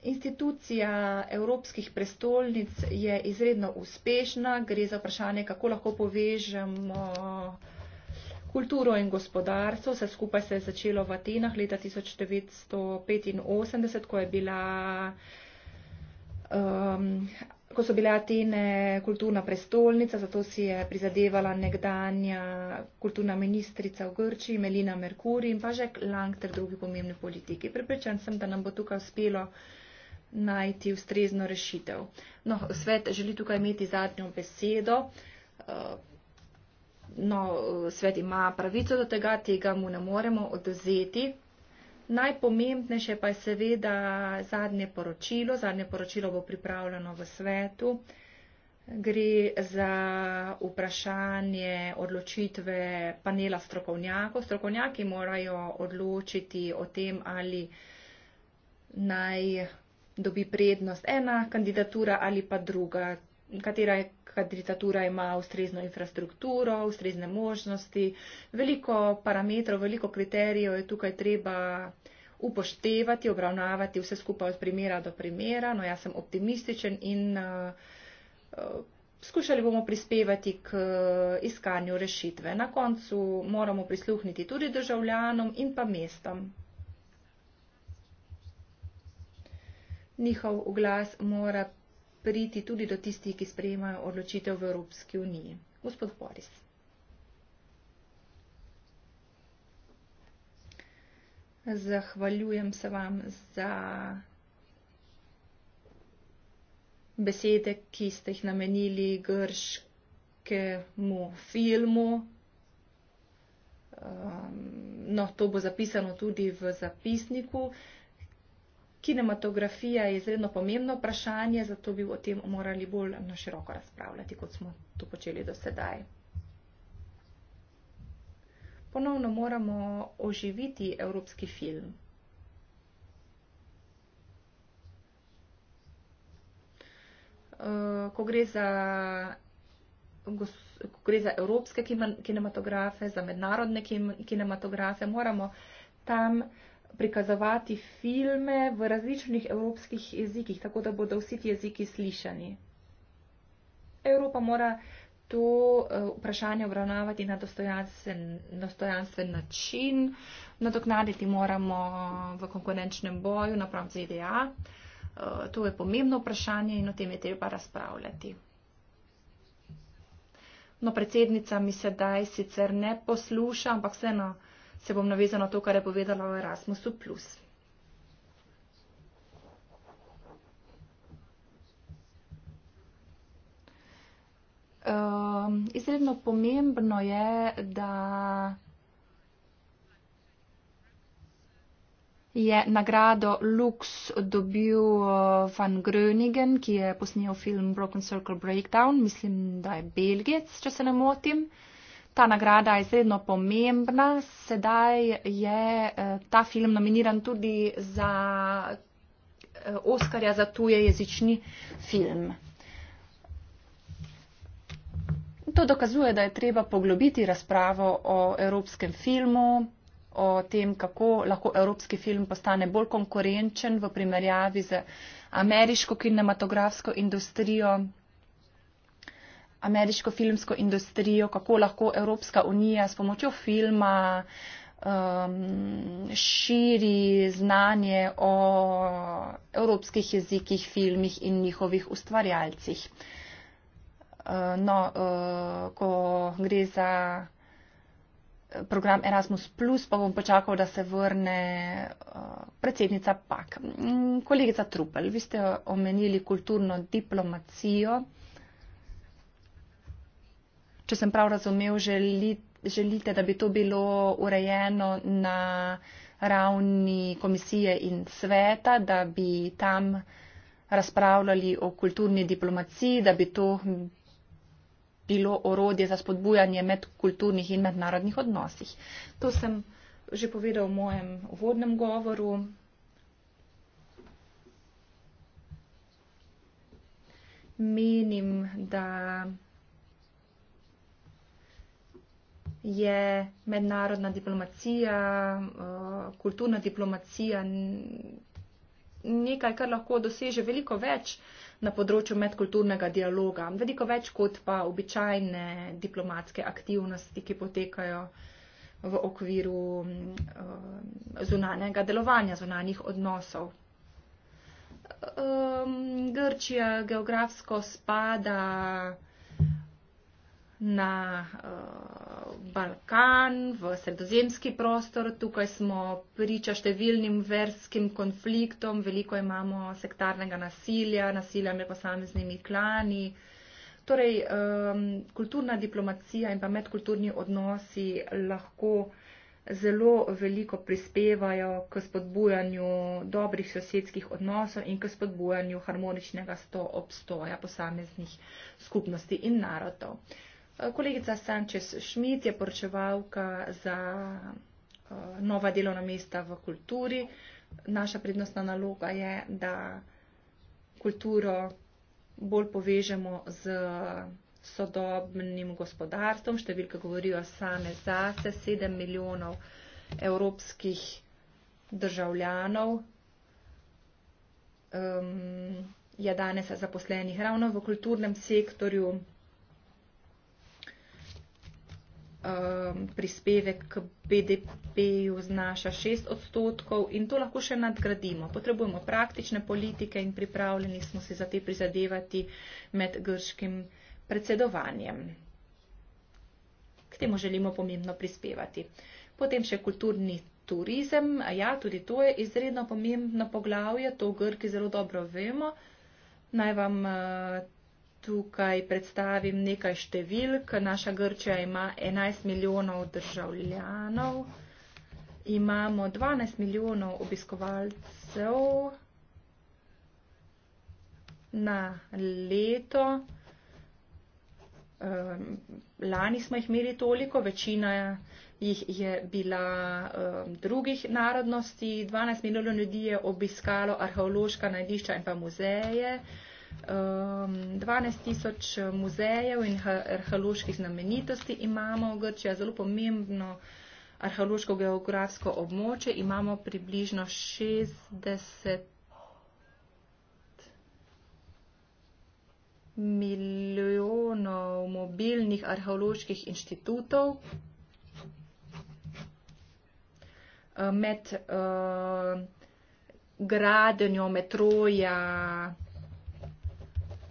Institucija evropskih prestolnic je izredno uspešna, gre za vprašanje, kako lahko povežemo Kulturo in gospodarstvo se skupaj se je začelo v Atenah leta 1985, ko, je bila, um, ko so bile Atene kulturna prestolnica, zato si je prizadevala nekdanja kulturna ministrica v Grčiji, Melina Merkuri in pa že Lang ter drugi pomembni politiki. Pripričan sem, da nam bo tukaj uspelo najti ustrezno rešitev. No, svet želi tukaj imeti zadnjo besedo. Uh, No, eh, svet ima pravico do tega, tega mu ne moremo oduzeti. Najpomembnejše pa je seveda zadnje poročilo. Zadnje poročilo bo pripravljeno v svetu. Gre za vprašanje odločitve panela strokovnjakov. Strokovnjaki morajo odločiti o tem, ali naj dobi prednost ena kandidatura ali pa druga katera je kandidatura ima ustrezno infrastrukturo, ustrezne možnosti. Veliko parametrov, veliko kriterijev je tukaj treba upoštevati, obravnavati vse skupaj od primera do primera. No, jaz sem optimističen in uh, uh skušali bomo prispevati k uh, iskanju rešitve. Na koncu moramo prisluhniti tudi državljanom in pa mestom. Njihov glas mora priti tudi do tistih, ki sprejemajo odločitev v Evropski uniji. Gospod Boris. Zahvaljujem se vam za besede, ki ste jih namenili grškemu filmu. Um, no, to bo zapisano tudi v zapisniku. Kinematografija je izredno pomembno vprašanje, zato bi o tem morali bolj na široko razpravljati, kot smo to počeli do sedaj. Ponovno moramo oživiti evropski film. Eh, ko gre za, ko gre za evropske kinematografe, za mednarodne kinematografe, moramo tam prikazovati filme v različnih evropskih jezikih, tako da bodo vsi ti jeziki slišani. Evropa mora to eh, vprašanje obravnavati na dostojanstven, dostojanstven način, nadoknaditi moramo v konkurenčnem boju napram ZDA. Eh, to je pomembno vprašanje in o tem je treba razpravljati. No, predsednica mi sedaj sicer ne posluša, ampak vseeno se bom navezala na to, kar je povedala o Erasmusu. Plus. Um, izredno pomembno je, da je nagrado Lux dobil eh, Van Gröningen, ki je posnel film Broken Circle Breakdown, mislim, da je Belgic, če se ne motim. Uh, Ta nagrada je izredno pomembna. Sedaj je eh, ta film nominiran tudi za eh, Oskarja za tuje jezični film. To dokazuje, da je treba poglobiti razpravo o evropskem filmu, o tem, kako lahko evropski film postane bolj konkurenčen v primerjavi z ameriško kinematografsko industrijo ameriško filmsko industrijo, kako lahko Evropska unija s pomočjo filma um, širi znanje o evropskih jezikih, filmih in njihovih ustvarjalcih. Uh, no, uh, ko gre za program Erasmus, pa bom počakal, da se vrne uh, predsednica PAK. Mm, kolegica Trupel, vi ste omenili kulturno diplomacijo če sem prav razumel, želi, želite, da bi to bilo urejeno na ravni komisije in sveta, da bi tam razpravljali o kulturni diplomaciji, da bi to bilo orodje za spodbujanje med kulturnih in mednarodnih odnosih. To sem že povedal v mojem uvodnem govoru. Menim, da je mednarodna diplomacija, eh, kulturna diplomacija nekaj, kar lahko doseže veliko več na področju medkulturnega dialoga, veliko več kot pa običajne diplomatske aktivnosti, ki potekajo v okviru eh, zunanjega delovanja, zunanjih odnosov. Ehm, Grčija geografsko spada na eh, Balkan, v sredozemski prostor. Tukaj smo priča številnim verskim konfliktom, veliko imamo sektarnega nasilja, nasilja med posameznimi klani. Torej, kulturna diplomacija in pa medkulturni odnosi lahko zelo veliko prispevajo k spodbujanju dobrih sosedskih odnosov in k spodbujanju harmoničnega sto obstoja posameznih skupnosti in narodov. Uh, Kolegica Sančes-Šmit je poročevalka za eh, nova delovna mesta v kulturi. Naša prednostna naloga je, da kulturo bolj povežemo z sodobnim gospodarstvom. Številke govorijo same zase. 7 milijonov evropskih državljanov um, je danes zaposlenih ravno v kulturnem sektorju um, prispevek k BDP-ju znaša 6 odstotkov in to lahko še nadgradimo. Potrebujemo praktične politike in pripravljeni smo se za te prizadevati med grškim predsedovanjem. K temu želimo pomembno prispevati. Potem še kulturni turizem. Ja, tudi to je izredno pomembno poglavje, to Grki zelo dobro vemo. Naj vam uh, tukaj predstavim nekaj številk. Naša Grčija ima 11 milijonov državljanov, imamo 12 milijonov obiskovalcev na leto. Ehm, lani smo jih imeli toliko, večina jih je bila ehm, drugih narodnosti. 12 milijonov ljudi je obiskalo arheološka najdišča in pa muzeje. Um, ehm, 12 tisoč eh, muzejev in arheoloških znamenitosti imamo v Grčiji, zelo pomembno arheološko geografsko območje. Imamo približno 60 milijonov mobilnih arheoloških inštitutov. Eh, med uh, gradnjo metroja,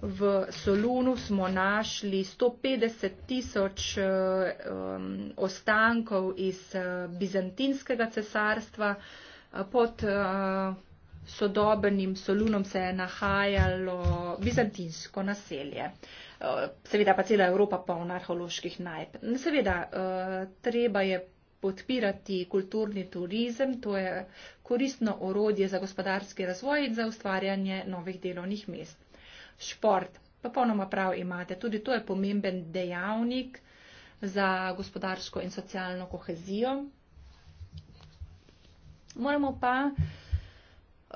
v Solunu smo našli 150 tisoč eh, ostankov iz eh, Bizantinskega cesarstva. Eh, pod sodobnim Solunom se je nahajalo bizantinsko naselje. Seveda pa cela Evropa polna arheoloških najp. Seveda, treba je podpirati kulturni turizem, to je koristno orodje za gospodarski razvoj in za ustvarjanje novih delovnih mest šport. Popolnoma prav imate. Tudi to je pomemben dejavnik za gospodarsko in socialno kohezijo. Moramo pa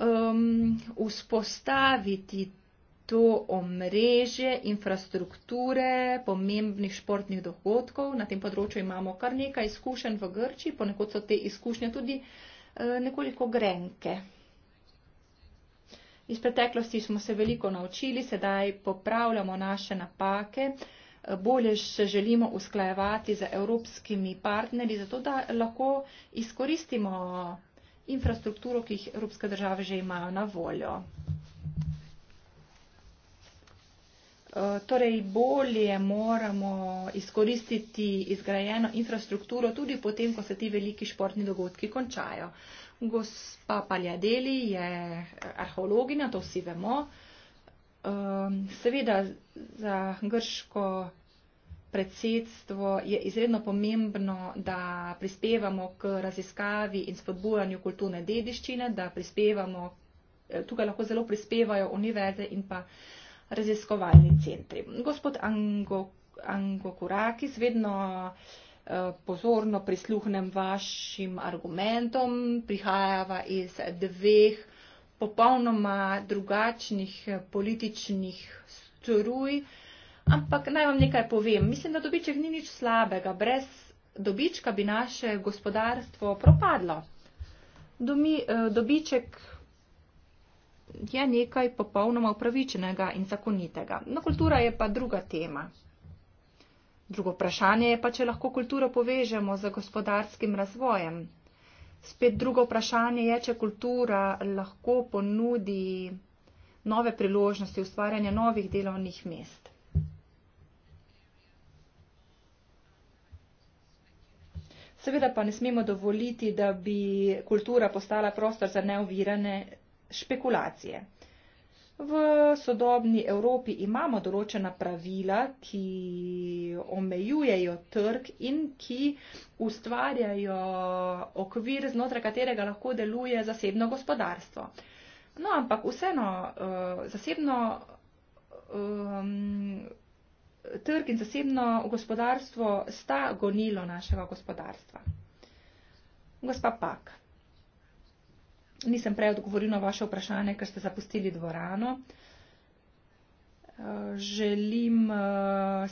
um, vzpostaviti to omrežje infrastrukture pomembnih športnih dogodkov. Na tem področju imamo kar nekaj izkušenj v Grči, ponekod so te izkušnje tudi uh, nekoliko grenke. Iz preteklosti smo se veliko naučili, sedaj popravljamo naše napake, bolje se želimo usklajevati z evropskimi partnerji, zato da lahko izkoristimo infrastrukturo, ki jih evropske države že imajo na voljo. E, torej, bolje moramo izkoristiti izgrajeno infrastrukturo tudi potem, ko se ti veliki športni dogodki končajo. Gospa Paljadeli je eh, arheologinja, to vsi vemo. Ehm, seveda za grško predsedstvo je izredno pomembno, da prispevamo k raziskavi in spodbujanju kulturne dediščine, da prispevamo, eh, tukaj lahko zelo prispevajo univerze in pa raziskovalni centri. Gospod Angokurakis Ango vedno uh, pozorno prisluhnem vašim argumentom, prihajava iz dveh popolnoma drugačnih eh, političnih struj, ampak naj vam nekaj povem. Mislim, da dobiček ni nič slabega, brez dobička bi naše gospodarstvo propadlo. Domi, eh, dobiček je nekaj popolnoma upravičenega in zakonitega. No, kultura je pa druga tema. Drugo vprašanje je pa, če lahko kulturo povežemo z gospodarskim razvojem. Spet drugo vprašanje je, če kultura lahko ponudi nove priložnosti ustvarjanja novih delovnih mest. Seveda pa ne smemo dovoliti, da bi kultura postala prostor za neovirane špekulacije. V sodobni Evropi imamo določena pravila, ki omejujejo trg in ki ustvarjajo okvir, znotraj katerega lahko deluje zasebno gospodarstvo. No, ampak vseeno eh, zasebno trg in zasebno gospodarstvo sta gonilo našega gospodarstva. Gospa Pak nisem prej odgovoril na vaše vprašanje, ker ste zapustili dvorano. Eh, želim eh,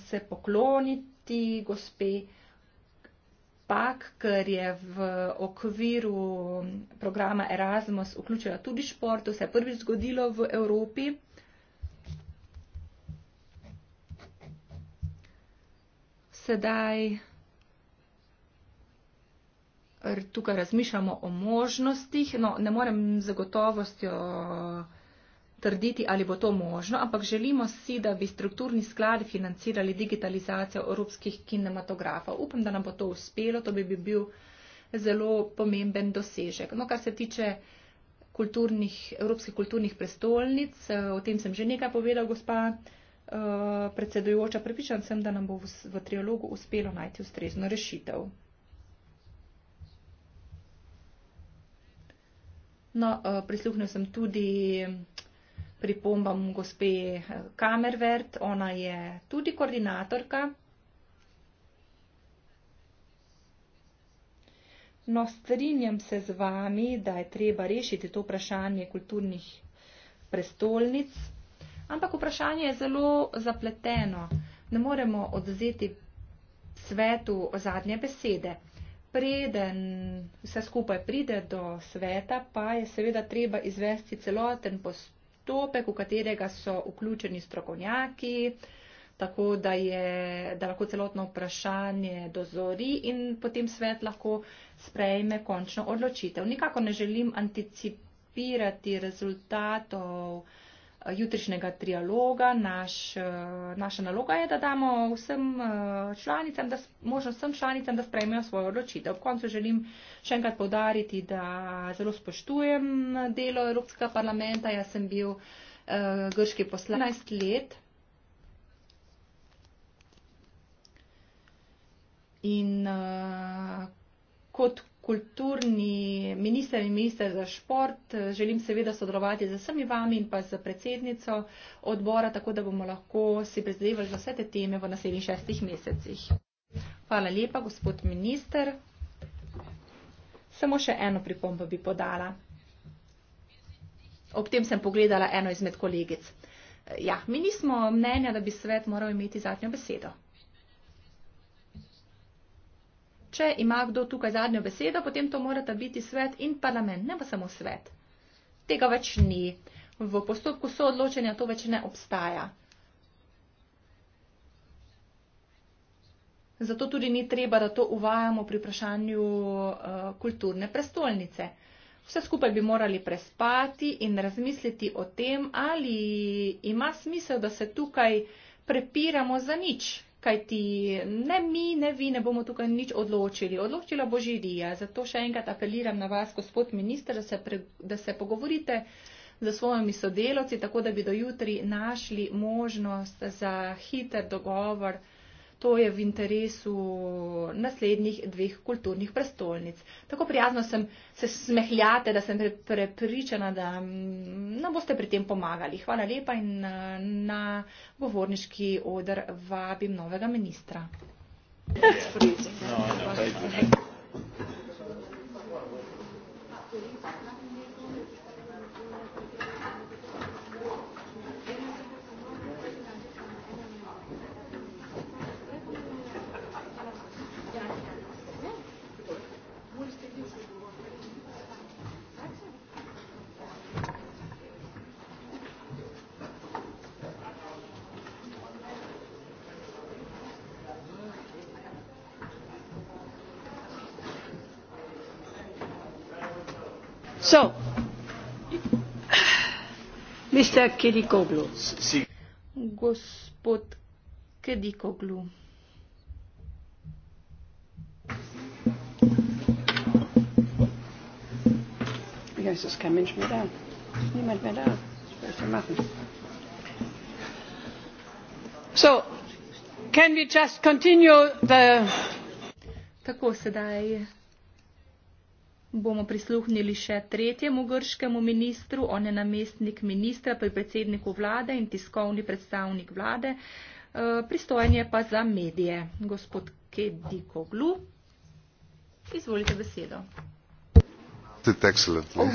se pokloniti gospe Pak, ker je v okviru programa Erasmus vključila tudi šport, to se je prvič zgodilo v Evropi. Sedaj tukaj razmišljamo o možnostih, no, ne morem z gotovostjo eh, trditi, ali bo to možno, ampak želimo si, da bi strukturni skladi financirali digitalizacijo evropskih kinematografov. Upam, da nam bo to uspelo, to bi bil zelo pomemben dosežek. No, kar se tiče kulturnih, evropskih kulturnih prestolnic, eh, o tem sem že nekaj povedal, gospa eh, predsedujoča, pripričan sem, da nam bo v, v triologu uspelo najti ustrezno rešitev. No, eh, prisluhnil sem tudi pripombam gospe eh, Kamervert, ona je tudi koordinatorka. No, strinjam se z vami, da je treba rešiti to vprašanje kulturnih prestolnic, ampak vprašanje je zelo zapleteno. Ne moremo odzeti svetu zadnje besede preden vse skupaj pride do sveta, pa je seveda treba izvesti celoten postopek, v katerega so vključeni strokovnjaki, tako da, je, da lahko celotno vprašanje dozori in potem svet lahko sprejme končno odločitev. Nikako ne želim anticipirati rezultatov jutrišnjega trialoga. Naš, eh, naša naloga je, da damo vsem eh, članicam, da možno vsem članicam, da sprejmejo svojo odločitev. V koncu želim še enkrat povdariti, da zelo spoštujem delo Evropskega parlamenta. Jaz sem bil uh, grški poslanec let. In uh, kot kulturni minister in minister za šport. Želim seveda sodelovati z vsemi vami in pa z predsednico odbora, tako da bomo lahko si prizadevali za vse te teme v naslednjih šestih mesecih. Hvala lepa, gospod minister. Samo še eno pripombo bi podala. Ob tem sem pogledala eno izmed kolegic. Ja, mi nismo mnenja, da bi svet moral imeti zadnjo besedo če ima kdo tukaj zadnjo besedo, potem to morata biti svet in parlament, ne pa samo svet. Tega več ni. V postopku soodločenja to več ne obstaja. Zato tudi ni treba, da to uvajamo pri vprašanju uh, kulturne prestolnice. Vse skupaj bi morali prespati in razmisliti o tem, ali ima smisel, da se tukaj prepiramo za nič kaj ti ne mi, ne vi ne bomo tukaj nič odločili. Odločila bo žirija. Zato še enkrat apeliram na vas, gospod minister, da se, pre, da se pogovorite za svojimi sodelovci, tako da bi dojutri našli možnost za hiter dogovor to je v interesu naslednjih dveh kulturnih prestolnic. Tako prijazno sem, se smehljate, da sem prepričana, da mm, nam boste pri tem pomagali. Hvala lepa in na, na govorniški odr vabim novega ministra. No, no, no, no, no, no. Gospod Kedikoglu. Ja, so, can we just continue the... Tako sedaj bomo prisluhnili še tretjemu grškemu ministru, on je namestnik ministra pri predsedniku vlade in tiskovni predstavnik vlade, eh, pristojen je pa za medije, gospod Kedikoglu. Izvolite besedo. Oh,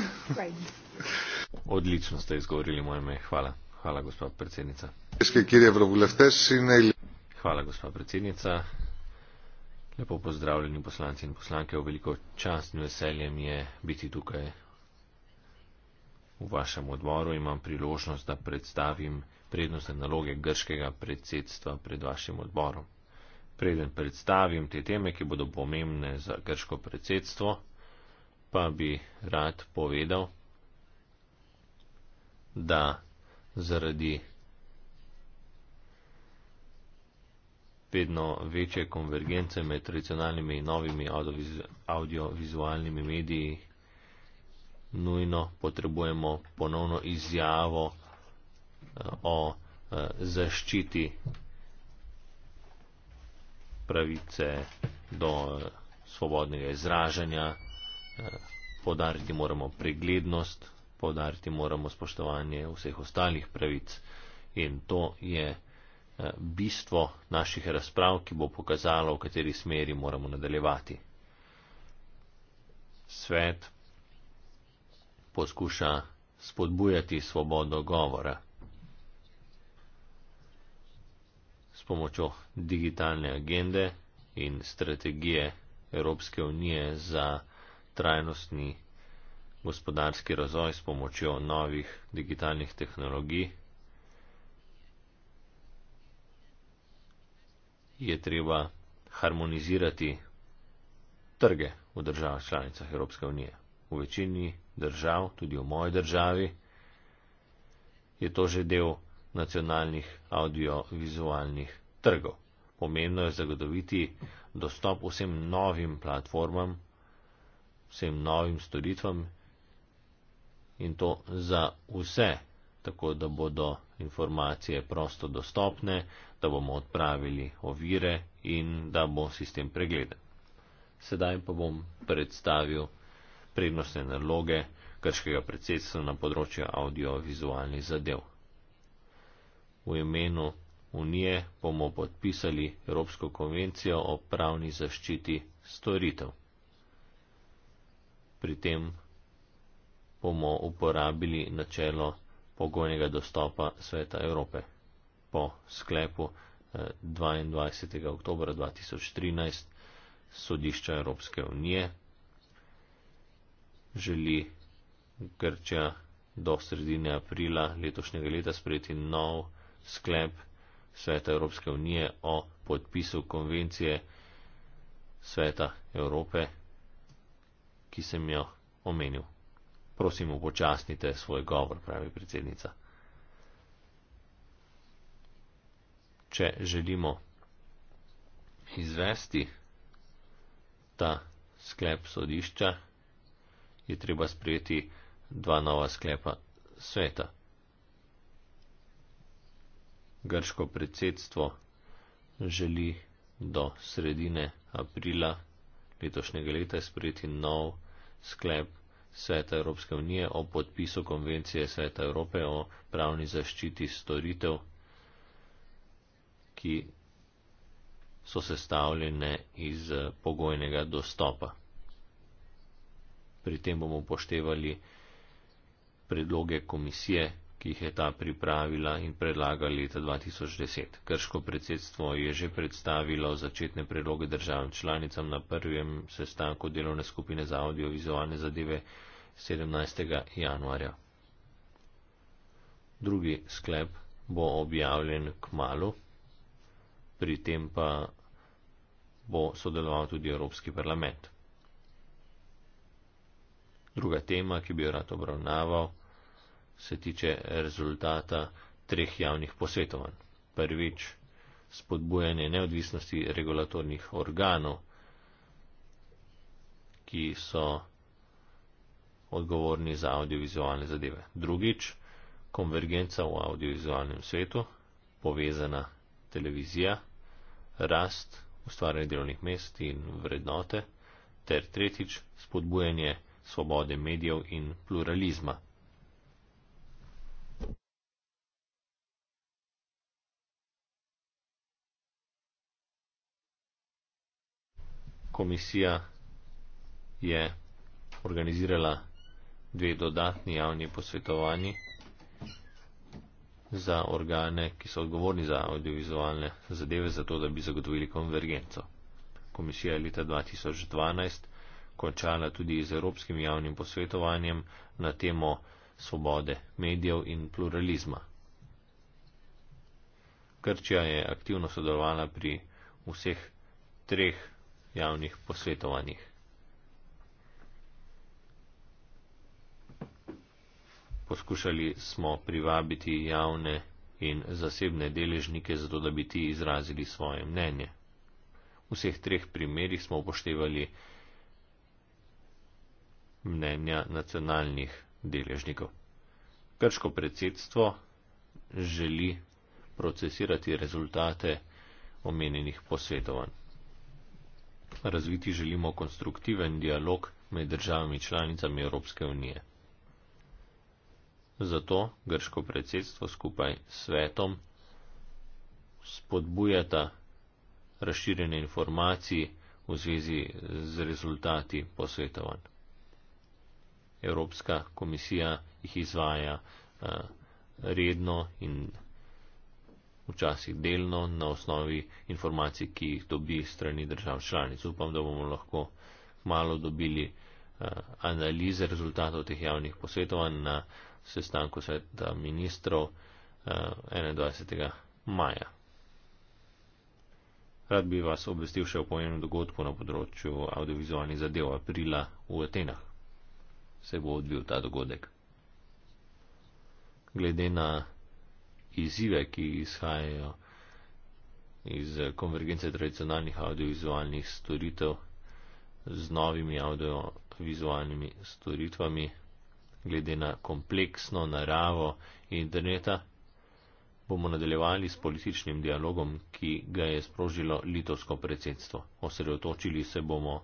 Odlično ste izgovorili moje ime. Hvala. Hvala, gospod predsednica. Hvala, gospod predsednica. Lepo pozdravljeni poslanci in poslanke, v veliko čast in veseljem je biti tukaj v vašem odboru. Imam priložnost, da predstavim prednostne naloge grškega predsedstva pred vašim odborom. Preden predstavim te teme, ki bodo pomembne za grško predsedstvo, pa bi rad povedal, da zaradi vedno večje konvergence med tradicionalnimi in novimi audiovizualnimi mediji, nujno potrebujemo ponovno izjavo eh, o eh, zaščiti pravice do eh, svobodnega izražanja, podariti moramo preglednost, podariti moramo spoštovanje vseh ostalih pravic in to je Eh, bistvo naših razprav, ki bo pokazalo, v kateri smeri moramo nadaljevati. Svet poskuša spodbujati svobodo govora s pomočjo digitalne agende in strategije Evropske unije za trajnostni gospodarski razvoj s pomočjo novih digitalnih tehnologij je treba harmonizirati trge v državah članicah Evropske unije. V večini držav, tudi v moji državi, je to že del nacionalnih audiovizualnih trgov. Pomembno je zagotoviti dostop vsem novim platformam, vsem novim storitvam in to za vse, tako da bodo informacije prosto dostopne, da bomo odpravili ovire in da bo sistem pregleden. Sedaj pa bom predstavil prednostne naloge krškega predsedstva na področju audiovizualnih zadev. V imenu Unije bomo podpisali Evropsko konvencijo o pravni zaščiti storitev. Pri tem bomo uporabili načelo pogojnega dostopa sveta Evrope po sklepu 22. oktober 2013 sodišča Evropske unije želi Grčja do sredine aprila letošnjega leta sprejeti nov sklep Sveta Evropske unije o podpisu konvencije Sveta Evrope, ki sem jo omenil. Prosim, upočasnite svoj govor, pravi predsednica. če želimo izvesti ta sklep sodišča, je treba sprejeti dva nova sklepa sveta. Grško predsedstvo želi do sredine aprila letošnjega leta sprejeti nov sklep Sveta Evropske unije o podpisu Konvencije Sveta Evrope o pravni zaščiti storitev ki so sestavljene iz eh, pogojnega dostopa. Pri tem bomo poštevali predloge komisije, ki jih je ta pripravila in predlagala leta 2010. Krško predsedstvo je že predstavilo začetne predloge državam članicam na prvem sestanku delovne skupine za audiovizualne zadeve 17. januarja. Drugi sklep bo objavljen k malu pri tem pa bo sodeloval tudi Evropski parlament. Druga tema, ki bi jo rad obravnaval, se tiče rezultata treh javnih posvetovanj. Prvič, spodbujanje neodvisnosti regulatornih organov, ki so odgovorni za audiovizualne zadeve. Drugič, konvergenca v audiovizualnem svetu, povezana televizija, rast ustvarjanja delovnih mest in vrednote, ter tretjič spodbujanje svobode medijev in pluralizma. Komisija je organizirala dve dodatni javni posvetovanji za organe, ki so odgovorni za audiovizualne zadeve, zato da bi zagotovili konvergenco. Komisija je leta 2012 končala tudi z evropskim javnim posvetovanjem na temo svobode medijev in pluralizma. Krčija je aktivno sodelovala pri vseh treh javnih posvetovanjih. poskušali smo privabiti javne in zasebne deležnike, zato da bi ti izrazili svoje mnenje. V vseh treh primerjih smo upoštevali mnenja nacionalnih deležnikov. Krško predsedstvo želi procesirati rezultate omenjenih posvetovanj. Razviti želimo konstruktiven dialog med državami članicami Evropske unije. Zato grško predsedstvo skupaj s svetom spodbujata razširjene informacije v zvezi z rezultati posvetovanj. Evropska komisija jih izvaja a, eh, redno in včasih delno na osnovi informacij, ki jih dobi strani držav članic. Upam, da bomo lahko malo dobili a, eh, analize rezultatov teh javnih posvetovanj na sestanku sveta ministrov 21. Eh, maja. Rad bi vas obvestil še o pomembnem dogodku na področju audiovizualnih zadev aprila v Atenah. Se bo odvil ta dogodek. Glede na izzive, ki izhajajo iz konvergence tradicionalnih audiovizualnih storitev z novimi audiovizualnimi storitvami, glede na kompleksno naravo interneta, bomo nadaljevali s političnim dialogom, ki ga je sprožilo litovsko predsedstvo. Osredotočili se bomo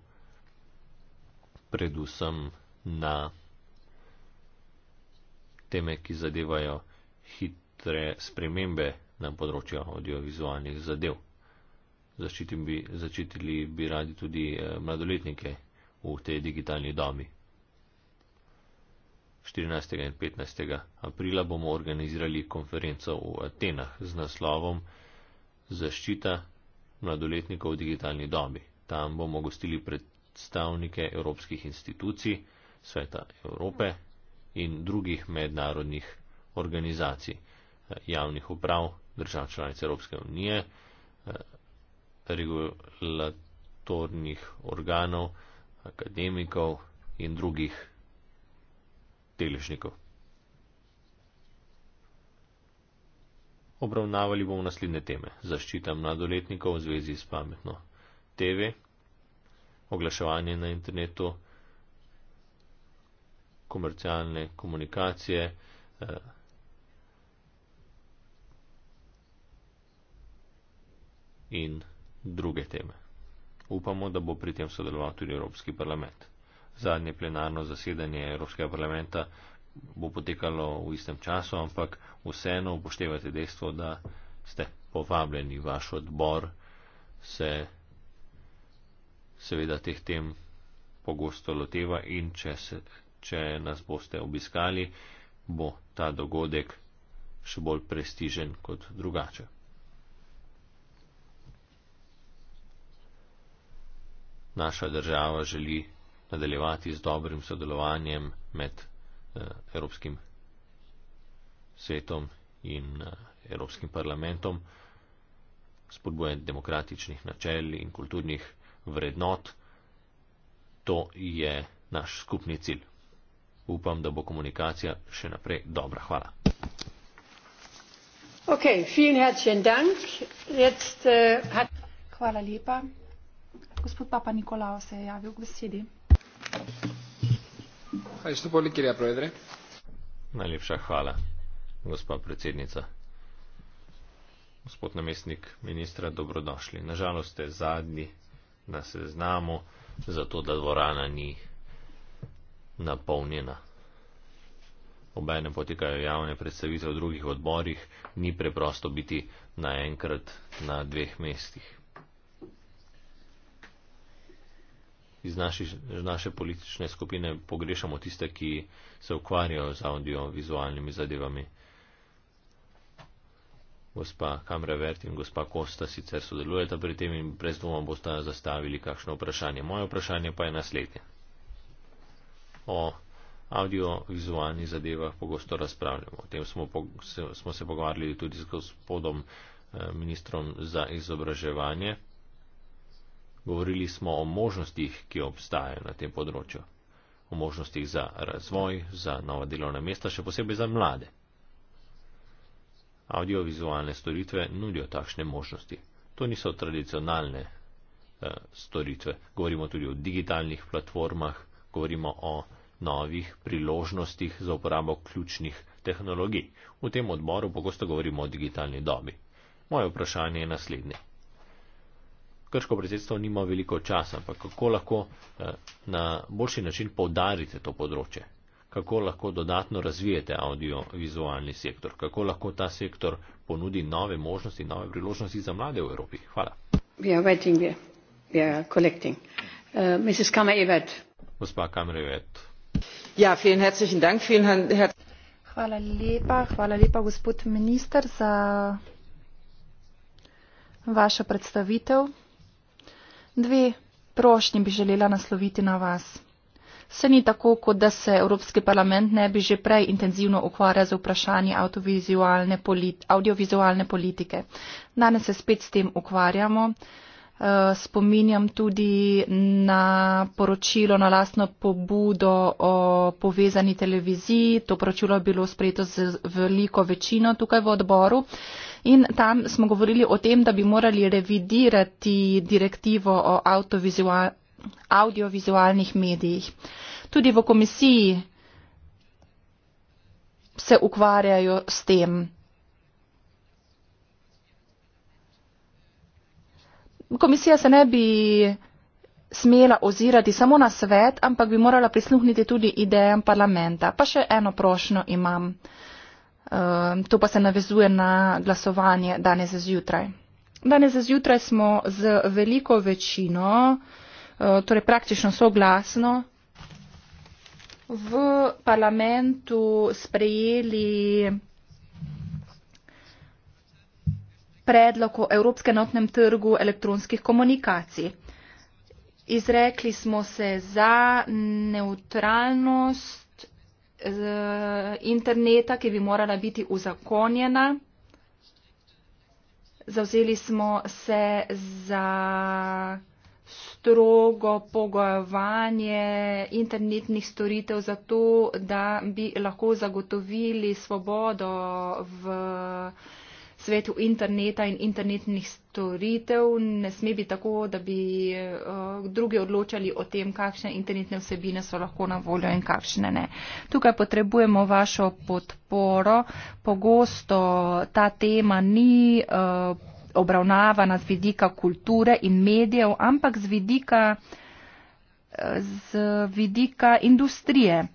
predvsem na teme, ki zadevajo hitre spremembe na področju audiovizualnih zadev. Začitili bi, bi radi tudi eh, mladoletnike v tej digitalni domi. 14. in 15. aprila bomo organizirali konferenco v Atenah z naslovom Zaščita mladoletnikov v digitalni dobi. Tam bomo gostili predstavnike evropskih institucij, sveta Evrope in drugih mednarodnih organizacij, javnih uprav, držav članic Evropske unije, regulatornih organov, akademikov in drugih organizacij deležnikov. Obravnavali bomo naslednje teme. Zaščita mladoletnikov v zvezi s pametno TV, oglaševanje na internetu, komercialne komunikacije, eh, In druge teme. Upamo, da bo pri tem sodeloval tudi Evropski parlament zadnje plenarno zasedanje Evropskega parlamenta bo potekalo v istem času, ampak vseeno upoštevate dejstvo, da ste povabljeni vaš odbor, se seveda teh tem pogosto loteva in če, se, če nas boste obiskali, bo ta dogodek še bolj prestižen kot drugače. Naša država želi nadaljevati z dobrim sodelovanjem med eh, Evropskim svetom in eh, Evropskim parlamentom, spodbujanje demokratičnih načel in kulturnih vrednot. To je naš skupni cilj. Upam, da bo komunikacija še naprej dobra. Hvala. Okay, dank. Jetzt, uh, hat... Hvala lepa. Gospod Papa Nikolao se je javil k besedi. Ευχαριστώ πολύ, κυρία Πρόεδρε. Να λείψα χάλα, γοσπά πρετσίδνητσα. Gospod namestnik ministra, dobrodošli. Nažalost ste zadnji na seznamu, zato da dvorana ni napolnjena. Obene potekajo javne predstavitve v drugih odborih, ni preprosto biti naenkrat na dveh mestih. iz naše, naše politične skupine pogrešamo tiste, ki se ukvarjajo z audiovizualnimi zadevami. Gospa Kamrevert in gospa Kosta sicer sodelujeta pri tem in brez dvoma boste zastavili kakšno vprašanje. Moje vprašanje pa je naslednje. O audiovizualnih zadevah pogosto razpravljamo. O tem smo, smo se pogovarjali tudi z gospodom eh, ministrom za izobraževanje. Govorili smo o možnostih, ki obstajajo na tem področju. O možnostih za razvoj, za nova delovna mesta, še posebej za mlade. Audiovizualne storitve nudijo takšne možnosti. To niso tradicionalne eh, storitve. Govorimo tudi o digitalnih platformah, govorimo o novih priložnostih za uporabo ključnih tehnologij. V tem odboru pogosto govorimo o digitalni dobi. Moje vprašanje je naslednje grško predsedstvo nima veliko časa, ampak kako lahko eh, na boljši način povdarite to področje? Kako lahko dodatno razvijete audiovizualni sektor? Kako lahko ta sektor ponudi nove možnosti, nove priložnosti za mlade v Evropi? Hvala. Uh, Gospa Kamrevet. Ja, vielen herzlichen Dank. Vielen her hvala lepa, hvala lepa, gospod minister, za vašo predstavitev. Dve prošnji bi želela nasloviti na vas. Se ni tako, kot da se Evropski parlament ne bi že prej intenzivno ukvarjal z vprašanji audiovizualne politike. Danes se spet s tem ukvarjamo. Eh, spominjam tudi na poročilo na lastno pobudo o povezani televiziji. To poročilo je bilo sprejeto z veliko večino tukaj v odboru. In tam smo govorili o tem, da bi morali revidirati direktivo o audiovizualnih medijih. Tudi v komisiji se ukvarjajo s tem. komisija se ne bi smela ozirati samo na svet, ampak bi morala prisluhniti tudi idejam parlamenta. Pa še eno prošnjo imam. Ehm, to pa se navezuje na glasovanje danes zjutraj. Danes zjutraj smo z veliko večino, e, torej praktično soglasno, v parlamentu sprejeli predlog o Evropske notnem trgu elektronskih komunikacij. Izrekli smo se za neutralnost eh, interneta, ki bi morala biti uzakonjena. Zavzeli smo se za strogo pogojevanje internetnih storitev za to, da bi lahko zagotovili svobodo v svetu interneta in internetnih storitev ne sme biti tako, da bi uh, drugi odločali o tem, kakšne internetne vsebine so lahko na voljo in kakšne ne. Tukaj potrebujemo vašo podporo. Pogosto ta tema ni. Uh, obravnavana z vidika kulture in medijev, ampak z vidika, eh, z vidika industrije.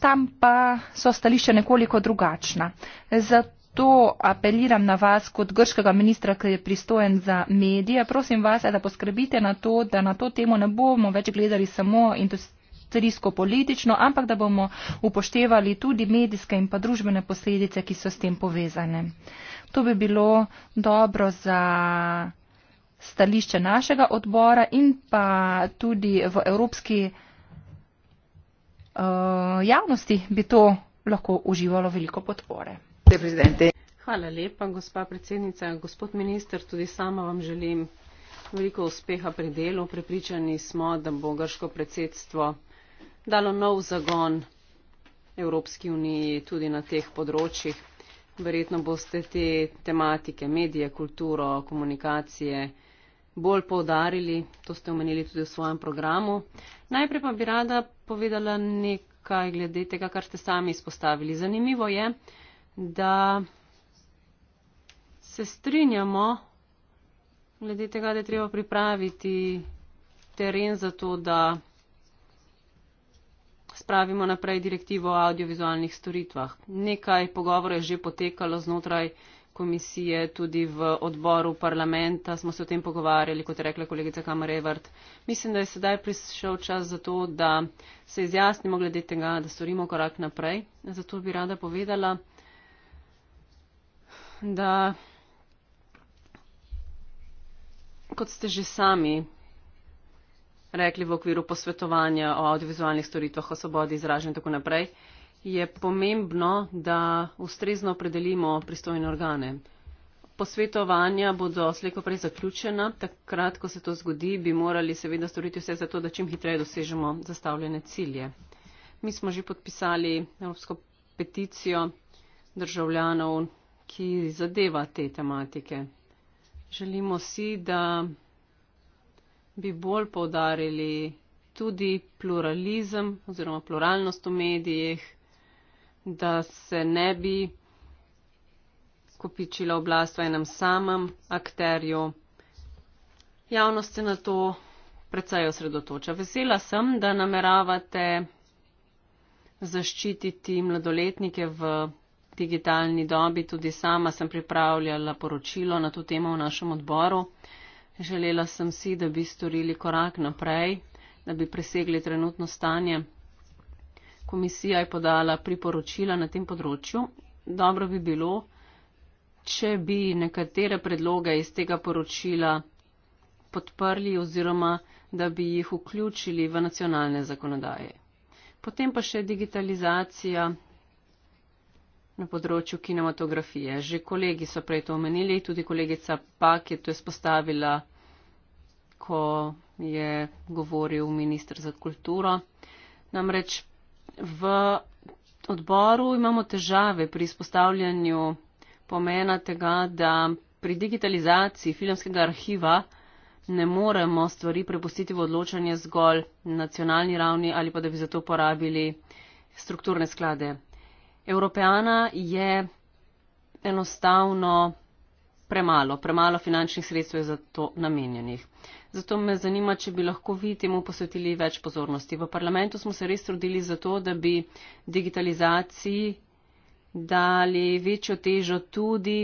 Tam pa so stališča nekoliko drugačna. Zato zato apeliram na vas kot grškega ministra, ki je pristojen za medije. Prosim vas, da poskrbite na to, da na to temo ne bomo več gledali samo industrijsko-politično, ampak da bomo upoštevali tudi medijske in pa družbene posledice, ki so s tem povezane. To bi bilo dobro za stališče našega odbora in pa tudi v evropski uh, javnosti bi to lahko uživalo veliko podpore hvala lepa gospa predsednica gospod minister tudi sama vam želim veliko uspeha pri delu prepričani smo da bo grško predsedstvo dalo nov zagon evropski uniji tudi na teh področjih verjetno boste te tematike medije kulturo komunikacije bolj poudarili to ste omenili tudi v svojem programu najprej pa bi rada povedala nekaj glede tega kar ste sami izpostavili zanimivo je da se strinjamo glede tega, da je treba pripraviti teren za to, da spravimo naprej direktivo o audiovizualnih storitvah. Nekaj pogovorov je že potekalo znotraj komisije, tudi v odboru parlamenta smo se o tem pogovarjali, kot je rekla kolegica Kamarevart. Mislim, da je sedaj prišel čas za to, da se izjasnimo glede tega, da storimo korak naprej. Zato bi rada povedala, da kot ste že sami rekli v okviru posvetovanja o audiovizualnih storitvah, o svobodi izražanja in tako naprej, je pomembno, da ustrezno opredelimo pristojne organe. Posvetovanja bodo sleko prej zaključena, takrat, ko se to zgodi, bi morali seveda storiti vse za to, da čim hitreje dosežemo zastavljene cilje. Mi smo že podpisali evropsko peticijo državljanov ki zadeva te tematike. Želimo si, da bi bolj povdarili tudi pluralizem oziroma pluralnost v medijih, da se ne bi kopičila oblast v enem samem akterju. Javnost se na to predvsej osredotoča. Vesela sem, da nameravate zaščititi mladoletnike v digitalni dobi. Tudi sama sem pripravljala poročilo na to temo v našem odboru. Želela sem si, da bi storili korak naprej, da bi presegli trenutno stanje. Komisija je podala priporočila na tem področju. Dobro bi bilo, če bi nekatere predloge iz tega poročila podprli oziroma da bi jih vključili v nacionalne zakonodaje. Potem pa še digitalizacija na področju kinematografije. Že kolegi so prej to omenili, tudi kolegica Pak je to izpostavila, ko je govoril ministr za kulturo. Namreč v odboru imamo težave pri izpostavljanju pomena tega, da pri digitalizaciji filmskega arhiva ne moremo stvari prepustiti v odločanje zgolj nacionalni ravni ali pa da bi za to porabili strukturne sklade evropejana je enostavno premalo, premalo finančnih sredstev je za to namenjenih. Zato me zanima, če bi lahko vi temu posvetili več pozornosti. V parlamentu smo se res trudili za to, da bi digitalizaciji dali večjo težo tudi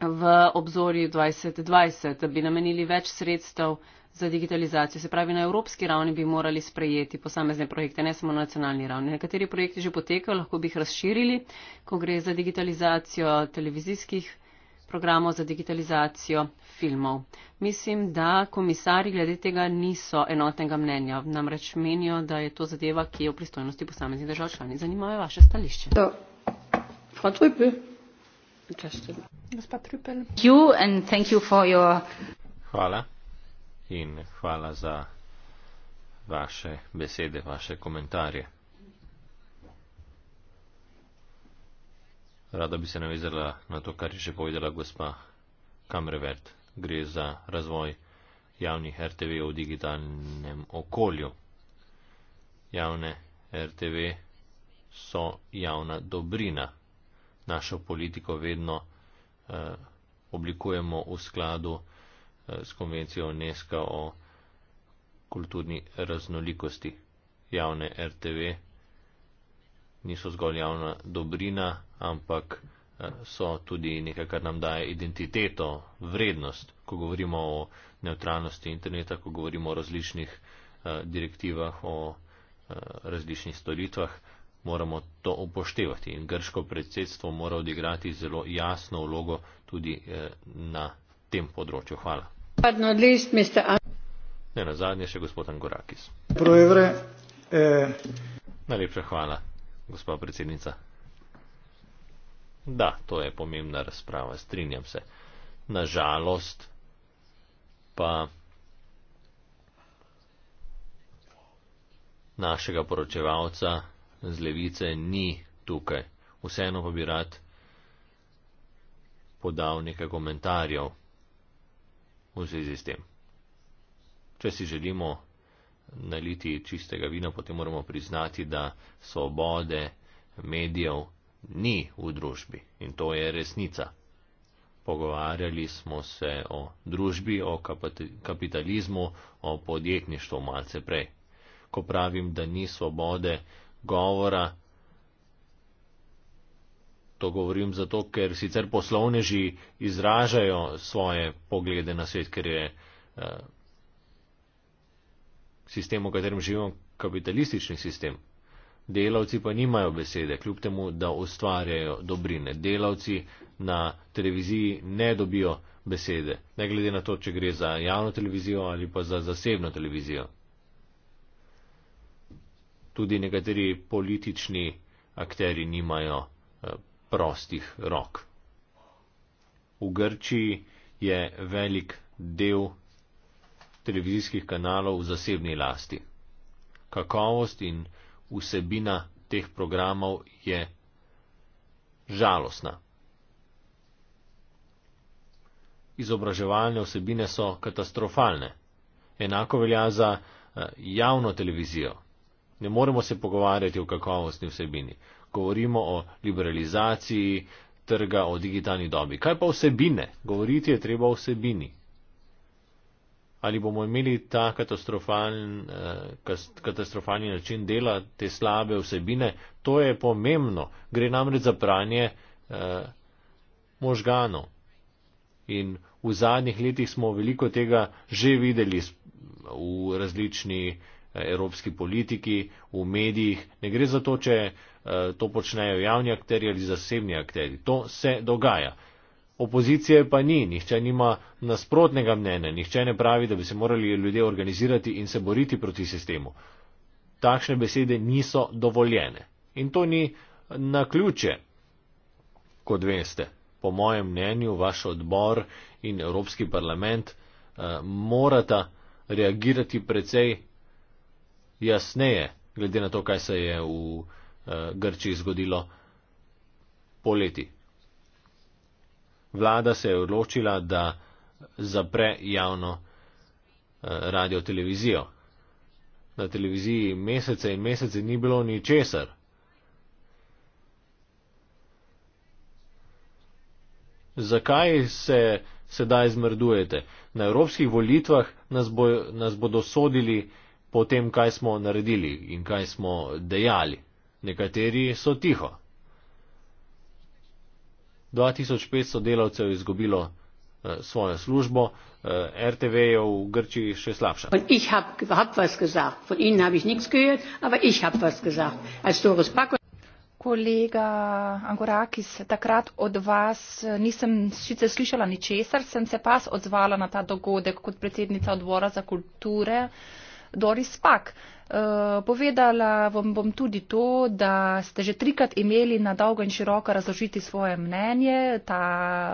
v obzorju 2020, da bi namenili več sredstev za digitalizacijo. Se pravi, na evropski ravni bi morali sprejeti posamezne projekte, ne samo na nacionalni ravni. Nekateri projekti že potekajo, lahko bi jih razširili, ko gre za digitalizacijo televizijskih programov, za digitalizacijo filmov. Mislim, da komisari glede tega niso enotnega mnenja. Namreč menijo, da je to zadeva, ki je v pristojnosti posameznih držav člani. Zanimajo vaše stališče. Hvala. Hvala in hvala za vaše besede, vaše komentarje. Rada bi se navezala na to, kar je že povedala gospa Kamrevert. Gre za razvoj javnih RTV v digitalnem okolju. Javne RTV so javna dobrina. Našo politiko vedno eh, oblikujemo v skladu Eh, s konvencijo UNESCO o kulturni raznolikosti. Javne RTV niso zgolj javna dobrina, ampak eh, so tudi nekaj, kar nam daje identiteto, vrednost. Ko govorimo o neutralnosti interneta, ko govorimo o različnih eh, direktivah, o različnih storitvah, moramo to upoštevati. In grško predsedstvo mora odigrati zelo jasno vlogo tudi na tem področju. Hvala nenazadnje še gospod Angorakis. Proevre, eh... Najlepša hvala, gospod predsednica. Da, to je pomembna razprava, strinjam se. Nažalost pa našega poročevalca z levice ni tukaj. Vseeno pa bi rad podal nekaj komentarjev v zvezi s tem. Če si želimo naliti čistega vina, potem moramo priznati, da svobode medijev ni v družbi in to je resnica. Pogovarjali smo se o družbi, o kapitalizmu, o podjetništvu malce prej. Ko pravim, da ni svobode govora, To govorim zato, ker sicer poslovneži izražajo svoje poglede na svet, ker je eh, sistem, v katerem živimo, kapitalistični sistem. Delavci pa nimajo besede, kljub temu, da ustvarjajo dobrine. Delavci na televiziji ne dobijo besede, ne glede na to, če gre za javno televizijo ali pa za zasebno televizijo. Tudi nekateri politični akteri nimajo eh, prostih rok. V Grčiji je velik del televizijskih kanalov v zasebni lasti. Kakovost in vsebina teh programov je žalostna. Izobraževalne vsebine so katastrofalne. Enako velja za eh, javno televizijo. Ne moremo se pogovarjati o kakovostni vsebini govorimo o liberalizaciji trga, o digitalni dobi. Kaj pa vsebine? Govoriti je treba vsebini. Ali bomo imeli ta katastrofalen, eh, katastrofalen način dela, te slabe vsebine, to je pomembno. Gre namreč za pranje eh, možganov. In v zadnjih letih smo veliko tega že videli v različnih Eh, evropski politiki, v medijih. Ne gre za to, če eh, to počnejo javni akteri ali zasebni akteri. To se dogaja. Opozicije pa ni, nihče nima nasprotnega mnenja, nihče ne pravi, da bi se morali ljudje organizirati in se boriti proti sistemu. Takšne besede niso dovoljene. In to ni na ključe, kot veste. Po mojem mnenju, vaš odbor in Evropski parlament eh, morata reagirati precej jasneje, glede na to, kaj se je v uh, Grčiji zgodilo poleti. Vlada se je odločila, da zapre javno uh, eh, radio televizijo. Na televiziji mesece in mesece ni bilo ni česar. Zakaj se sedaj zmrdujete? Na evropskih volitvah nas, bo, nas bodo sodili uh, po tem, kaj smo naredili in kaj smo dejali. Nekateri so tiho. 2500 delavcev je izgubilo eh, svojo službo, eh, RTV je v Grčiji še slabša. Kolega Angorakis, takrat od vas eh, nisem sicer slišala ničesar, sem se pa odzvala na ta dogodek kot predsednica odbora za kulture. Eh, Doris Pak. Uh, povedala vam bom tudi to, da ste že trikrat imeli na dolgo in široko razložiti svoje mnenje. Ta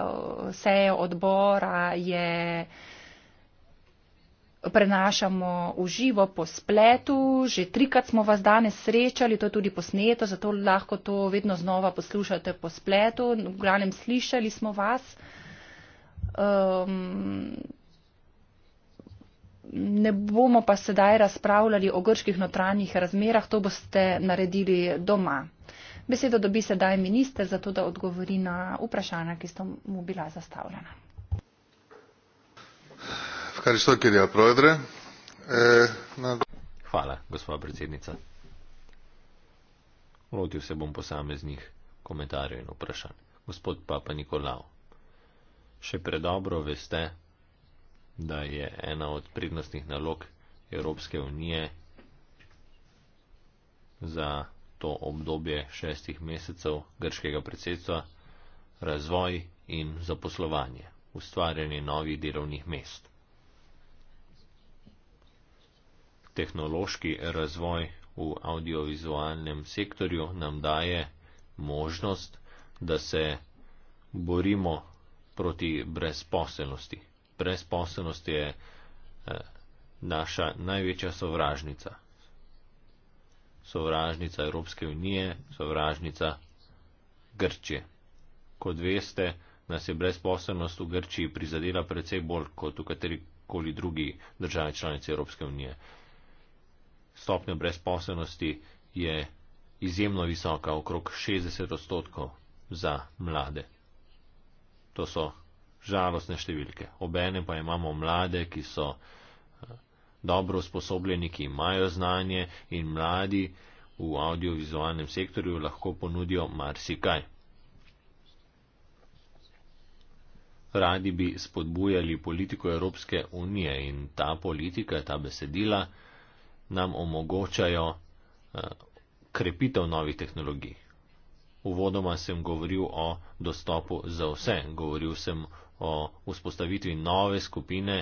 eh, seja odbora je prenašamo v živo po spletu. Že trikrat smo vas danes srečali, to je tudi posneto, zato lahko to vedno znova poslušate po spletu. V glavnem slišali smo vas. Um, ne bomo pa sedaj razpravljali o grških notranjih razmerah, to boste naredili doma. Besedo dobi sedaj minister, zato da odgovori na vprašanja, ki so mu bila zastavljena. E, Hvala, gospod predsednica. Lotil se bom posameznih komentarjev in vprašanj. Gospod Papa Nikolao, še predobro veste, da je ena od prednostnih nalog Evropske unije za to obdobje šestih mesecev grškega predsedstva razvoj in zaposlovanje, ustvarjanje novih delovnih mest. Tehnološki razvoj v audiovizualnem sektorju nam daje možnost, da se borimo proti brezposelnosti. Presposobnost je eh, naša največja sovražnica. Sovražnica Evropske unije, sovražnica Grčije. Kot veste, nas je brezposobnost v Grčiji prizadela precej bolj kot v katerikoli drugi državi članici Evropske unije. Stopnja brezposobnosti je izjemno visoka, okrog 60 odstotkov za mlade. To so žalostne številke. Obene pa imamo mlade, ki so eh, dobro usposobljeni, ki imajo znanje in mladi v audiovizualnem sektorju lahko ponudijo marsikaj. Radi bi spodbujali politiko Evropske unije in ta politika, ta besedila nam omogočajo eh, krepitev novih tehnologij. Uvodoma sem govoril o dostopu za vse, govoril sem o vzpostavitvi nove skupine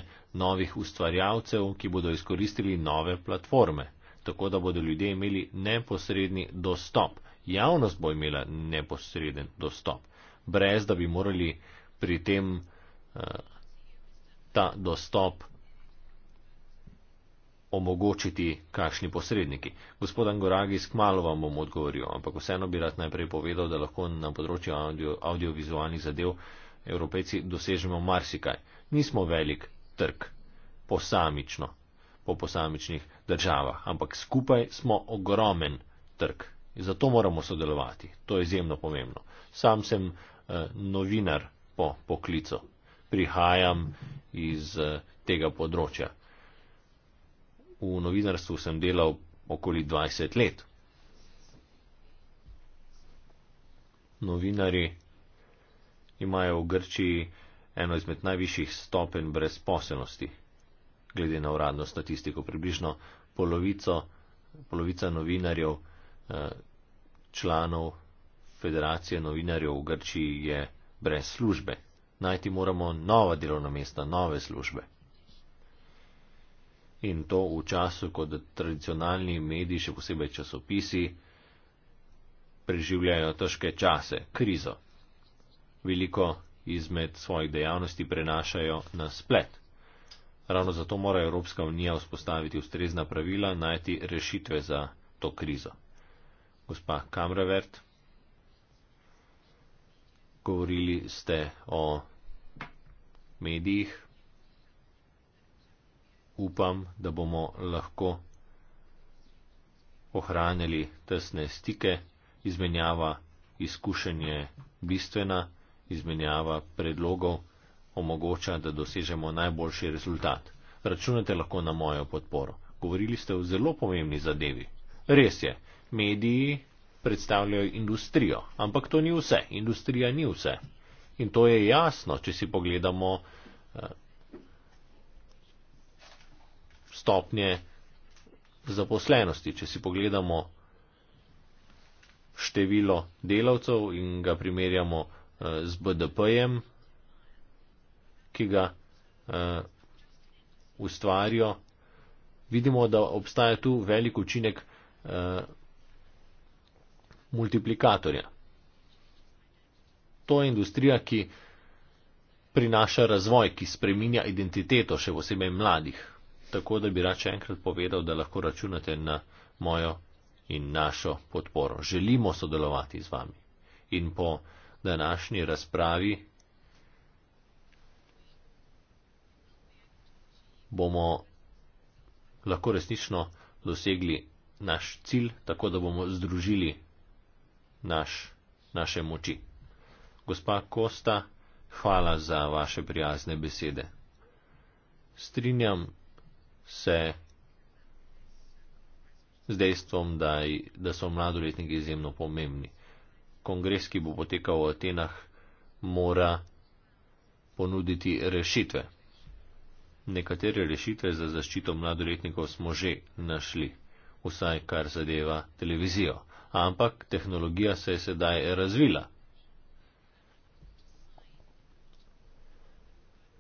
novih ustvarjalcev, ki bodo izkoristili nove platforme, tako da bodo ljudje imeli neposredni dostop, javnost bo imela neposreden dostop, brez da bi morali pri tem eh, ta dostop omogočiti kakšni posredniki. Gospod Angoragis, kmalo vam bom odgovoril, ampak vseeno bi rad najprej povedal, da lahko na področju audio, audiovizualnih zadev uh, Evropejci dosežemo marsikaj. Nismo velik trg, posamično, po posamičnih državah, ampak skupaj smo ogromen trg. In zato moramo sodelovati. To je izjemno pomembno. Sam sem eh, novinar po poklicu. Prihajam iz eh, tega področja. V novinarstvu sem delal okoli 20 let. Novinari imajo v Grčiji eno izmed najvišjih stopenj brezposelnosti. Glede na uradno statistiko, približno polovico, polovica novinarjev, eh, članov federacije novinarjev v Grčiji je brez službe. Najti moramo nova delovna mesta, nove službe. In to v času, ko tradicionalni mediji, še posebej časopisi, preživljajo težke čase, krizo veliko izmed svojih dejavnosti prenašajo na splet. Ravno zato mora Evropska unija vzpostaviti ustrezna pravila, najti rešitve za to krizo. Gospa Kamrevert, govorili ste o medijih. Upam, da bomo lahko ohranjali tesne stike, izmenjava izkušenje bistvena izmenjava predlogov omogoča, da dosežemo najboljši rezultat. Računate lahko na mojo podporo. Govorili ste o zelo pomembni zadevi. Res je, mediji predstavljajo industrijo, ampak to ni vse. Industrija ni vse. In to je jasno, če si pogledamo eh, stopnje zaposlenosti, če si pogledamo število delavcev in ga primerjamo z BDP-jem, ki ga uh, ustvarijo. Vidimo, da obstaja tu velik učinek uh, multiplikatorja. To je industrija, ki prinaša razvoj, ki spreminja identiteto še posebej mladih. Tako da bi rad še enkrat povedal, da lahko računate na mojo in našo podporo. Želimo sodelovati z vami. In po današnji razpravi bomo lahko resnično dosegli naš cilj, tako da bomo združili naš, naše moči. Gospa Kosta, hvala za vaše prijazne besede. Strinjam se z dejstvom, da, da so mladoletniki izjemno pomembni kongres, ki bo potekal v Atenah, mora ponuditi rešitve. Nekatere rešitve za zaščito mladoletnikov smo že našli, vsaj kar zadeva televizijo, ampak tehnologija se je sedaj razvila.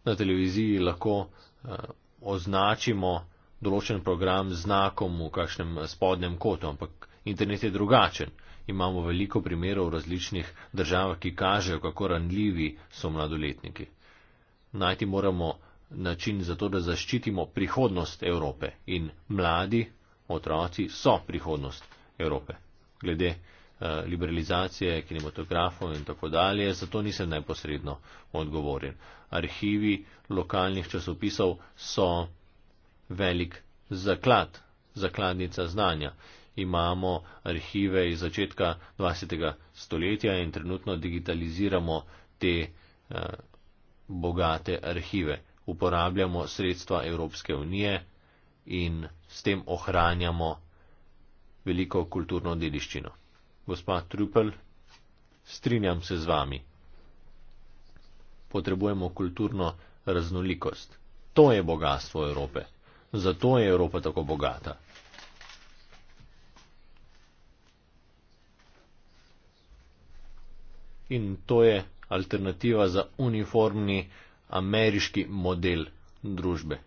Na televiziji lahko uh, označimo določen program z znakom v kakšnem spodnjem kotu, ampak internet je drugačen. Uh, imamo veliko primerov v različnih državah, ki kažejo, kako ranljivi so mladoletniki. Najti moramo način za to, da zaščitimo prihodnost Evrope in mladi otroci so prihodnost Evrope. Glede eh, liberalizacije, kinematografov in tako dalje, zato nisem neposredno odgovoren. Arhivi lokalnih časopisov so velik zaklad, zakladnica znanja imamo arhive iz začetka 20. stoletja in trenutno digitaliziramo te eh, bogate arhive. Uporabljamo sredstva Evropske unije in s tem ohranjamo veliko kulturno dediščino. Gospa Trupel, strinjam se z vami. Potrebujemo kulturno raznolikost. To je bogatstvo Evrope. Zato je Evropa tako bogata. in to je alternativa za uniformni ameriški model družbe.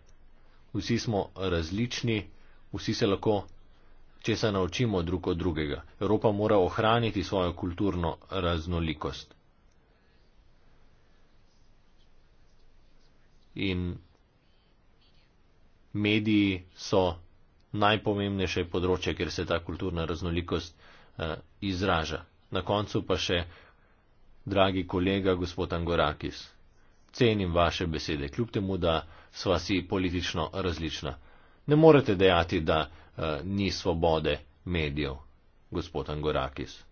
Vsi smo različni, vsi se lahko česa naučimo drug od drugega. Evropa mora ohraniti svojo kulturno raznolikost. In mediji so najpomembnejše področje, kjer se ta kulturna raznolikost eh, izraža. Na koncu pa še dragi kolega gospod Angorakis. Cenim vaše besede, kljub temu, da sva si politično različna. Ne morete dejati, da uh, ni svobode medijev, gospod Angorakis.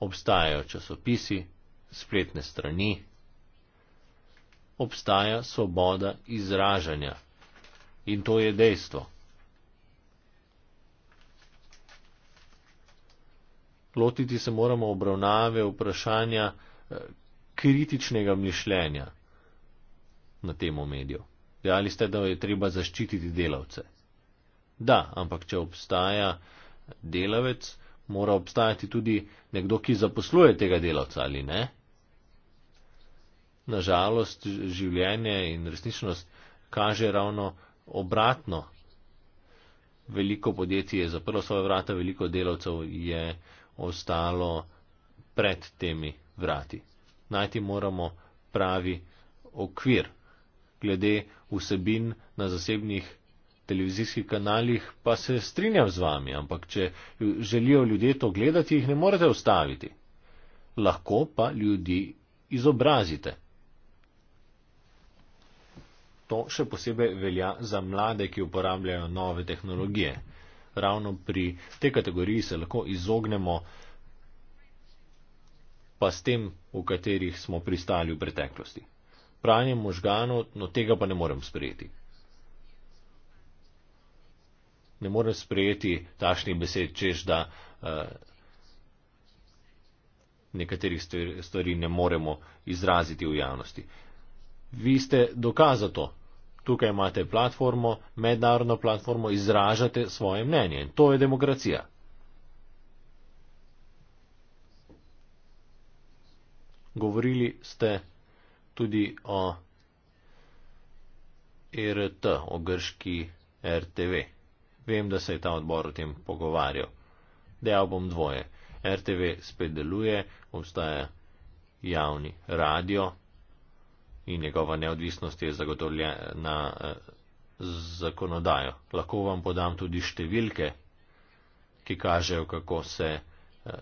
Obstajajo časopisi, spletne strani, obstaja svoboda izražanja in to je dejstvo. lotiti se moramo obravnave vprašanja eh, kritičnega mišljenja na temo medijev. Dejali ste, da je treba zaščititi delavce. Da, ampak če obstaja delavec, mora obstajati tudi nekdo, ki zaposluje tega delavca ali ne. Nažalost, življenje in resničnost kaže ravno obratno. Veliko podjetij je zaprlo svoje vrata, veliko delavcev je ostalo pred temi vrati. Najti moramo pravi okvir. Glede vsebin na zasebnih televizijskih kanalih pa se strinjam z vami, ampak če želijo ljudje to gledati, jih ne morete ustaviti. Lahko pa ljudi izobrazite. To še posebej velja za mlade, ki uporabljajo nove tehnologije ravno pri tej kategoriji se lahko izognemo pa s tem, v katerih smo pristali v preteklosti. Pranje možganov, no tega pa ne morem sprejeti. Ne morem sprejeti tašnih besed, čež da uh, nekaterih stvari ne moremo izraziti v javnosti. Vi ste dokaz za to, tukaj imate platformo, mednarodno platformo, izražate svoje mnenje in to je demokracija. Govorili ste tudi o e RT, o grški RTV. Vem, da se je ta odbor o tem pogovarjal. Dejal bom dvoje. RTV spet deluje, obstaja javni radio, in njegova neodvisnost je zagotovljena eh, z zakonodajo. Lahko vam podam tudi številke, ki kažejo, kako se eh,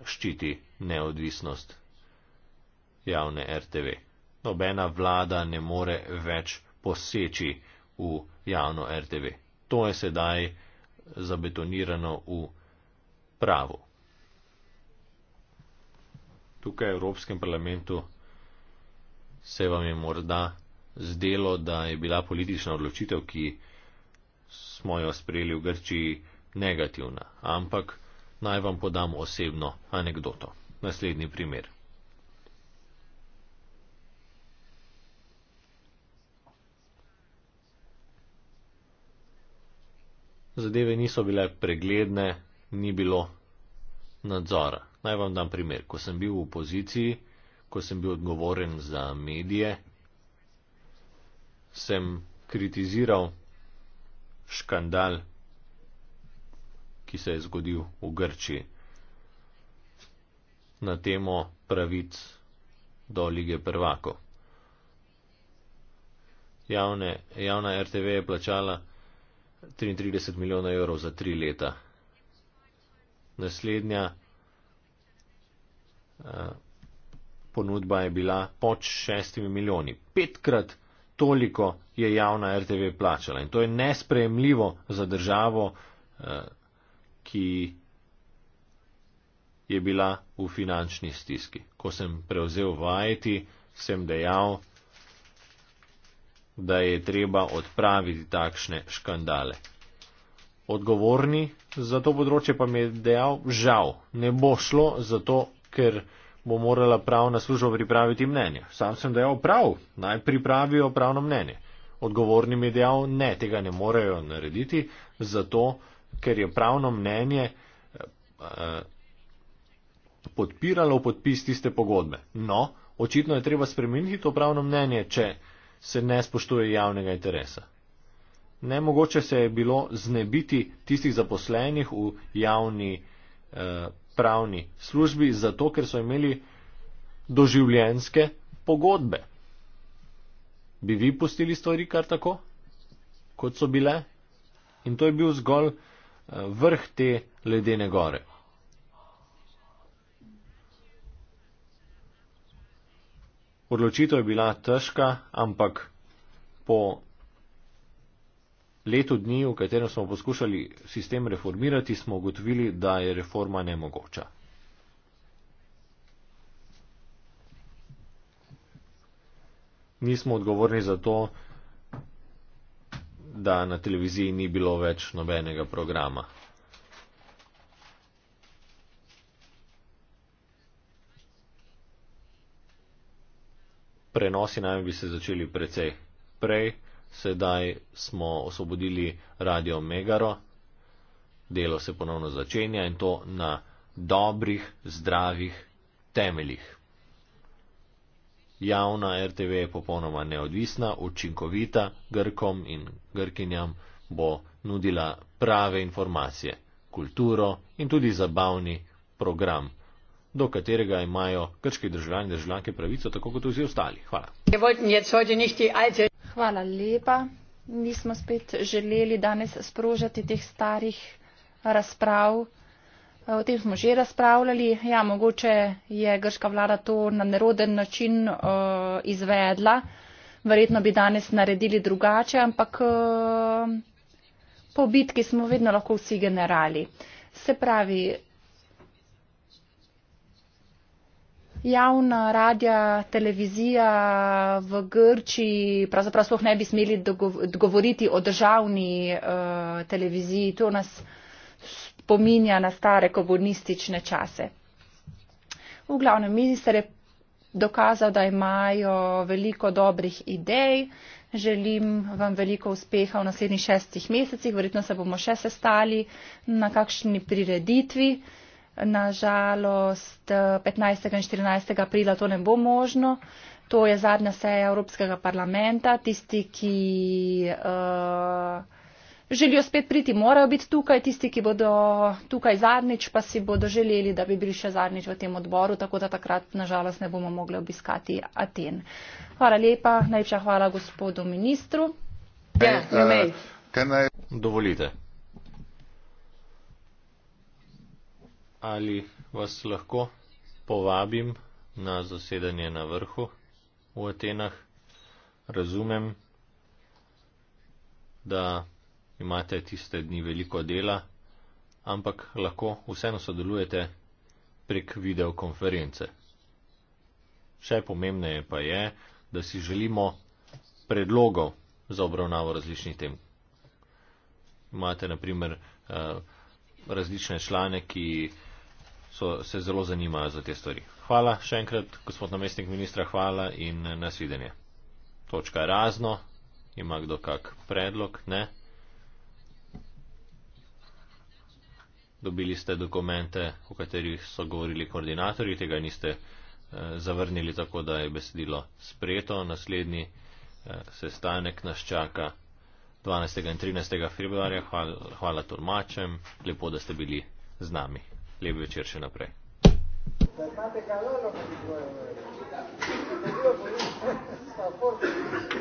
ščiti neodvisnost javne RTV. Nobena vlada ne more več poseči v javno RTV. To je sedaj zabetonirano v pravu. Tukaj v Evropskem parlamentu se vam je morda zdelo, da je bila politična odločitev, ki smo jo sprejeli v Grčiji, negativna. Ampak naj vam podam osebno anegdoto. Naslednji primer. Zadeve niso bile pregledne, ni bilo nadzora. Naj vam dam primer. Ko sem bil v opoziciji, ko sem bil odgovoren za medije, sem kritiziral škandal, ki se je zgodil v Grči na temo pravic do lige prvako. Javne, javna RTV je plačala 33 milijona evrov za tri leta. Naslednja eh, ponudba je bila pod šestimi milijoni. Petkrat toliko je javna RTV plačala in to je nesprejemljivo za državo, eh, ki je bila v finančni stiski. Ko sem prevzel vajeti, sem dejal, da je treba odpraviti takšne škandale. Odgovorni za to področje pa mi je dejal, žal, ne bo šlo zato, ker bo morala pravna služba pripraviti mnenje. Sam sem dejal prav, naj pripravijo pravno mnenje. Odgovorni mi je dejal, ne, tega ne morejo narediti, zato ker je pravno mnenje eh, eh podpiralo podpis tiste pogodbe. No, očitno je treba spremeniti to pravno mnenje, če se ne spoštuje javnega interesa. Nemogoče se je bilo znebiti tistih zaposlenih v javni. Eh, pravni službi, zato ker so imeli doživljenske pogodbe. Bi vi pustili stvari kar tako, kot so bile? In to je bil zgolj eh, vrh te ledene gore. Odločitev je bila težka, ampak po letu dni, v katerem smo poskušali sistem reformirati, smo ugotovili, da je reforma nemogoča. Nismo odgovorni za to, da na televiziji ni bilo več nobenega programa. Prenosi naj bi se začeli precej prej sedaj smo osvobodili radio Megaro, delo se ponovno začenja in to na dobrih, zdravih temeljih. Javna RTV je popolnoma neodvisna, učinkovita, grkom in grkinjam bo nudila prave informacije, kulturo in tudi zabavni program, do katerega imajo grški državljani in državljanke pravico, tako kot vsi ostali. Hvala. Hvala lepa. Mi smo spet želeli danes sprožati teh starih razprav. O tem smo že razpravljali. Ja, mogoče je grška vlada to na neroden način uh, izvedla. Verjetno bi danes naredili drugače, ampak uh, po bitki smo vedno lahko vsi generali. Se pravi, javna radija, televizija v Grčiji, pravzaprav sploh ne bi smeli govoriti o državni uh, televiziji. To nas spominja na stare komunistične čase. V glavnem minister je dokazal, da imajo veliko dobrih idej. Želim vam veliko uspeha v naslednjih šestih mesecih. Verjetno se bomo še sestali na kakšni prireditvi na žalost 15. Eh, in 14. aprila to ne bo možno. To je zadnja seja Evropskega parlamenta. Tisti, ki uh, želijo spet priti, morajo biti tukaj. Tisti, ki bodo tukaj zadnjič, pa si bodo želeli, da bi bili še zadnjič v tem odboru, tako da takrat nažalost ne bomo mogli obiskati Aten. Hvala lepa. Najlepša hvala gospodu ministru. Ja, eh, ne, ne. Dovolite. ali vas lahko povabim na zasedanje na vrhu v Atenah. Razumem, da imate tiste dni veliko dela, ampak lahko vseeno sodelujete prek videokonference. Še pomembneje pa je, da si želimo predlogov za obravnavo različnih tem. Imate na primer eh, različne člane, ki so se zelo zanimajo za te stvari. Hvala še enkrat, gospod namestnik ministra, hvala in eh, nasvidenje. Točka je razno, ima kdo kak predlog? Ne. Dobili ste dokumente, o katerih so govorili koordinatorji, tega niste eh, zavrnili, tako da je besedilo sprejeto. Naslednji eh, sestanek nas čaka 12. in 13. februarja. Hvala, hvala tolmačem, lepo, da ste bili z nami lep večer še naprej. Da imate kalorijo, da bi bilo. Da bi bilo, da bi bilo.